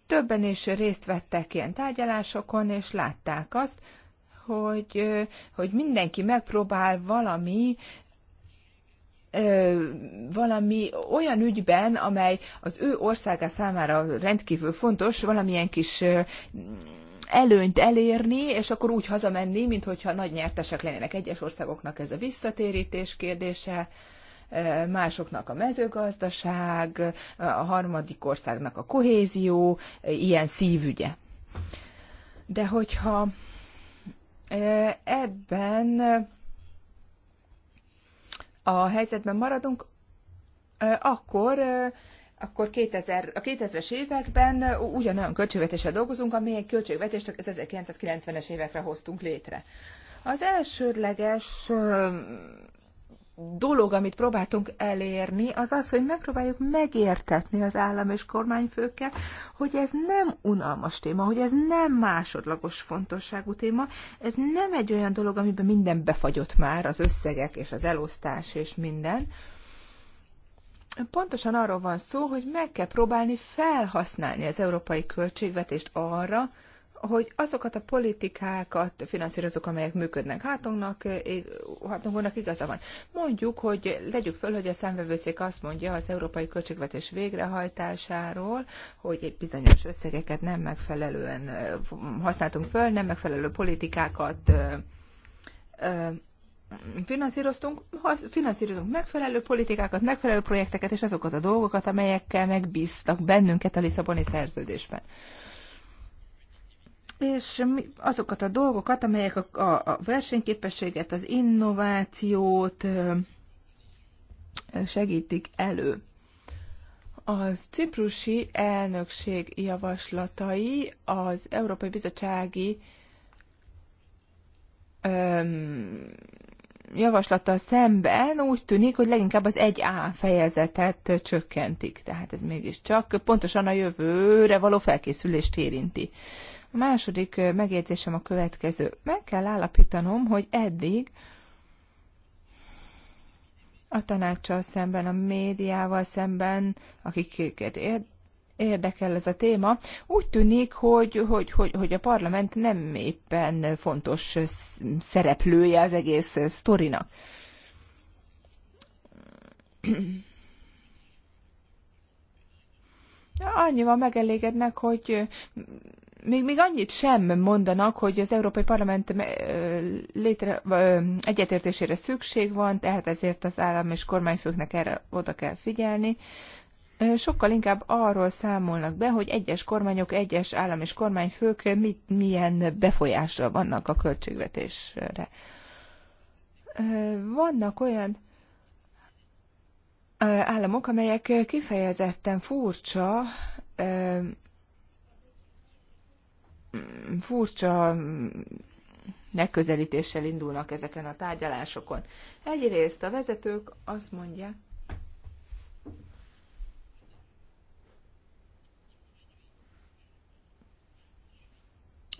Többen is részt vettek ilyen tárgyalásokon, és látták azt, hogy, hogy mindenki megpróbál valami valami olyan ügyben, amely az ő országa számára rendkívül fontos, valamilyen kis előnyt elérni, és akkor úgy hazamenni, mintha nagy nyertesek lennének. Egyes országoknak ez a visszatérítés kérdése, másoknak a mezőgazdaság, a harmadik országnak a kohézió, ilyen szívügye. De hogyha e, ebben a helyzetben maradunk, e, akkor e, akkor 2000, a 2000-es években ugyanolyan költségvetéssel dolgozunk, amilyen költségvetést az 1990-es évekre hoztunk létre. Az elsődleges dolog, amit próbáltunk elérni, az az, hogy megpróbáljuk megértetni az állam és kormányfőkkel, hogy ez nem unalmas téma, hogy ez nem másodlagos fontosságú téma, ez nem egy olyan dolog, amiben minden befagyott már, az összegek és az elosztás és minden. Pontosan arról van szó, hogy meg kell próbálni felhasználni az európai költségvetést arra, hogy azokat a politikákat finanszírozunk, amelyek működnek hátunknak, eh, hátunknak igaza van. Mondjuk, hogy legyük föl, hogy a szemvevőszék azt mondja az európai költségvetés végrehajtásáról, hogy egy bizonyos összegeket nem megfelelően eh, használtunk föl, nem megfelelő politikákat eh, finanszíroztunk, finanszírozunk megfelelő politikákat, megfelelő projekteket, és azokat a dolgokat, amelyekkel megbíztak bennünket a Lisszaboni szerződésben és azokat a dolgokat, amelyek a, a, a versenyképességet, az innovációt segítik elő. Az ciprusi elnökség javaslatai az Európai Bizottsági öm, javaslata szemben úgy tűnik, hogy leginkább az 1A fejezetet csökkentik. Tehát ez mégiscsak pontosan a jövőre való felkészülést érinti. A második megjegyzésem a következő. Meg kell állapítanom, hogy eddig a tanácssal szemben, a médiával szemben, akiket érdekel ez a téma, úgy tűnik, hogy, hogy, hogy, hogy a parlament nem éppen fontos szereplője az egész sztorinak. Annyival megelégednek, hogy még, még annyit sem mondanak, hogy az Európai Parlament létre, egyetértésére szükség van, tehát ezért az állam és kormányfőknek erre oda kell figyelni. Sokkal inkább arról számolnak be, hogy egyes kormányok, egyes állam és kormányfők mit, milyen befolyással vannak a költségvetésre. Vannak olyan államok, amelyek kifejezetten furcsa furcsa megközelítéssel indulnak ezeken a tárgyalásokon. Egyrészt a vezetők azt mondják,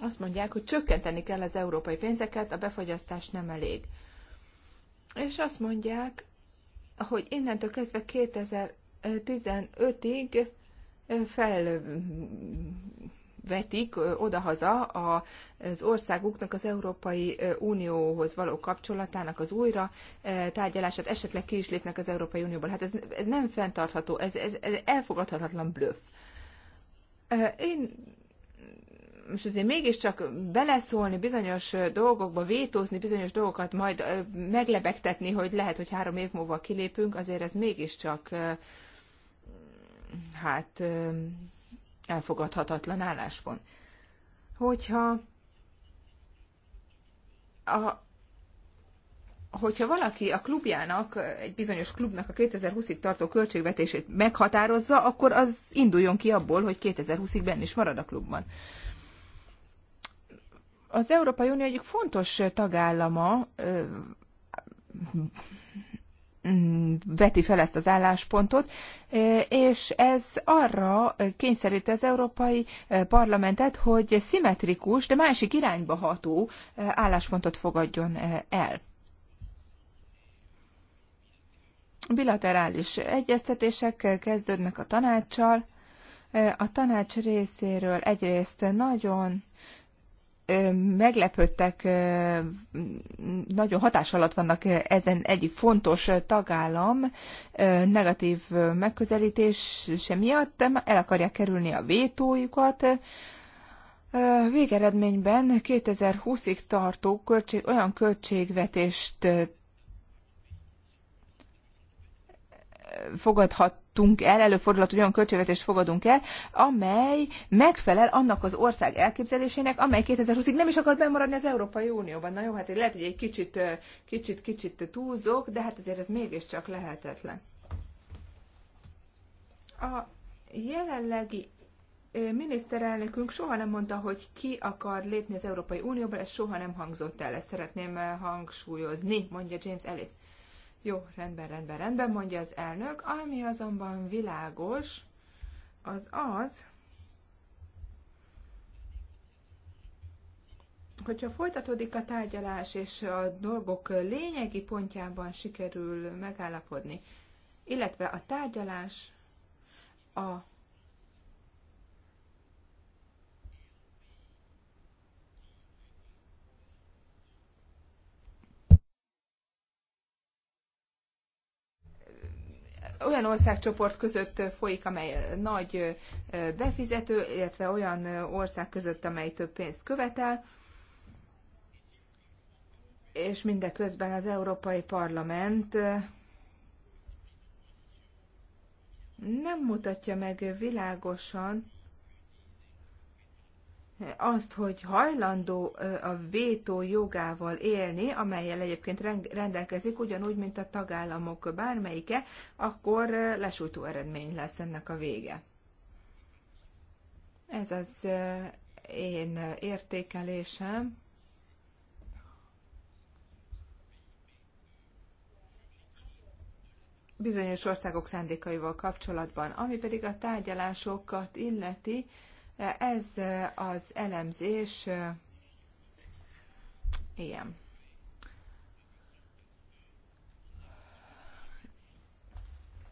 azt mondják, hogy csökkenteni kell az európai pénzeket, a befogyasztás nem elég. És azt mondják, hogy innentől kezdve 2015-ig fel vetik odahaza az országuknak az Európai Unióhoz való kapcsolatának az újra tárgyalását, esetleg ki is lépnek az Európai Unióból. Hát ez, ez nem fenntartható, ez, ez, ez elfogadhatatlan blöff. Én most azért mégiscsak beleszólni bizonyos dolgokba, vétózni bizonyos dolgokat, majd meglebegtetni, hogy lehet, hogy három év múlva kilépünk, azért ez mégiscsak hát elfogadhatatlan álláspont. Hogyha a, hogyha valaki a klubjának, egy bizonyos klubnak a 2020-ig tartó költségvetését meghatározza, akkor az induljon ki abból, hogy 2020-ig benne is marad a klubban. Az Európai Unió egyik fontos tagállama Mm, veti fel ezt az álláspontot, e, és ez arra kényszeríti az Európai e, Parlamentet, hogy szimmetrikus, de másik irányba ható e, álláspontot fogadjon el. Bilaterális egyeztetések kezdődnek a tanácssal. A tanács részéről egyrészt nagyon meglepődtek, nagyon hatás alatt vannak ezen egyik fontos tagállam negatív megközelítése miatt, el akarják kerülni a vétójukat. Végeredményben 2020-ig tartó költség, olyan költségvetést fogadhat fogadtunk el, előfordulhat, hogy olyan költségvetést fogadunk el, amely megfelel annak az ország elképzelésének, amely 2020-ig nem is akar bemaradni az Európai Unióban. Na jó, hát lehet, hogy egy kicsit, kicsit, kicsit túlzok, de hát azért ez mégiscsak lehetetlen. A jelenlegi miniszterelnökünk soha nem mondta, hogy ki akar lépni az Európai Unióból, ez soha nem hangzott el, ezt szeretném hangsúlyozni, mondja James Ellis. Jó, rendben, rendben, rendben, mondja az elnök. Ami azonban világos, az az, hogyha folytatódik a tárgyalás, és a dolgok lényegi pontjában sikerül megállapodni, illetve a tárgyalás a olyan országcsoport között folyik, amely nagy befizető, illetve olyan ország között, amely több pénzt követel, és mindeközben az Európai Parlament nem mutatja meg világosan, azt, hogy hajlandó a vétó jogával élni, amelyel egyébként rendelkezik, ugyanúgy, mint a tagállamok bármelyike, akkor lesújtó eredmény lesz ennek a vége. Ez az én értékelésem. bizonyos országok szándékaival kapcsolatban, ami pedig a tárgyalásokat illeti, ez az elemzés ilyen.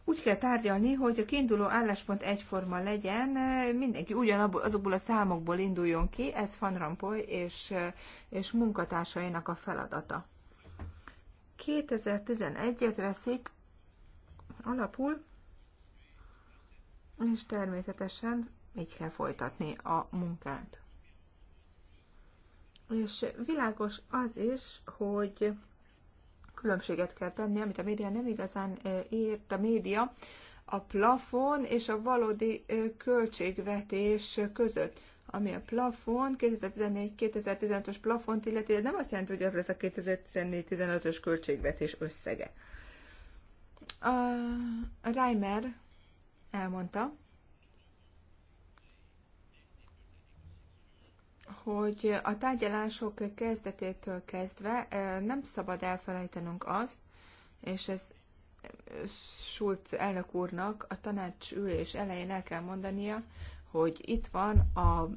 úgy kell tárgyalni, hogy a kiinduló álláspont egyforma legyen, mindenki ugyanabból, azokból a számokból induljon ki, ez Van Rompuy és, és munkatársainak a feladata. 2011-et veszik alapul, és természetesen így kell folytatni a munkát. És világos az is, hogy különbséget kell tenni, amit a média nem igazán írt, a média a plafon és a valódi költségvetés között ami a plafon, 2014-2015-ös plafont illeti, de nem azt jelenti, hogy az lesz a 2014-15-ös költségvetés összege. A Reimer elmondta, hogy a tárgyalások kezdetétől kezdve nem szabad elfelejtenünk azt, és ez Schulz elnök úrnak a tanács ülés elején el kell mondania, hogy itt van a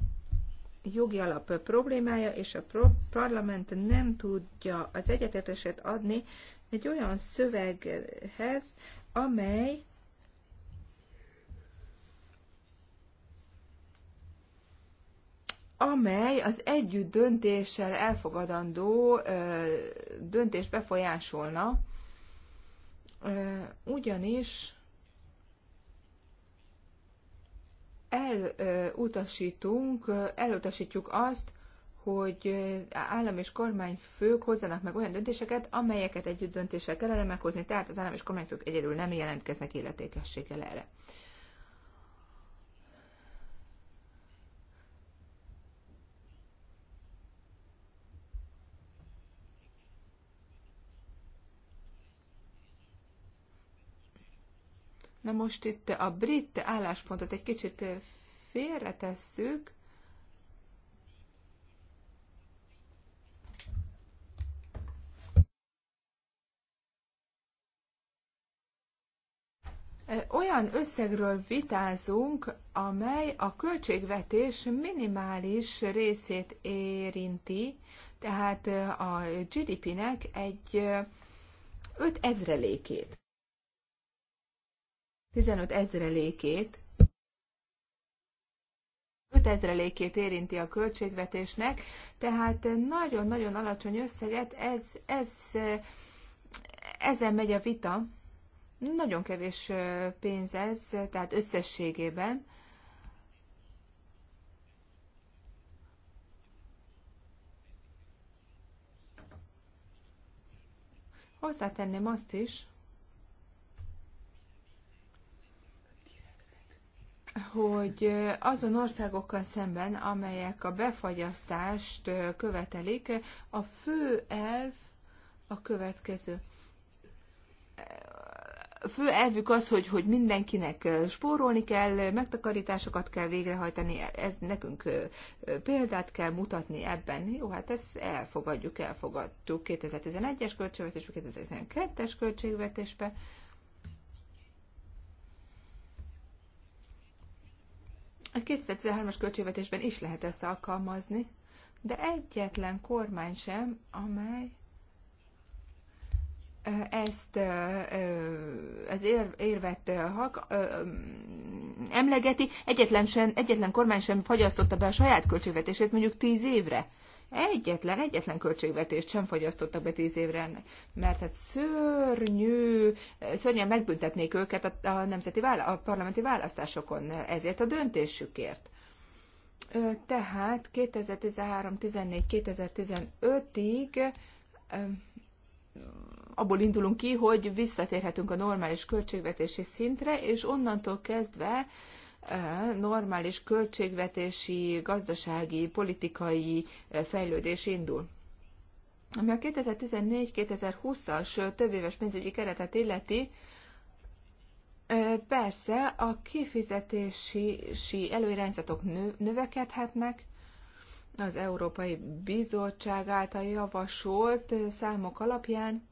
jogi alap problémája, és a parlament nem tudja az egyeteteset adni egy olyan szöveghez, amely amely az együtt döntéssel elfogadandó döntést befolyásolna, ugyanis elutasítunk, elutasítjuk azt, hogy állam és kormányfők hozzanak meg olyan döntéseket, amelyeket együtt döntéssel kellene meghozni, tehát az állam és kormányfők egyedül nem jelentkeznek illetékességgel erre. Na most itt a brit álláspontot egy kicsit félretesszük, olyan összegről vitázunk, amely a költségvetés minimális részét érinti, tehát a GDP-nek egy 5 ezrelékét. 15 ezrelékét 5 ezrelékét érinti a költségvetésnek, tehát nagyon-nagyon alacsony összeget, ez, ez, ezen megy a vita. Nagyon kevés pénz ez, tehát összességében. Hozzátenném azt is, hogy azon országokkal szemben, amelyek a befagyasztást követelik, a fő elv a következő. A fő elvük az, hogy, hogy mindenkinek spórolni kell, megtakarításokat kell végrehajtani, ez nekünk példát kell mutatni ebben. Jó, hát ezt elfogadjuk, elfogadtuk 2011-es költségvetésbe, 2012-es költségvetésbe. A 2013-as költségvetésben is lehet ezt alkalmazni, de egyetlen kormány sem, amely ezt ez érvet hak, emlegeti, egyetlen, sem, egyetlen kormány sem fagyasztotta be a saját költségvetését mondjuk tíz évre. Egyetlen, egyetlen költségvetést sem fogyasztottak be tíz évre, mert hát szörnyű, szörnyen megbüntetnék őket a, a nemzeti vála- a parlamenti választásokon ezért a döntésükért. Tehát 2013-14-2015-ig abból indulunk ki, hogy visszatérhetünk a normális költségvetési szintre, és onnantól kezdve normális költségvetési, gazdasági, politikai eh, fejlődés indul. Ami a 2014-2020-as eh, többéves pénzügyi keretet illeti, eh, persze a kifizetési előirányzatok növekedhetnek, az Európai Bizottság által javasolt számok alapján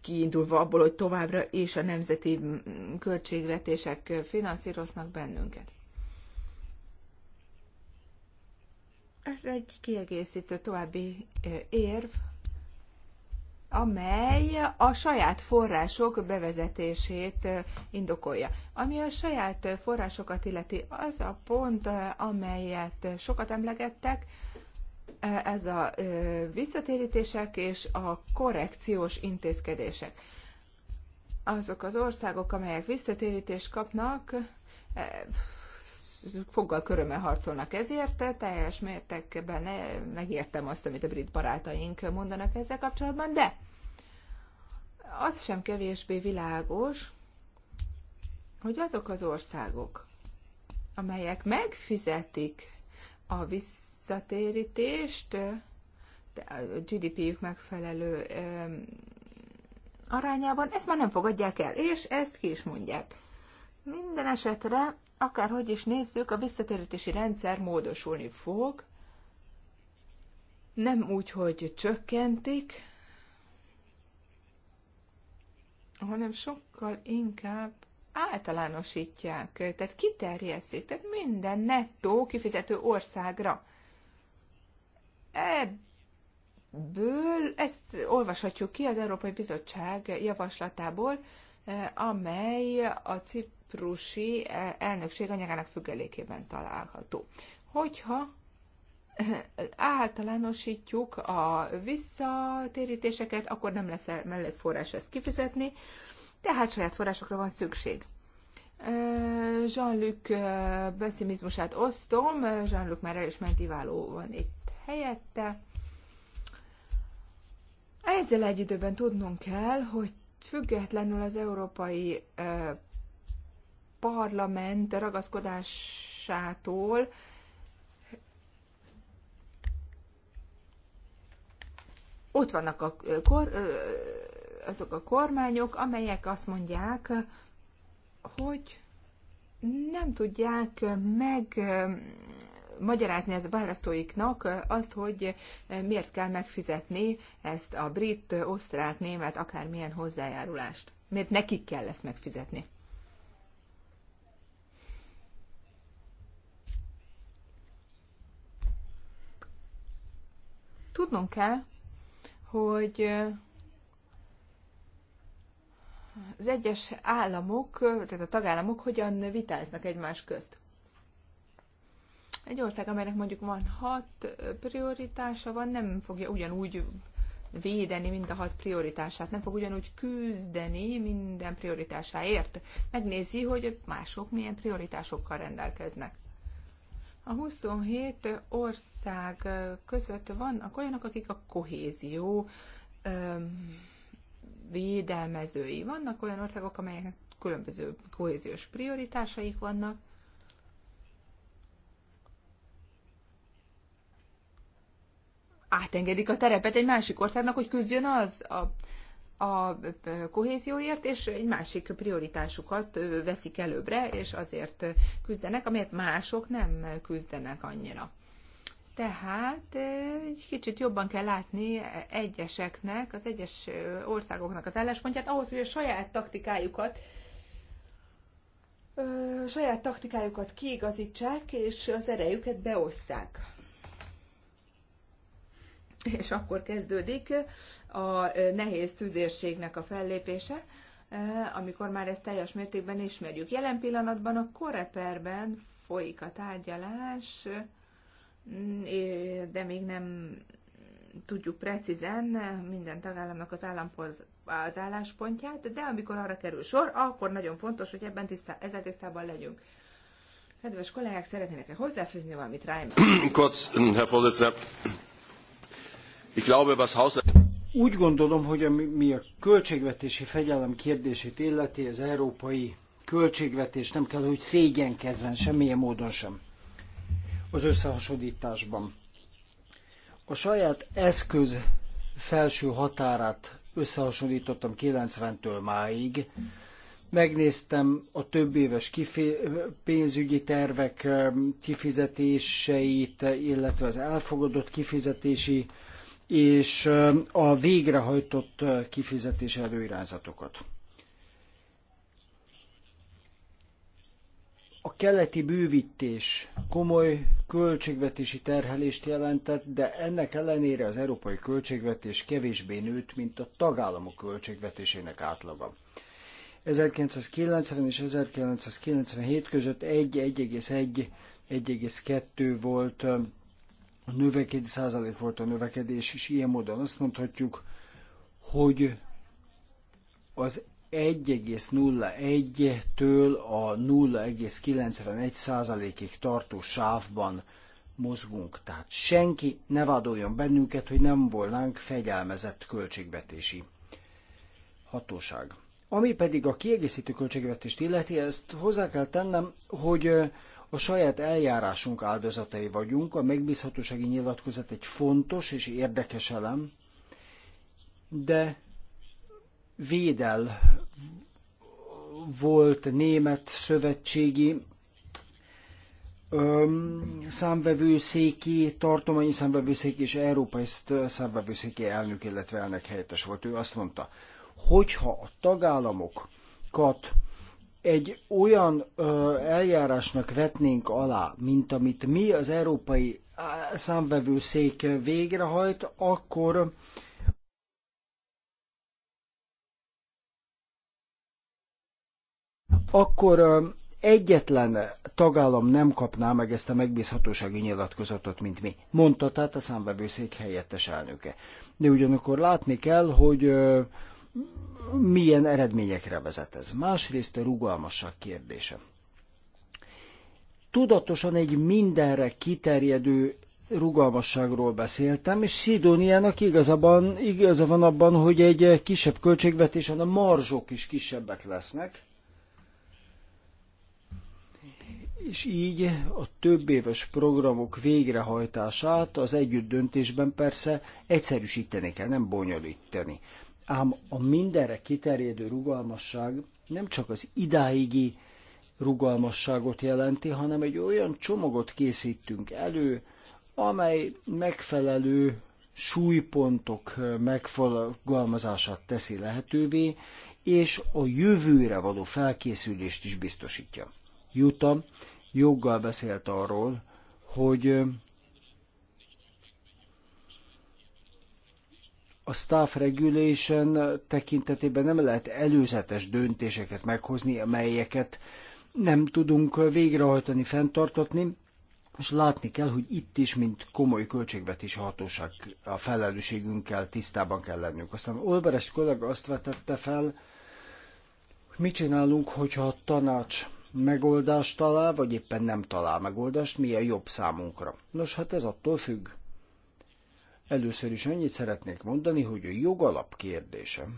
kiindulva abból, hogy továbbra is a nemzeti költségvetések finanszíroznak bennünket. Ez egy kiegészítő további érv, amely a saját források bevezetését indokolja. Ami a saját forrásokat illeti, az a pont, amelyet sokat emlegettek, ez a visszatérítések és a korrekciós intézkedések. Azok az országok, amelyek visszatérítést kapnak, e, foggal körömmel harcolnak ezért, teljes mértékben e, megértem azt, amit a brit barátaink mondanak ezzel kapcsolatban, de az sem kevésbé világos, hogy azok az országok, amelyek megfizetik a vissz visszatérítést, a GDP-jük megfelelő arányában, ezt már nem fogadják el, és ezt ki is mondják. Minden esetre, akárhogy is nézzük, a visszatérítési rendszer módosulni fog, nem úgy, hogy csökkentik, hanem sokkal inkább általánosítják, tehát kiterjesztik, tehát minden nettó kifizető országra. Ebből ezt olvashatjuk ki az Európai Bizottság javaslatából, eh, amely a ciprusi eh, elnökség anyagának függelékében található. Hogyha eh, általánosítjuk a visszatérítéseket, akkor nem lesz forrás ezt kifizetni, tehát saját forrásokra van szükség. Jean-Luc pessimizmusát osztom, Jean-Luc már elismert iváló van itt helyette. Ezzel egy időben tudnunk kell, hogy függetlenül az Európai Parlament ragaszkodásától ott vannak a kor, azok a kormányok, amelyek azt mondják, hogy nem tudják meg magyarázni ez a választóiknak azt, hogy eh, miért kell megfizetni ezt a brit, osztrák, német, akármilyen hozzájárulást. Miért nekik kell ezt megfizetni? Tudnunk kell, hogy eh, az egyes államok, eh, tehát a tagállamok hogyan vitáznak egymás közt. Egy ország, amelynek mondjuk van hat prioritása van, nem fogja ugyanúgy védeni mind a hat prioritását, nem fog ugyanúgy küzdeni minden prioritásáért. Megnézi, hogy mások milyen prioritásokkal rendelkeznek. A 27 ország között vannak olyanok, akik a kohézió öm, védelmezői. Vannak olyan országok, amelyeknek különböző kohéziós prioritásaik vannak, átengedik a terepet egy másik országnak, hogy küzdjön az a, a kohézióért, és egy másik prioritásukat veszik előbbre, és azért küzdenek, amiért mások nem küzdenek annyira. Tehát egy kicsit jobban kell látni egyeseknek, az egyes országoknak az álláspontját, ahhoz, hogy a saját taktikájukat a saját taktikájukat kiigazítsák, és az erejüket beosszák és akkor kezdődik a nehéz tüzérségnek a fellépése, amikor már ezt teljes mértékben ismerjük. Jelen pillanatban a koreperben folyik a tárgyalás, de még nem tudjuk precízen minden tagállamnak az, állampol, az álláspontját, de amikor arra kerül sor, akkor nagyon fontos, hogy ebben tisztá, ezzel tisztában legyünk. Kedves kollégák, szeretnének-e hozzáfűzni valamit, Reimer? Kocs Herr Vorsitzender, úgy gondolom, hogy ami a költségvetési fegyelem kérdését illeti, az európai költségvetés nem kell, hogy szégyenkezzen semmilyen módon sem az összehasonlításban. A saját eszköz felső határát összehasonlítottam 90-től máig. Megnéztem a több éves pénzügyi tervek kifizetéseit, illetve az elfogadott kifizetési és a végrehajtott kifizetés előirányzatokat. A keleti bővítés komoly költségvetési terhelést jelentett, de ennek ellenére az európai költségvetés kevésbé nőtt, mint a tagállamok költségvetésének átlaga. 1990 és 1997 között 1,1-1,2 volt a növekedés, százalék volt a növekedés, és ilyen módon azt mondhatjuk, hogy az 1,01-től a 0,91 százalékig tartó sávban mozgunk. Tehát senki ne vádoljon bennünket, hogy nem volnánk fegyelmezett költségvetési hatóság. Ami pedig a kiegészítő költségvetést illeti, ezt hozzá kell tennem, hogy a saját eljárásunk áldozatai vagyunk, a megbízhatósági nyilatkozat egy fontos és érdekes elem, de Védel volt német szövetségi öm, számvevőszéki, tartományi számvevőszéki és európai számvevőszéki elnök, illetve elnök helyettes volt. Ő azt mondta, hogyha a tagállamokat egy olyan ö, eljárásnak vetnénk alá, mint amit mi az Európai Számvevőszék végrehajt, akkor akkor ö, egyetlen tagállam nem kapná meg ezt a megbízhatósági nyilatkozatot, mint mi, mondta tehát a számvevőszék helyettes elnöke. De ugyanakkor látni kell, hogy ö, milyen eredményekre vezet ez. Másrészt a rugalmasság kérdése. Tudatosan egy mindenre kiterjedő rugalmasságról beszéltem, és Szidóniának igazabban, igaza van abban, hogy egy kisebb költségvetésen a marzsok is kisebbek lesznek, és így a több éves programok végrehajtását az együtt döntésben persze egyszerűsíteni kell, nem bonyolítani. Ám a mindenre kiterjedő rugalmasság nem csak az idáigi rugalmasságot jelenti, hanem egy olyan csomagot készítünk elő, amely megfelelő súlypontok megfogalmazását teszi lehetővé, és a jövőre való felkészülést is biztosítja. Juta joggal beszélt arról, hogy a staff regulation tekintetében nem lehet előzetes döntéseket meghozni, amelyeket nem tudunk végrehajtani, fenntartatni, és látni kell, hogy itt is, mint komoly költségvetési hatóság a felelősségünkkel tisztában kell lennünk. Aztán Olberes kollega azt vetette fel, hogy mit csinálunk, hogyha a tanács megoldást talál, vagy éppen nem talál megoldást, mi a jobb számunkra. Nos, hát ez attól függ, Először is annyit szeretnék mondani, hogy a jogalap kérdése.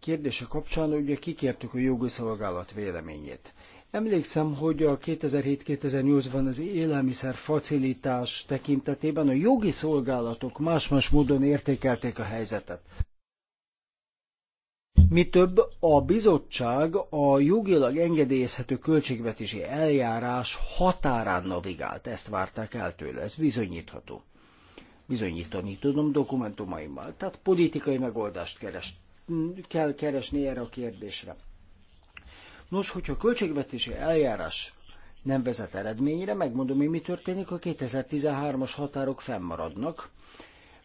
kérdése kapcsán ugye kikértük a jogi szolgálat véleményét. Emlékszem, hogy a 2007-2008-ban az élelmiszer facilitás tekintetében a jogi szolgálatok más-más módon értékelték a helyzetet. Mi több, a bizottság a jogilag engedélyezhető költségvetési eljárás határán navigált, ezt várták el tőle, ez bizonyítható. Bizonyítani tudom dokumentumaimmal. Tehát politikai megoldást keres, kell keresni erre a kérdésre. Nos, hogyha a költségvetési eljárás nem vezet eredményre, megmondom én, mi történik, a 2013-as határok fennmaradnak,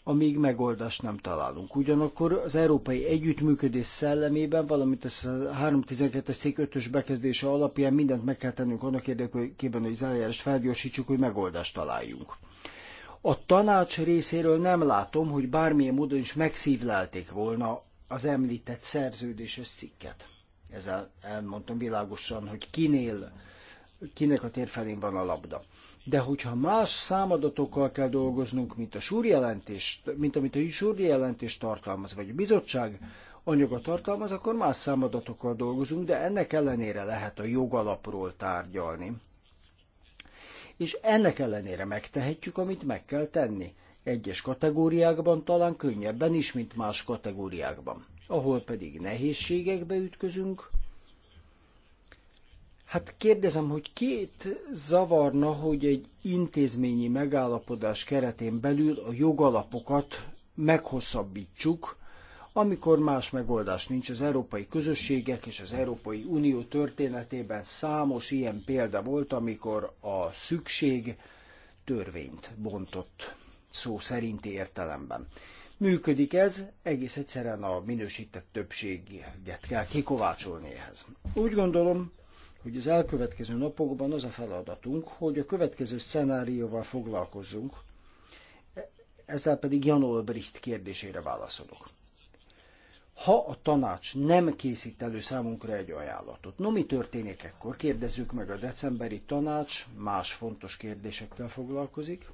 amíg megoldást nem találunk. Ugyanakkor az európai együttműködés szellemében, valamint a 312-es szék 5-ös bekezdése alapján mindent meg kell tennünk annak érdekében, hogy az eljárást felgyorsítsuk, hogy megoldást találjunk. A tanács részéről nem látom, hogy bármilyen módon is megszívlelték volna az említett szerződéses cikket. Ezzel elmondtam világosan, hogy kinél, kinek a térfelén van a labda de hogyha más számadatokkal kell dolgoznunk, mint a súrjelentés, mint amit a súrjelentés tartalmaz, vagy a bizottság anyaga tartalmaz, akkor más számadatokkal dolgozunk, de ennek ellenére lehet a jogalapról tárgyalni. És ennek ellenére megtehetjük, amit meg kell tenni. Egyes kategóriákban talán könnyebben is, mint más kategóriákban. Ahol pedig nehézségekbe ütközünk, Hát kérdezem, hogy két zavarna, hogy egy intézményi megállapodás keretén belül a jogalapokat meghosszabbítsuk, amikor más megoldás nincs az európai közösségek és az Európai Unió történetében számos ilyen példa volt, amikor a szükség törvényt bontott szó szerinti értelemben. Működik ez, egész egyszerűen a minősített többséget kell kikovácsolni ehhez. Úgy gondolom, hogy az elkövetkező napokban az a feladatunk, hogy a következő szenárióval foglalkozzunk, ezzel pedig Jan Olbricht kérdésére válaszolok. Ha a tanács nem készít elő számunkra egy ajánlatot, no mi történik ekkor? Kérdezzük meg a decemberi tanács, más fontos kérdésekkel foglalkozik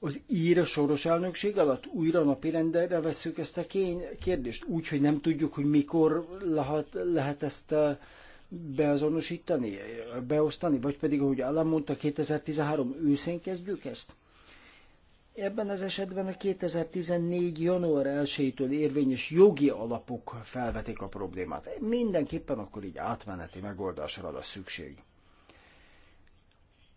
az ír soros elnökség alatt újra napirendre veszük ezt a kérdést, úgy, hogy nem tudjuk, hogy mikor lehet, lehet ezt eh, beazonosítani, beosztani, vagy pedig, ahogy állam mondta, 2013 őszén kezdjük ezt? Ebben az esetben a 2014. január 1-től érvényes jogi alapok felvetik a problémát. Mindenképpen akkor így átmeneti megoldásra lesz szükség.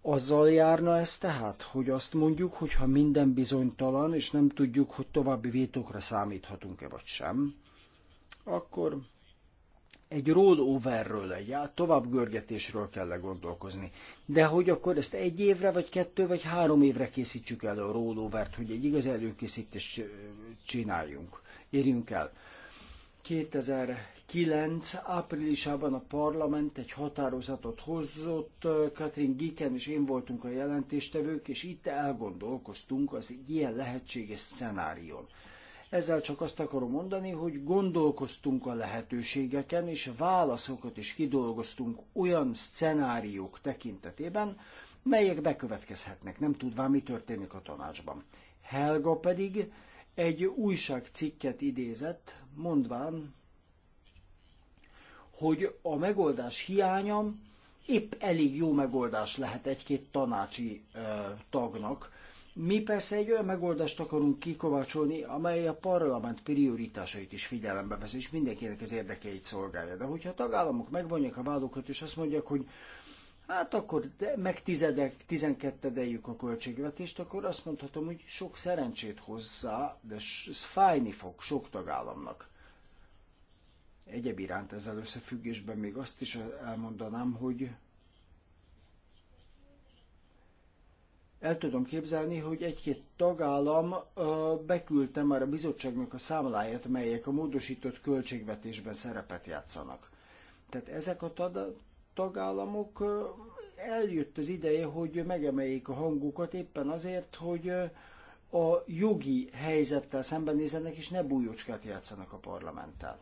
Azzal járna ez tehát, hogy azt mondjuk, hogy ha minden bizonytalan, és nem tudjuk, hogy további vétókra számíthatunk-e vagy sem, akkor egy rolloverről, egy tovább görgetésről kell gondolkozni. De hogy akkor ezt egy évre, vagy kettő, vagy három évre készítsük el a rollovert, hogy egy igaz előkészítést csináljunk, érjünk el. 2009. áprilisában a parlament egy határozatot hozott, Katrin Giken és én voltunk a jelentéstevők, és itt elgondolkoztunk az ilyen lehetséges szenárión. Ezzel csak azt akarom mondani, hogy gondolkoztunk a lehetőségeken, és válaszokat is kidolgoztunk olyan szcenáriók tekintetében, melyek bekövetkezhetnek, nem tudván, mi történik a tanácsban. Helga pedig egy újságcikket idézett, mondván, hogy a megoldás hiánya épp elég jó megoldás lehet egy-két tanácsi ö, tagnak. Mi persze egy olyan megoldást akarunk kikovácsolni, amely a parlament prioritásait is figyelembe vesz, és mindenkinek az érdekeit szolgálja. De hogyha a tagállamok megvonják a vádokat, és azt mondják, hogy hát akkor de meg tizedek, tizenkettedeljük a költségvetést, akkor azt mondhatom, hogy sok szerencsét hozzá, de fájni fog sok tagállamnak. Egyéb iránt ezzel összefüggésben még azt is elmondanám, hogy el tudom képzelni, hogy egy-két tagállam beküldte már a bizottságnak a számláját, melyek a módosított költségvetésben szerepet játszanak. Tehát ezek a tagállamok eljött az ideje, hogy megemeljék a hangukat éppen azért, hogy a jogi helyzettel szembenézenek, és ne bújócskát játszanak a parlamenttel.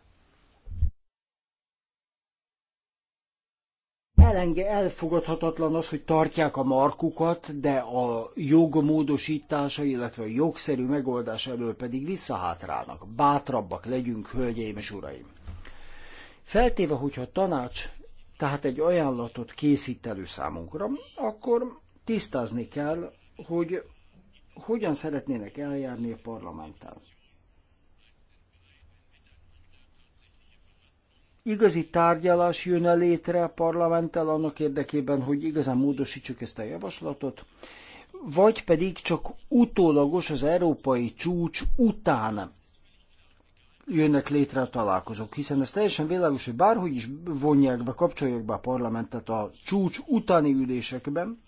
elenge elfogadhatatlan az, hogy tartják a markukat, de a jog módosítása, illetve a jogszerű megoldás elől pedig visszahátrálnak. Bátrabbak legyünk, hölgyeim és uraim! Feltéve, hogyha a tanács tehát egy ajánlatot készít elő számunkra, akkor tisztázni kell, hogy hogyan szeretnének eljárni a parlamenttel. Igazi tárgyalás jön létre a parlamenttel annak érdekében, hogy igazán módosítsuk ezt a javaslatot, vagy pedig csak utólagos az európai csúcs után jönnek létre a találkozók, hiszen ez teljesen világos, hogy bárhogy is vonják be, kapcsolják be a parlamentet a csúcs utáni ülésekben,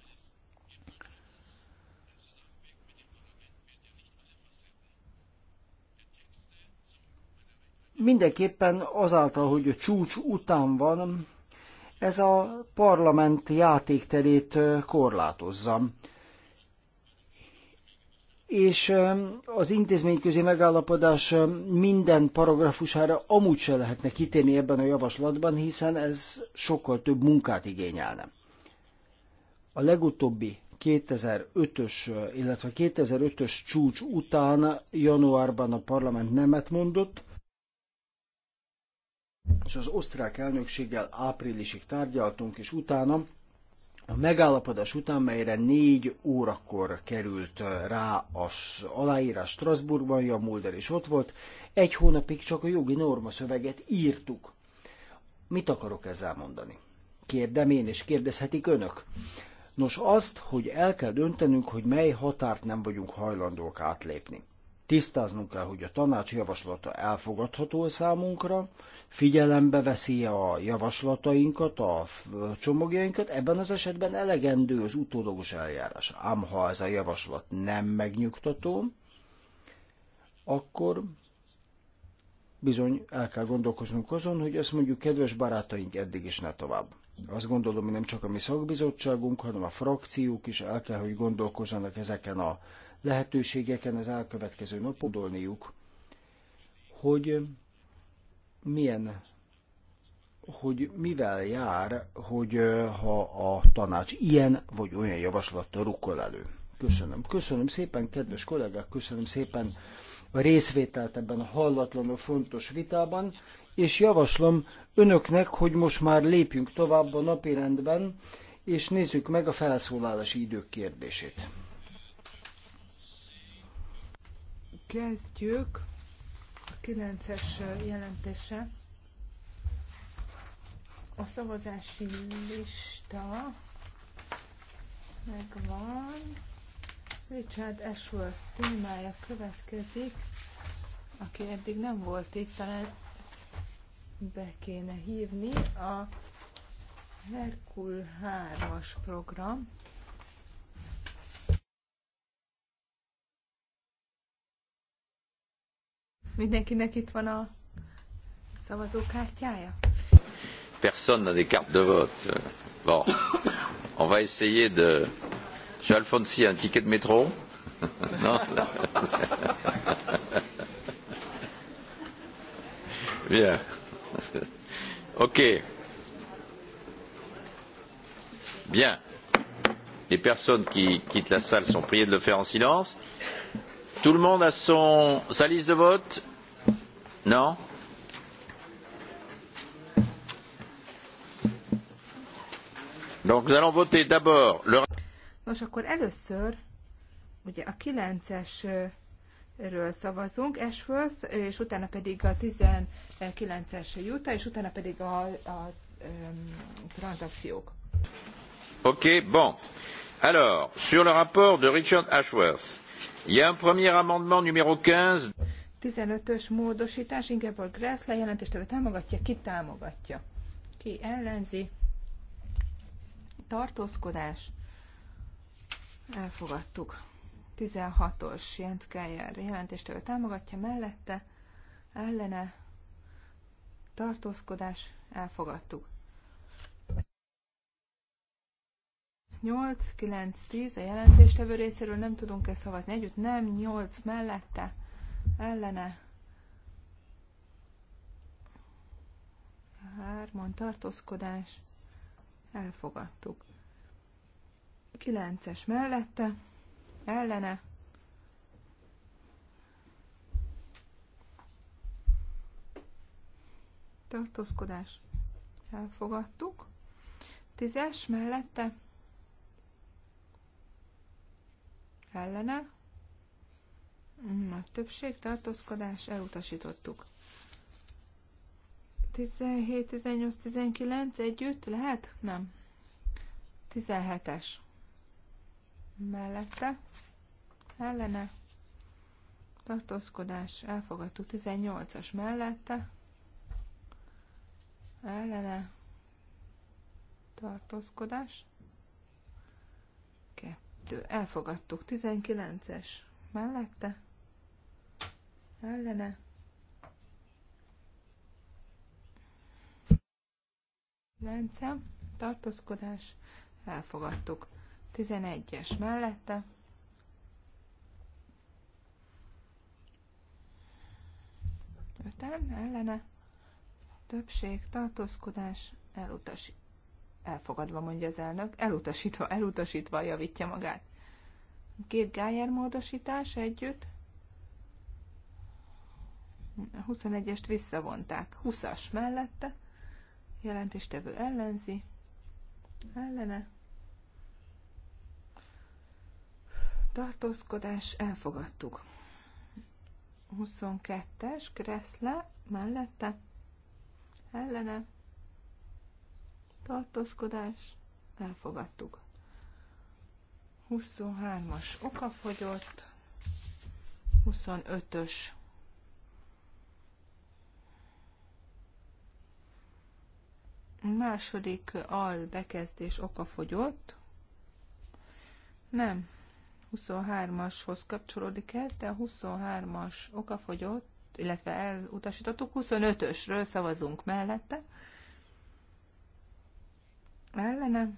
mindenképpen azáltal, hogy a csúcs után van, ez a parlament játékterét korlátozza és az intézményközi megállapodás minden paragrafusára amúgy se lehetne kitérni ebben a javaslatban, hiszen ez sokkal több munkát igényelne. A legutóbbi 2005-ös, illetve 2005-ös csúcs után januárban a parlament nemet mondott, és az osztrák elnökséggel áprilisig tárgyaltunk, és utána a megállapodás után, melyre négy órakor került rá az aláírás Strasbourgban, Jan Mulder is ott volt, egy hónapig csak a jogi norma szöveget írtuk. Mit akarok ezzel mondani? Kérdem én, és kérdezhetik önök. Nos azt, hogy el kell döntenünk, hogy mely határt nem vagyunk hajlandók átlépni. Tisztáznunk kell, hogy a tanács javaslata elfogadható számunkra, figyelembe veszi a javaslatainkat, a csomagjainkat, ebben az esetben elegendő az utódogos eljárás. Ám ha ez a javaslat nem megnyugtató, akkor bizony el kell gondolkoznunk azon, hogy azt mondjuk, kedves barátaink, eddig is ne tovább. Azt gondolom, hogy nem csak a mi szakbizottságunk, hanem a frakciók is el kell, hogy gondolkozzanak ezeken a lehetőségeken az elkövetkező napodolniuk, hogy milyen hogy mivel jár, hogy ha a tanács ilyen vagy olyan javaslattal rukkol elő. Köszönöm. Köszönöm szépen, kedves kollégák, köszönöm szépen a részvételt ebben a hallatlanul fontos vitában, és javaslom önöknek, hogy most már lépjünk tovább a napirendben, és nézzük meg a felszólalási idők kérdését. Kezdjük 9-es jelentése. A szavazási lista megvan. Richard Ashworth témája következik, aki eddig nem volt itt, talán be kéne hívni a Herkul 3-as program. Mindenkinek itt van a szavazókártyája? Personne n'a des cartes de vote. Bon, on va essayer de... Monsieur Alfonsi, un ticket de métro Non Bien. OK. Bien. Les personnes qui quittent la salle sont priées de le faire en silence. Tout le monde a son, sa liste de vote No? Donc nous allons voter d'abord le... Nos, akkor először ugye a 9-es ről szavazunk, Ashworth, és utána pedig a 19-es Utah, és utána pedig a, a, a um, Oké, okay, bon. Alors, sur le rapport de Richard Ashworth, il y a un premier amendement numéro 15. 15-ös módosítás, inkább Ingeborg Gressle jelentéstevő támogatja, ki támogatja, ki ellenzi, tartózkodás, elfogadtuk. 16-os Jens Geyer jelentéstevő támogatja, mellette, ellene, tartózkodás, elfogadtuk. 8, 9, 10 a jelentéstevő részéről nem tudunk-e szavazni együtt, nem, 8 mellette, ellene hárman tartózkodás, elfogadtuk. Kilences mellette, ellene, tartózkodás, elfogadtuk. Tízes mellette, ellene, nagy többség, tartózkodás, elutasítottuk. 17, 18, 19 együtt lehet? Nem. 17-es. Mellette. Ellene. Tartózkodás. Elfogadtuk. 18-as mellette. Ellene. Tartózkodás. Kettő. Elfogadtuk. 19-es. Mellette ellene. Lence, tartózkodás, elfogadtuk. 11-es mellette. Öten, ellene. Többség, tartózkodás, elutasít. Elfogadva, mondja az elnök. Elutasítva, elutasítva javítja magát. Két Gájer módosítás együtt. 21-est visszavonták. 20-as mellette. Jelentéstevő ellenzi. Ellene. Tartózkodás elfogadtuk. 22-es Kreszle mellette. Ellene. Tartózkodás elfogadtuk. 23-as okafogyott. 25-ös Második al bekezdés okafogyott. Nem. 23-ashoz kapcsolódik ez, de a 23-as okafogyott, illetve elutasítottuk. 25-ösről szavazunk mellette. Ellene.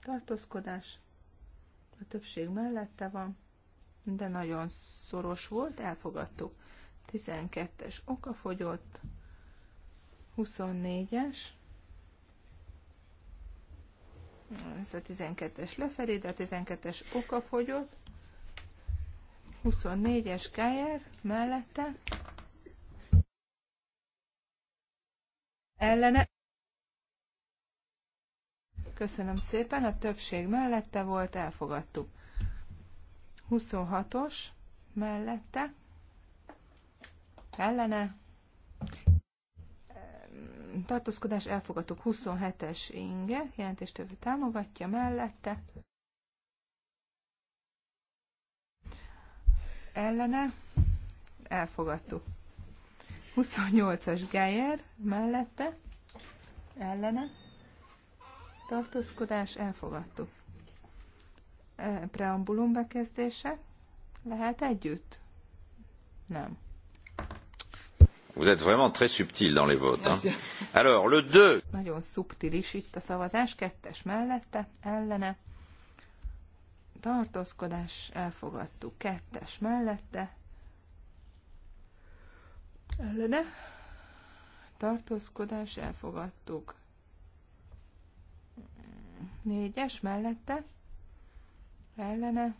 Tartózkodás. A többség mellette van de nagyon szoros volt, elfogadtuk. 12-es oka fogyott, 24-es, ez a 12-es lefelé, de a 12-es oka fogyott, 24-es Geyer mellette, ellene, Köszönöm szépen, a többség mellette volt, elfogadtuk. 26-os mellette, ellene, tartózkodás elfogadtuk 27-es inge, jelentéstövő támogatja mellette, ellene, elfogadtuk. 28-as Geyer mellette, ellene, tartózkodás elfogadtuk. E, preambulum bekezdése. Lehet együtt? Nem. Vous êtes vraiment très subtil dans les votes. Hein? Alors, le 2. Nagyon szubtilis itt a szavazás, kettes mellette, ellene. Tartózkodás, elfogadtuk, kettes mellette. Ellene. Tartózkodás, elfogadtuk. Négyes mellette ellene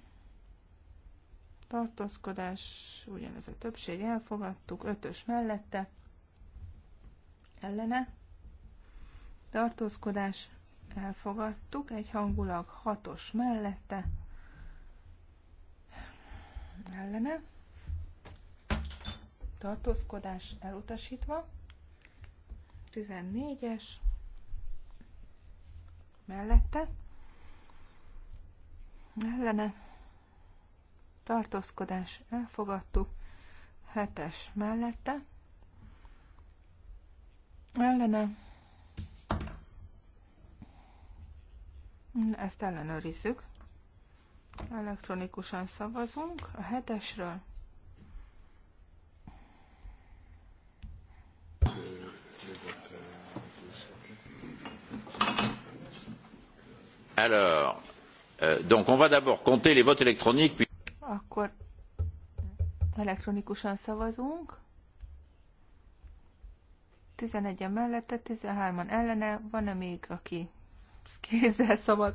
tartózkodás, ugyanez a többség, elfogadtuk, ötös mellette, ellene, tartózkodás, elfogadtuk, egy hangulag hatos mellette, ellene, tartózkodás elutasítva, 14-es, mellette, ellene tartózkodás elfogadtuk, hetes mellette, ellene, ezt ellenőrizzük, elektronikusan szavazunk a hetesről. Alors, Euh, donc on va d'abord compter les votes électroniques. Puis... Akkor elektronikusan szavazunk. 11-en mellette, 13-an ellene, van-e még, aki kézzel szavaz?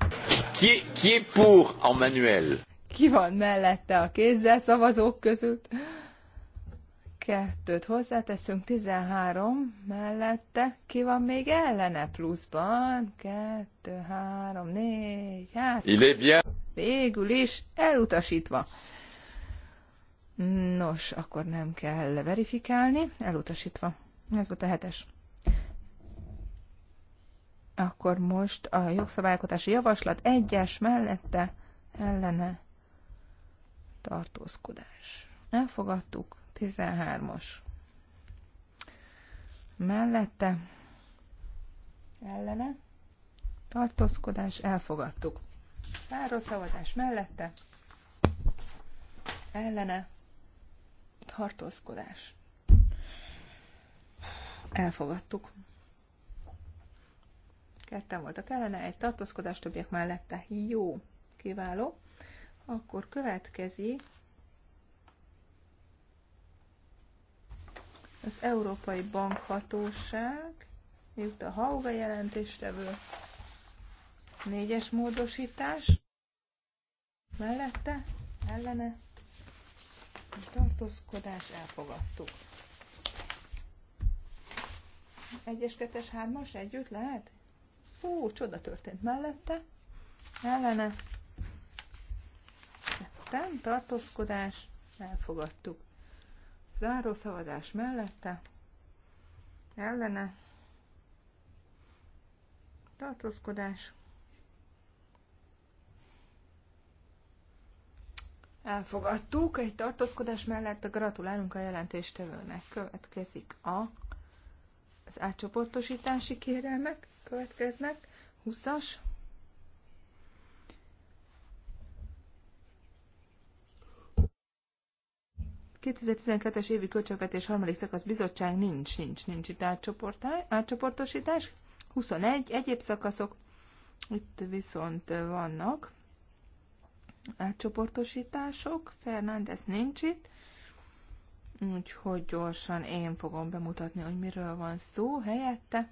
Ki, ki pour en manuel? Ki van mellette a kézzel szavazók között? kettőt hozzáteszünk, 13 mellette, ki van még ellene pluszban? 2, 3, 4, hát... Il est bien. Végül is elutasítva. Nos, akkor nem kell verifikálni, elutasítva. Ez volt a hetes. Akkor most a jogszabályalkotási javaslat egyes mellette ellene tartózkodás. Elfogadtuk. 13-as. Mellette ellene tartózkodás elfogadtuk. Záró szavazás mellette ellene tartózkodás. Elfogadtuk. Ketten voltak ellene, egy tartózkodás, többiek mellette. Jó, kiváló. Akkor következik Az Európai Bankhatóság, itt a Hauga jelentéstevő, négyes módosítás, mellette, ellene, tartózkodás, elfogadtuk. Egyes, kettes, hármas együtt lehet? Fú, csoda történt mellette, ellene, ketten, tartózkodás, elfogadtuk záró szavazás mellette, ellene, tartózkodás, elfogadtuk, egy tartózkodás mellett gratulálunk a jelentéstevőnek. Következik a, az átcsoportosítási kérelmek, következnek, 20-as, 2012-es évi költségvetés harmadik szakasz bizottság nincs, nincs, nincs itt átcsoportosítás. 21 egyéb szakaszok, itt viszont vannak átcsoportosítások, Fernández nincs itt, úgyhogy gyorsan én fogom bemutatni, hogy miről van szó helyette.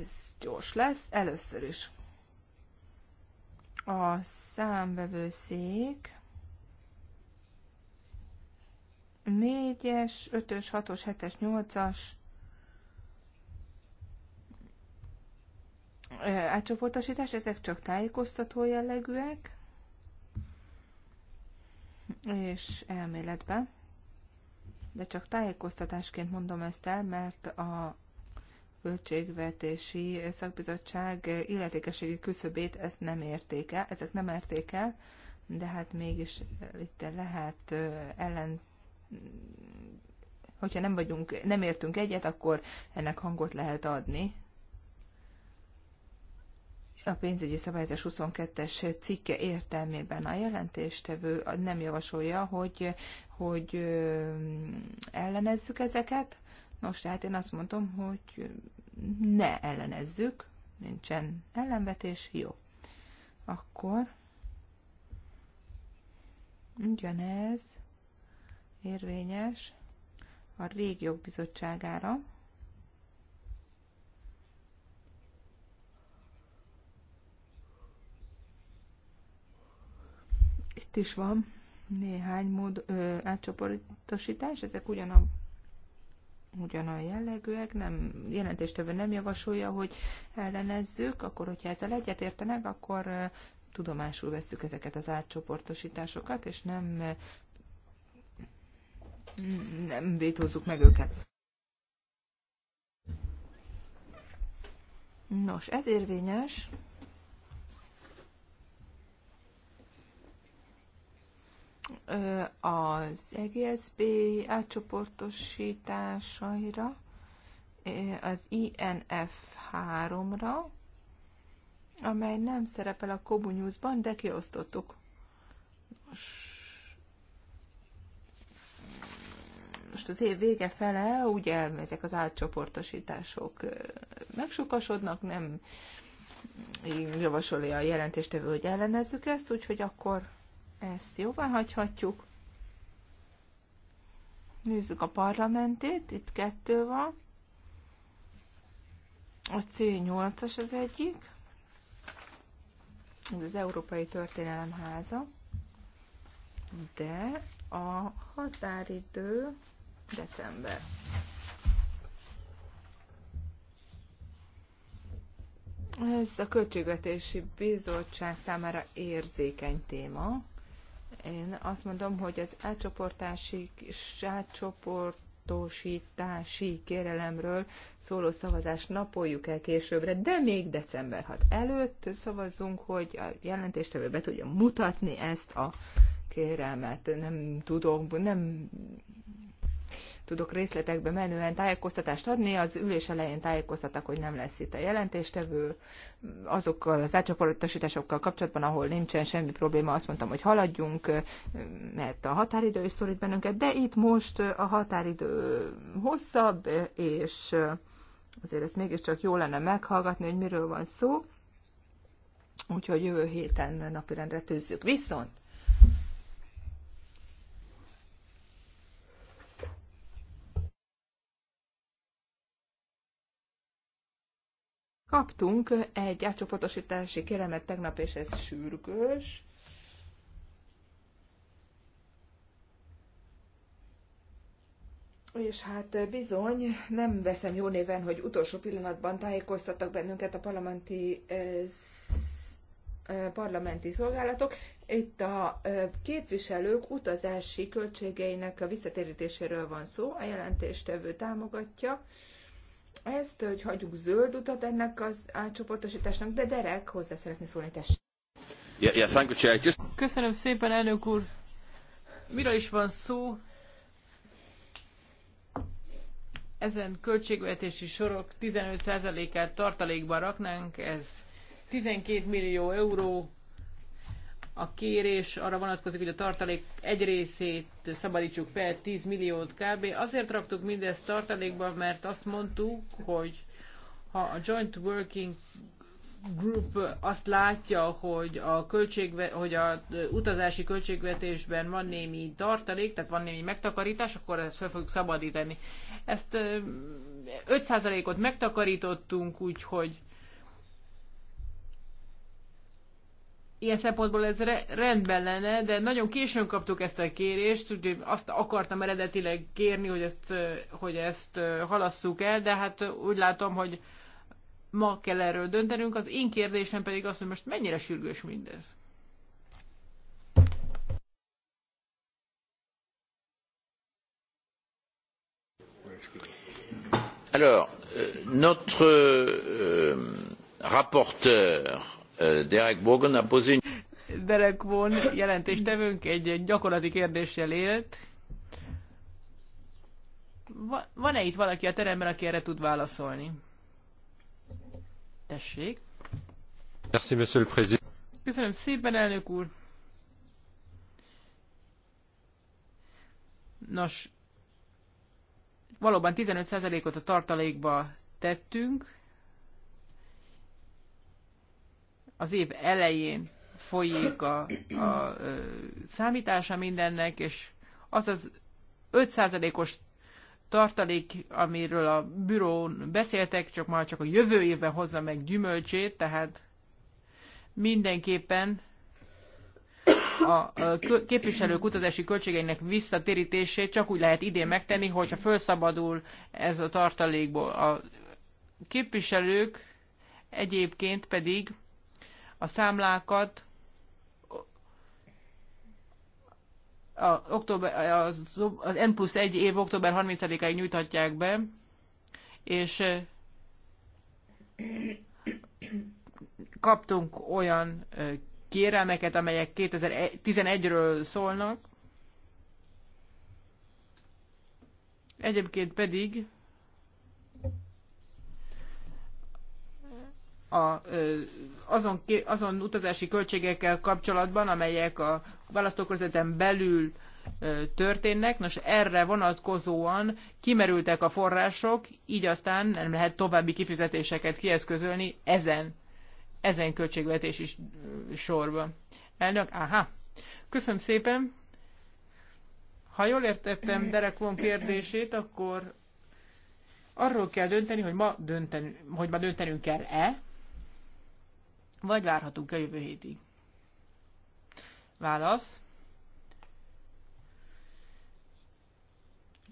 Ez gyors lesz, először is. A számvevőszék 4-es, 5-ös, 6-os, 7-es, 8-as átcsoportosítás, ezek csak tájékoztató jellegűek, és elméletben, de csak tájékoztatásként mondom ezt el, mert a költségvetési szakbizottság illetékességi küszöbét ezt nem érték ezek nem értékel, de hát mégis itt lehet ellent hogyha nem vagyunk, nem értünk egyet, akkor ennek hangot lehet adni. A pénzügyi szabályozás 22-es cikke értelmében a jelentéstevő nem javasolja, hogy, hogy ellenezzük ezeket. Nos, tehát én azt mondom, hogy ne ellenezzük, nincsen ellenvetés, jó. Akkor ugyanez érvényes a régiók bizottságára. Itt is van néhány mód, ö, átcsoportosítás, ezek ugyanabb ugyanolyan jellegűek, nem, jelentéstevő nem javasolja, hogy ellenezzük, akkor hogyha ezzel értenek, akkor tudomásul vesszük ezeket az átcsoportosításokat, és nem nem vétózzuk meg őket. Nos, ez érvényes. az EGSB átcsoportosításaira, az INF3-ra, amely nem szerepel a Kobu News-ban, de kiosztottuk. Nos, most az év vége fele, ugye ezek az átcsoportosítások megsukasodnak, nem javasolja a jelentéstevő, hogy ellenezzük ezt, úgyhogy akkor ezt jóvá hagyhatjuk. Nézzük a parlamentét, itt kettő van. A C8-as az egyik. Ez az Európai Történelem Háza. De a határidő december. Ez a Költségvetési Bizottság számára érzékeny téma. Én azt mondom, hogy az átcsoportosítási kérelemről szóló szavazást napoljuk el későbbre, de még december 6 előtt szavazzunk, hogy a jelentéstevő be tudja mutatni ezt a kérelmet. Nem tudom, nem tudok részletekbe menően tájékoztatást adni. Az ülés elején tájékoztattak, hogy nem lesz itt a jelentéstevő. Azokkal az átcsoportosításokkal kapcsolatban, ahol nincsen semmi probléma, azt mondtam, hogy haladjunk, mert a határidő is szorít bennünket, de itt most a határidő hosszabb, és azért ezt mégiscsak jó lenne meghallgatni, hogy miről van szó. Úgyhogy jövő héten napirendre tűzzük. Viszont Kaptunk egy átcsoportosítási kéremet tegnap, és ez sürgős. És hát bizony, nem veszem jó néven, hogy utolsó pillanatban tájékoztattak bennünket a parlamenti, eh, eh parlamenti szolgálatok. Itt a eh, képviselők utazási költségeinek a visszatérítéséről van szó, a jelentéstevő támogatja ezt, hogy hagyjuk zöld utat ennek az átcsoportosításnak, de Derek hozzá szeretné szólni, tessék. Yeah, yeah, thank you, Chair. Just... Köszönöm szépen, elnök úr. Miről is van szó? Ezen költségvetési sorok 15%-át tartalékba raknánk, ez 12 millió euró, a kérés arra vonatkozik, hogy a tartalék egy részét szabadítsuk fel, 10 milliót kb. Azért raktuk mindezt tartalékba, mert azt mondtuk, hogy ha a Joint Working Group azt látja, hogy a, költségve, hogy a utazási költségvetésben van némi tartalék, tehát van némi megtakarítás, akkor ezt fel fogjuk szabadítani. Ezt 5%-ot megtakarítottunk, úgyhogy ilyen szempontból ez re- rendben lenne, de nagyon későn kaptuk ezt a kérést, úgyhogy azt akartam eredetileg kérni, hogy ezt, hogy ezt halasszuk el, de hát úgy látom, hogy ma kell erről döntenünk. Az én kérdésem pedig az, hogy most mennyire sürgős mindez. Alors, euh, notre euh, rapporteur Derek Bogan a posé une... Derek von jelentéstevőnk egy gyakorlati kérdéssel élt. Van-e itt valaki a teremben, aki erre tud válaszolni? Tessék. Merci, monsieur le président. Köszönöm szépen, elnök úr. Nos, valóban 15%-ot a tartalékba tettünk, az év elején folyik a, a, a számítása mindennek, és az az 5%-os tartalék, amiről a bürón beszéltek, csak már csak a jövő évben hozza meg gyümölcsét, tehát mindenképpen a képviselők utazási költségeinek visszatérítését csak úgy lehet idén megtenni, hogyha felszabadul ez a tartalékból. A képviselők egyébként pedig a számlákat a, október, az, az N plusz 1 év október 30-áig nyújthatják be, és kaptunk olyan kérelmeket, amelyek 2011-ről szólnak. Egyébként pedig a, azon, azon utazási költségekkel kapcsolatban, amelyek a választókörzeten belül történnek. Nos, erre vonatkozóan kimerültek a források, így aztán nem lehet további kifizetéseket kieszközölni ezen, ezen költségvetési sorba. Elnök, áhá. Köszönöm szépen. Ha jól értettem Derek von kérdését, akkor arról kell dönteni, hogy ma, dönteni, hogy ma döntenünk kell-e, vagy várhatunk a jövő hétig? Válasz.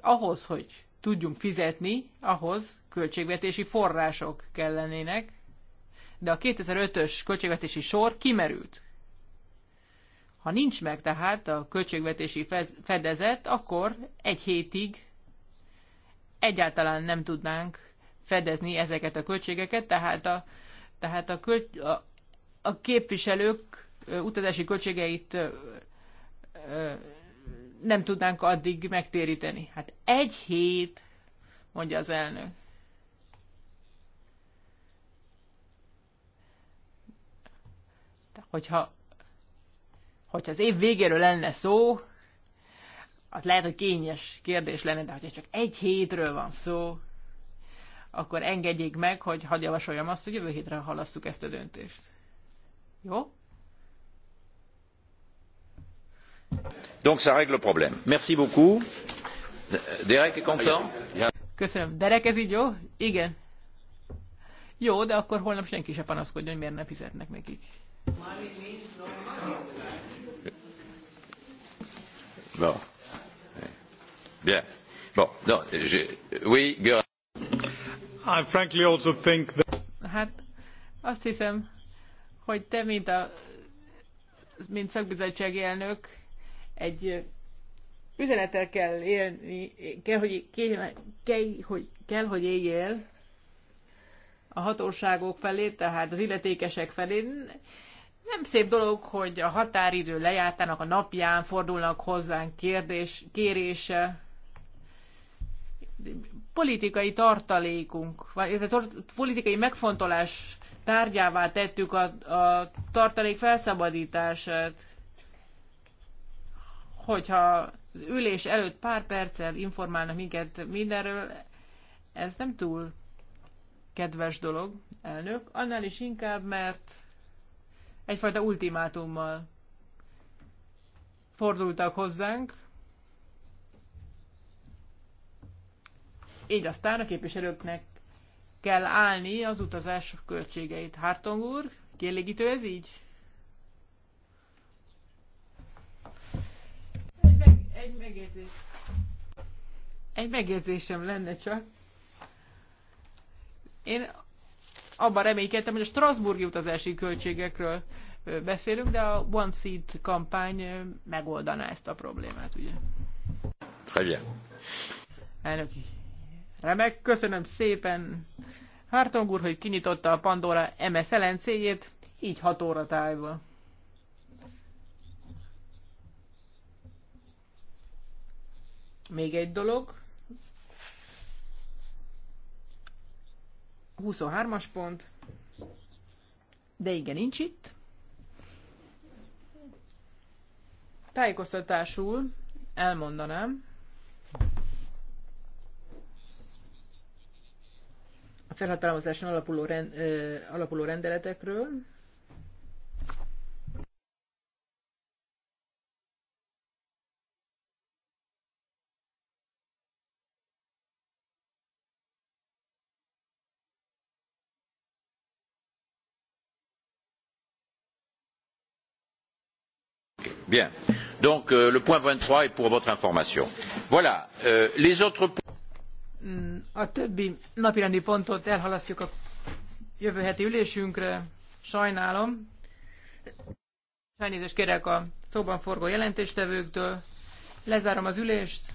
Ahhoz, hogy tudjunk fizetni, ahhoz költségvetési források kellenének, de a 2005-ös költségvetési sor kimerült. Ha nincs meg tehát a költségvetési fedezet, akkor egy hétig egyáltalán nem tudnánk fedezni ezeket a költségeket, tehát a, tehát a, költ, a, a képviselők utazási költségeit nem tudnánk addig megtéríteni. Hát egy hét, mondja az elnök. Hogyha, hogyha az év végéről lenne szó, az lehet, hogy kényes kérdés lenne, de hogyha csak egy hétről van szó, akkor engedjék meg, hogy hadd javasoljam azt, hogy jövő hétre halasszuk ezt a döntést. Jó? Donc ça règle le problème. Merci beaucoup. Derek est content? Köszönöm. Derek, ez így jó? Igen. Jó, de akkor holnap senki se panaszkodjon, hogy miért nem fizetnek nekik. Bon. Bien. Bon, non, je... Oui, girl. I frankly also think that... Hát, azt hiszem, hogy te, mint, a, mint szakbizottsági elnök, egy üzenetel kell élni, kell, hogy, kell, hogy, kell, hogy éljél a hatóságok felé, tehát az illetékesek felé. Nem szép dolog, hogy a határidő lejártának a napján fordulnak hozzánk kérdés, kérése, politikai tartalékunk, vagy politikai megfontolás tárgyává tettük a, a tartalék felszabadítását. Hogyha az ülés előtt pár perccel informálnak minket mindenről, ez nem túl kedves dolog, elnök, annál is inkább, mert egyfajta ultimátummal fordultak hozzánk, Így aztán a képviselőknek kell állni az utazás költségeit. Hartong úr, kielégítő ez így? Egy, meg, egy megjegyzés. Egy megjegyzésem lenne csak. Én abban reménykedtem, hogy a Strasburgi utazási költségekről beszélünk, de a One Seat kampány megoldaná ezt a problémát, ugye? Très bien. Elnök, Remek, köszönöm szépen Hártong úr, hogy kinyitotta a Pandora MS elencéjét, így hat óra tájban. Még egy dolog. 23-as pont. De igen, nincs itt. Tájékoztatásul elmondanám, felhatalmazáson alapuló, rend, ö, alapuló rendeletekről. Bien. Donc euh, le point 23 est pour votre information. Voilà. Euh, les autres points. Mm, a többi napirendi pontot elhalasztjuk a jövő heti ülésünkre. Sajnálom. Elnézést kérek a szóban forgó jelentéstevőktől. Lezárom az ülést.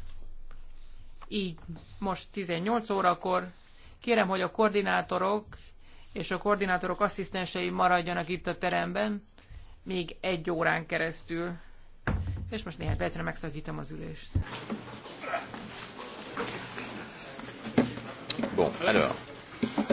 Így most 18 órakor. Kérem, hogy a koordinátorok és a koordinátorok asszisztensei maradjanak itt a teremben még egy órán keresztül. És most néhány percre megszakítom az ülést. Bon, alors. C'est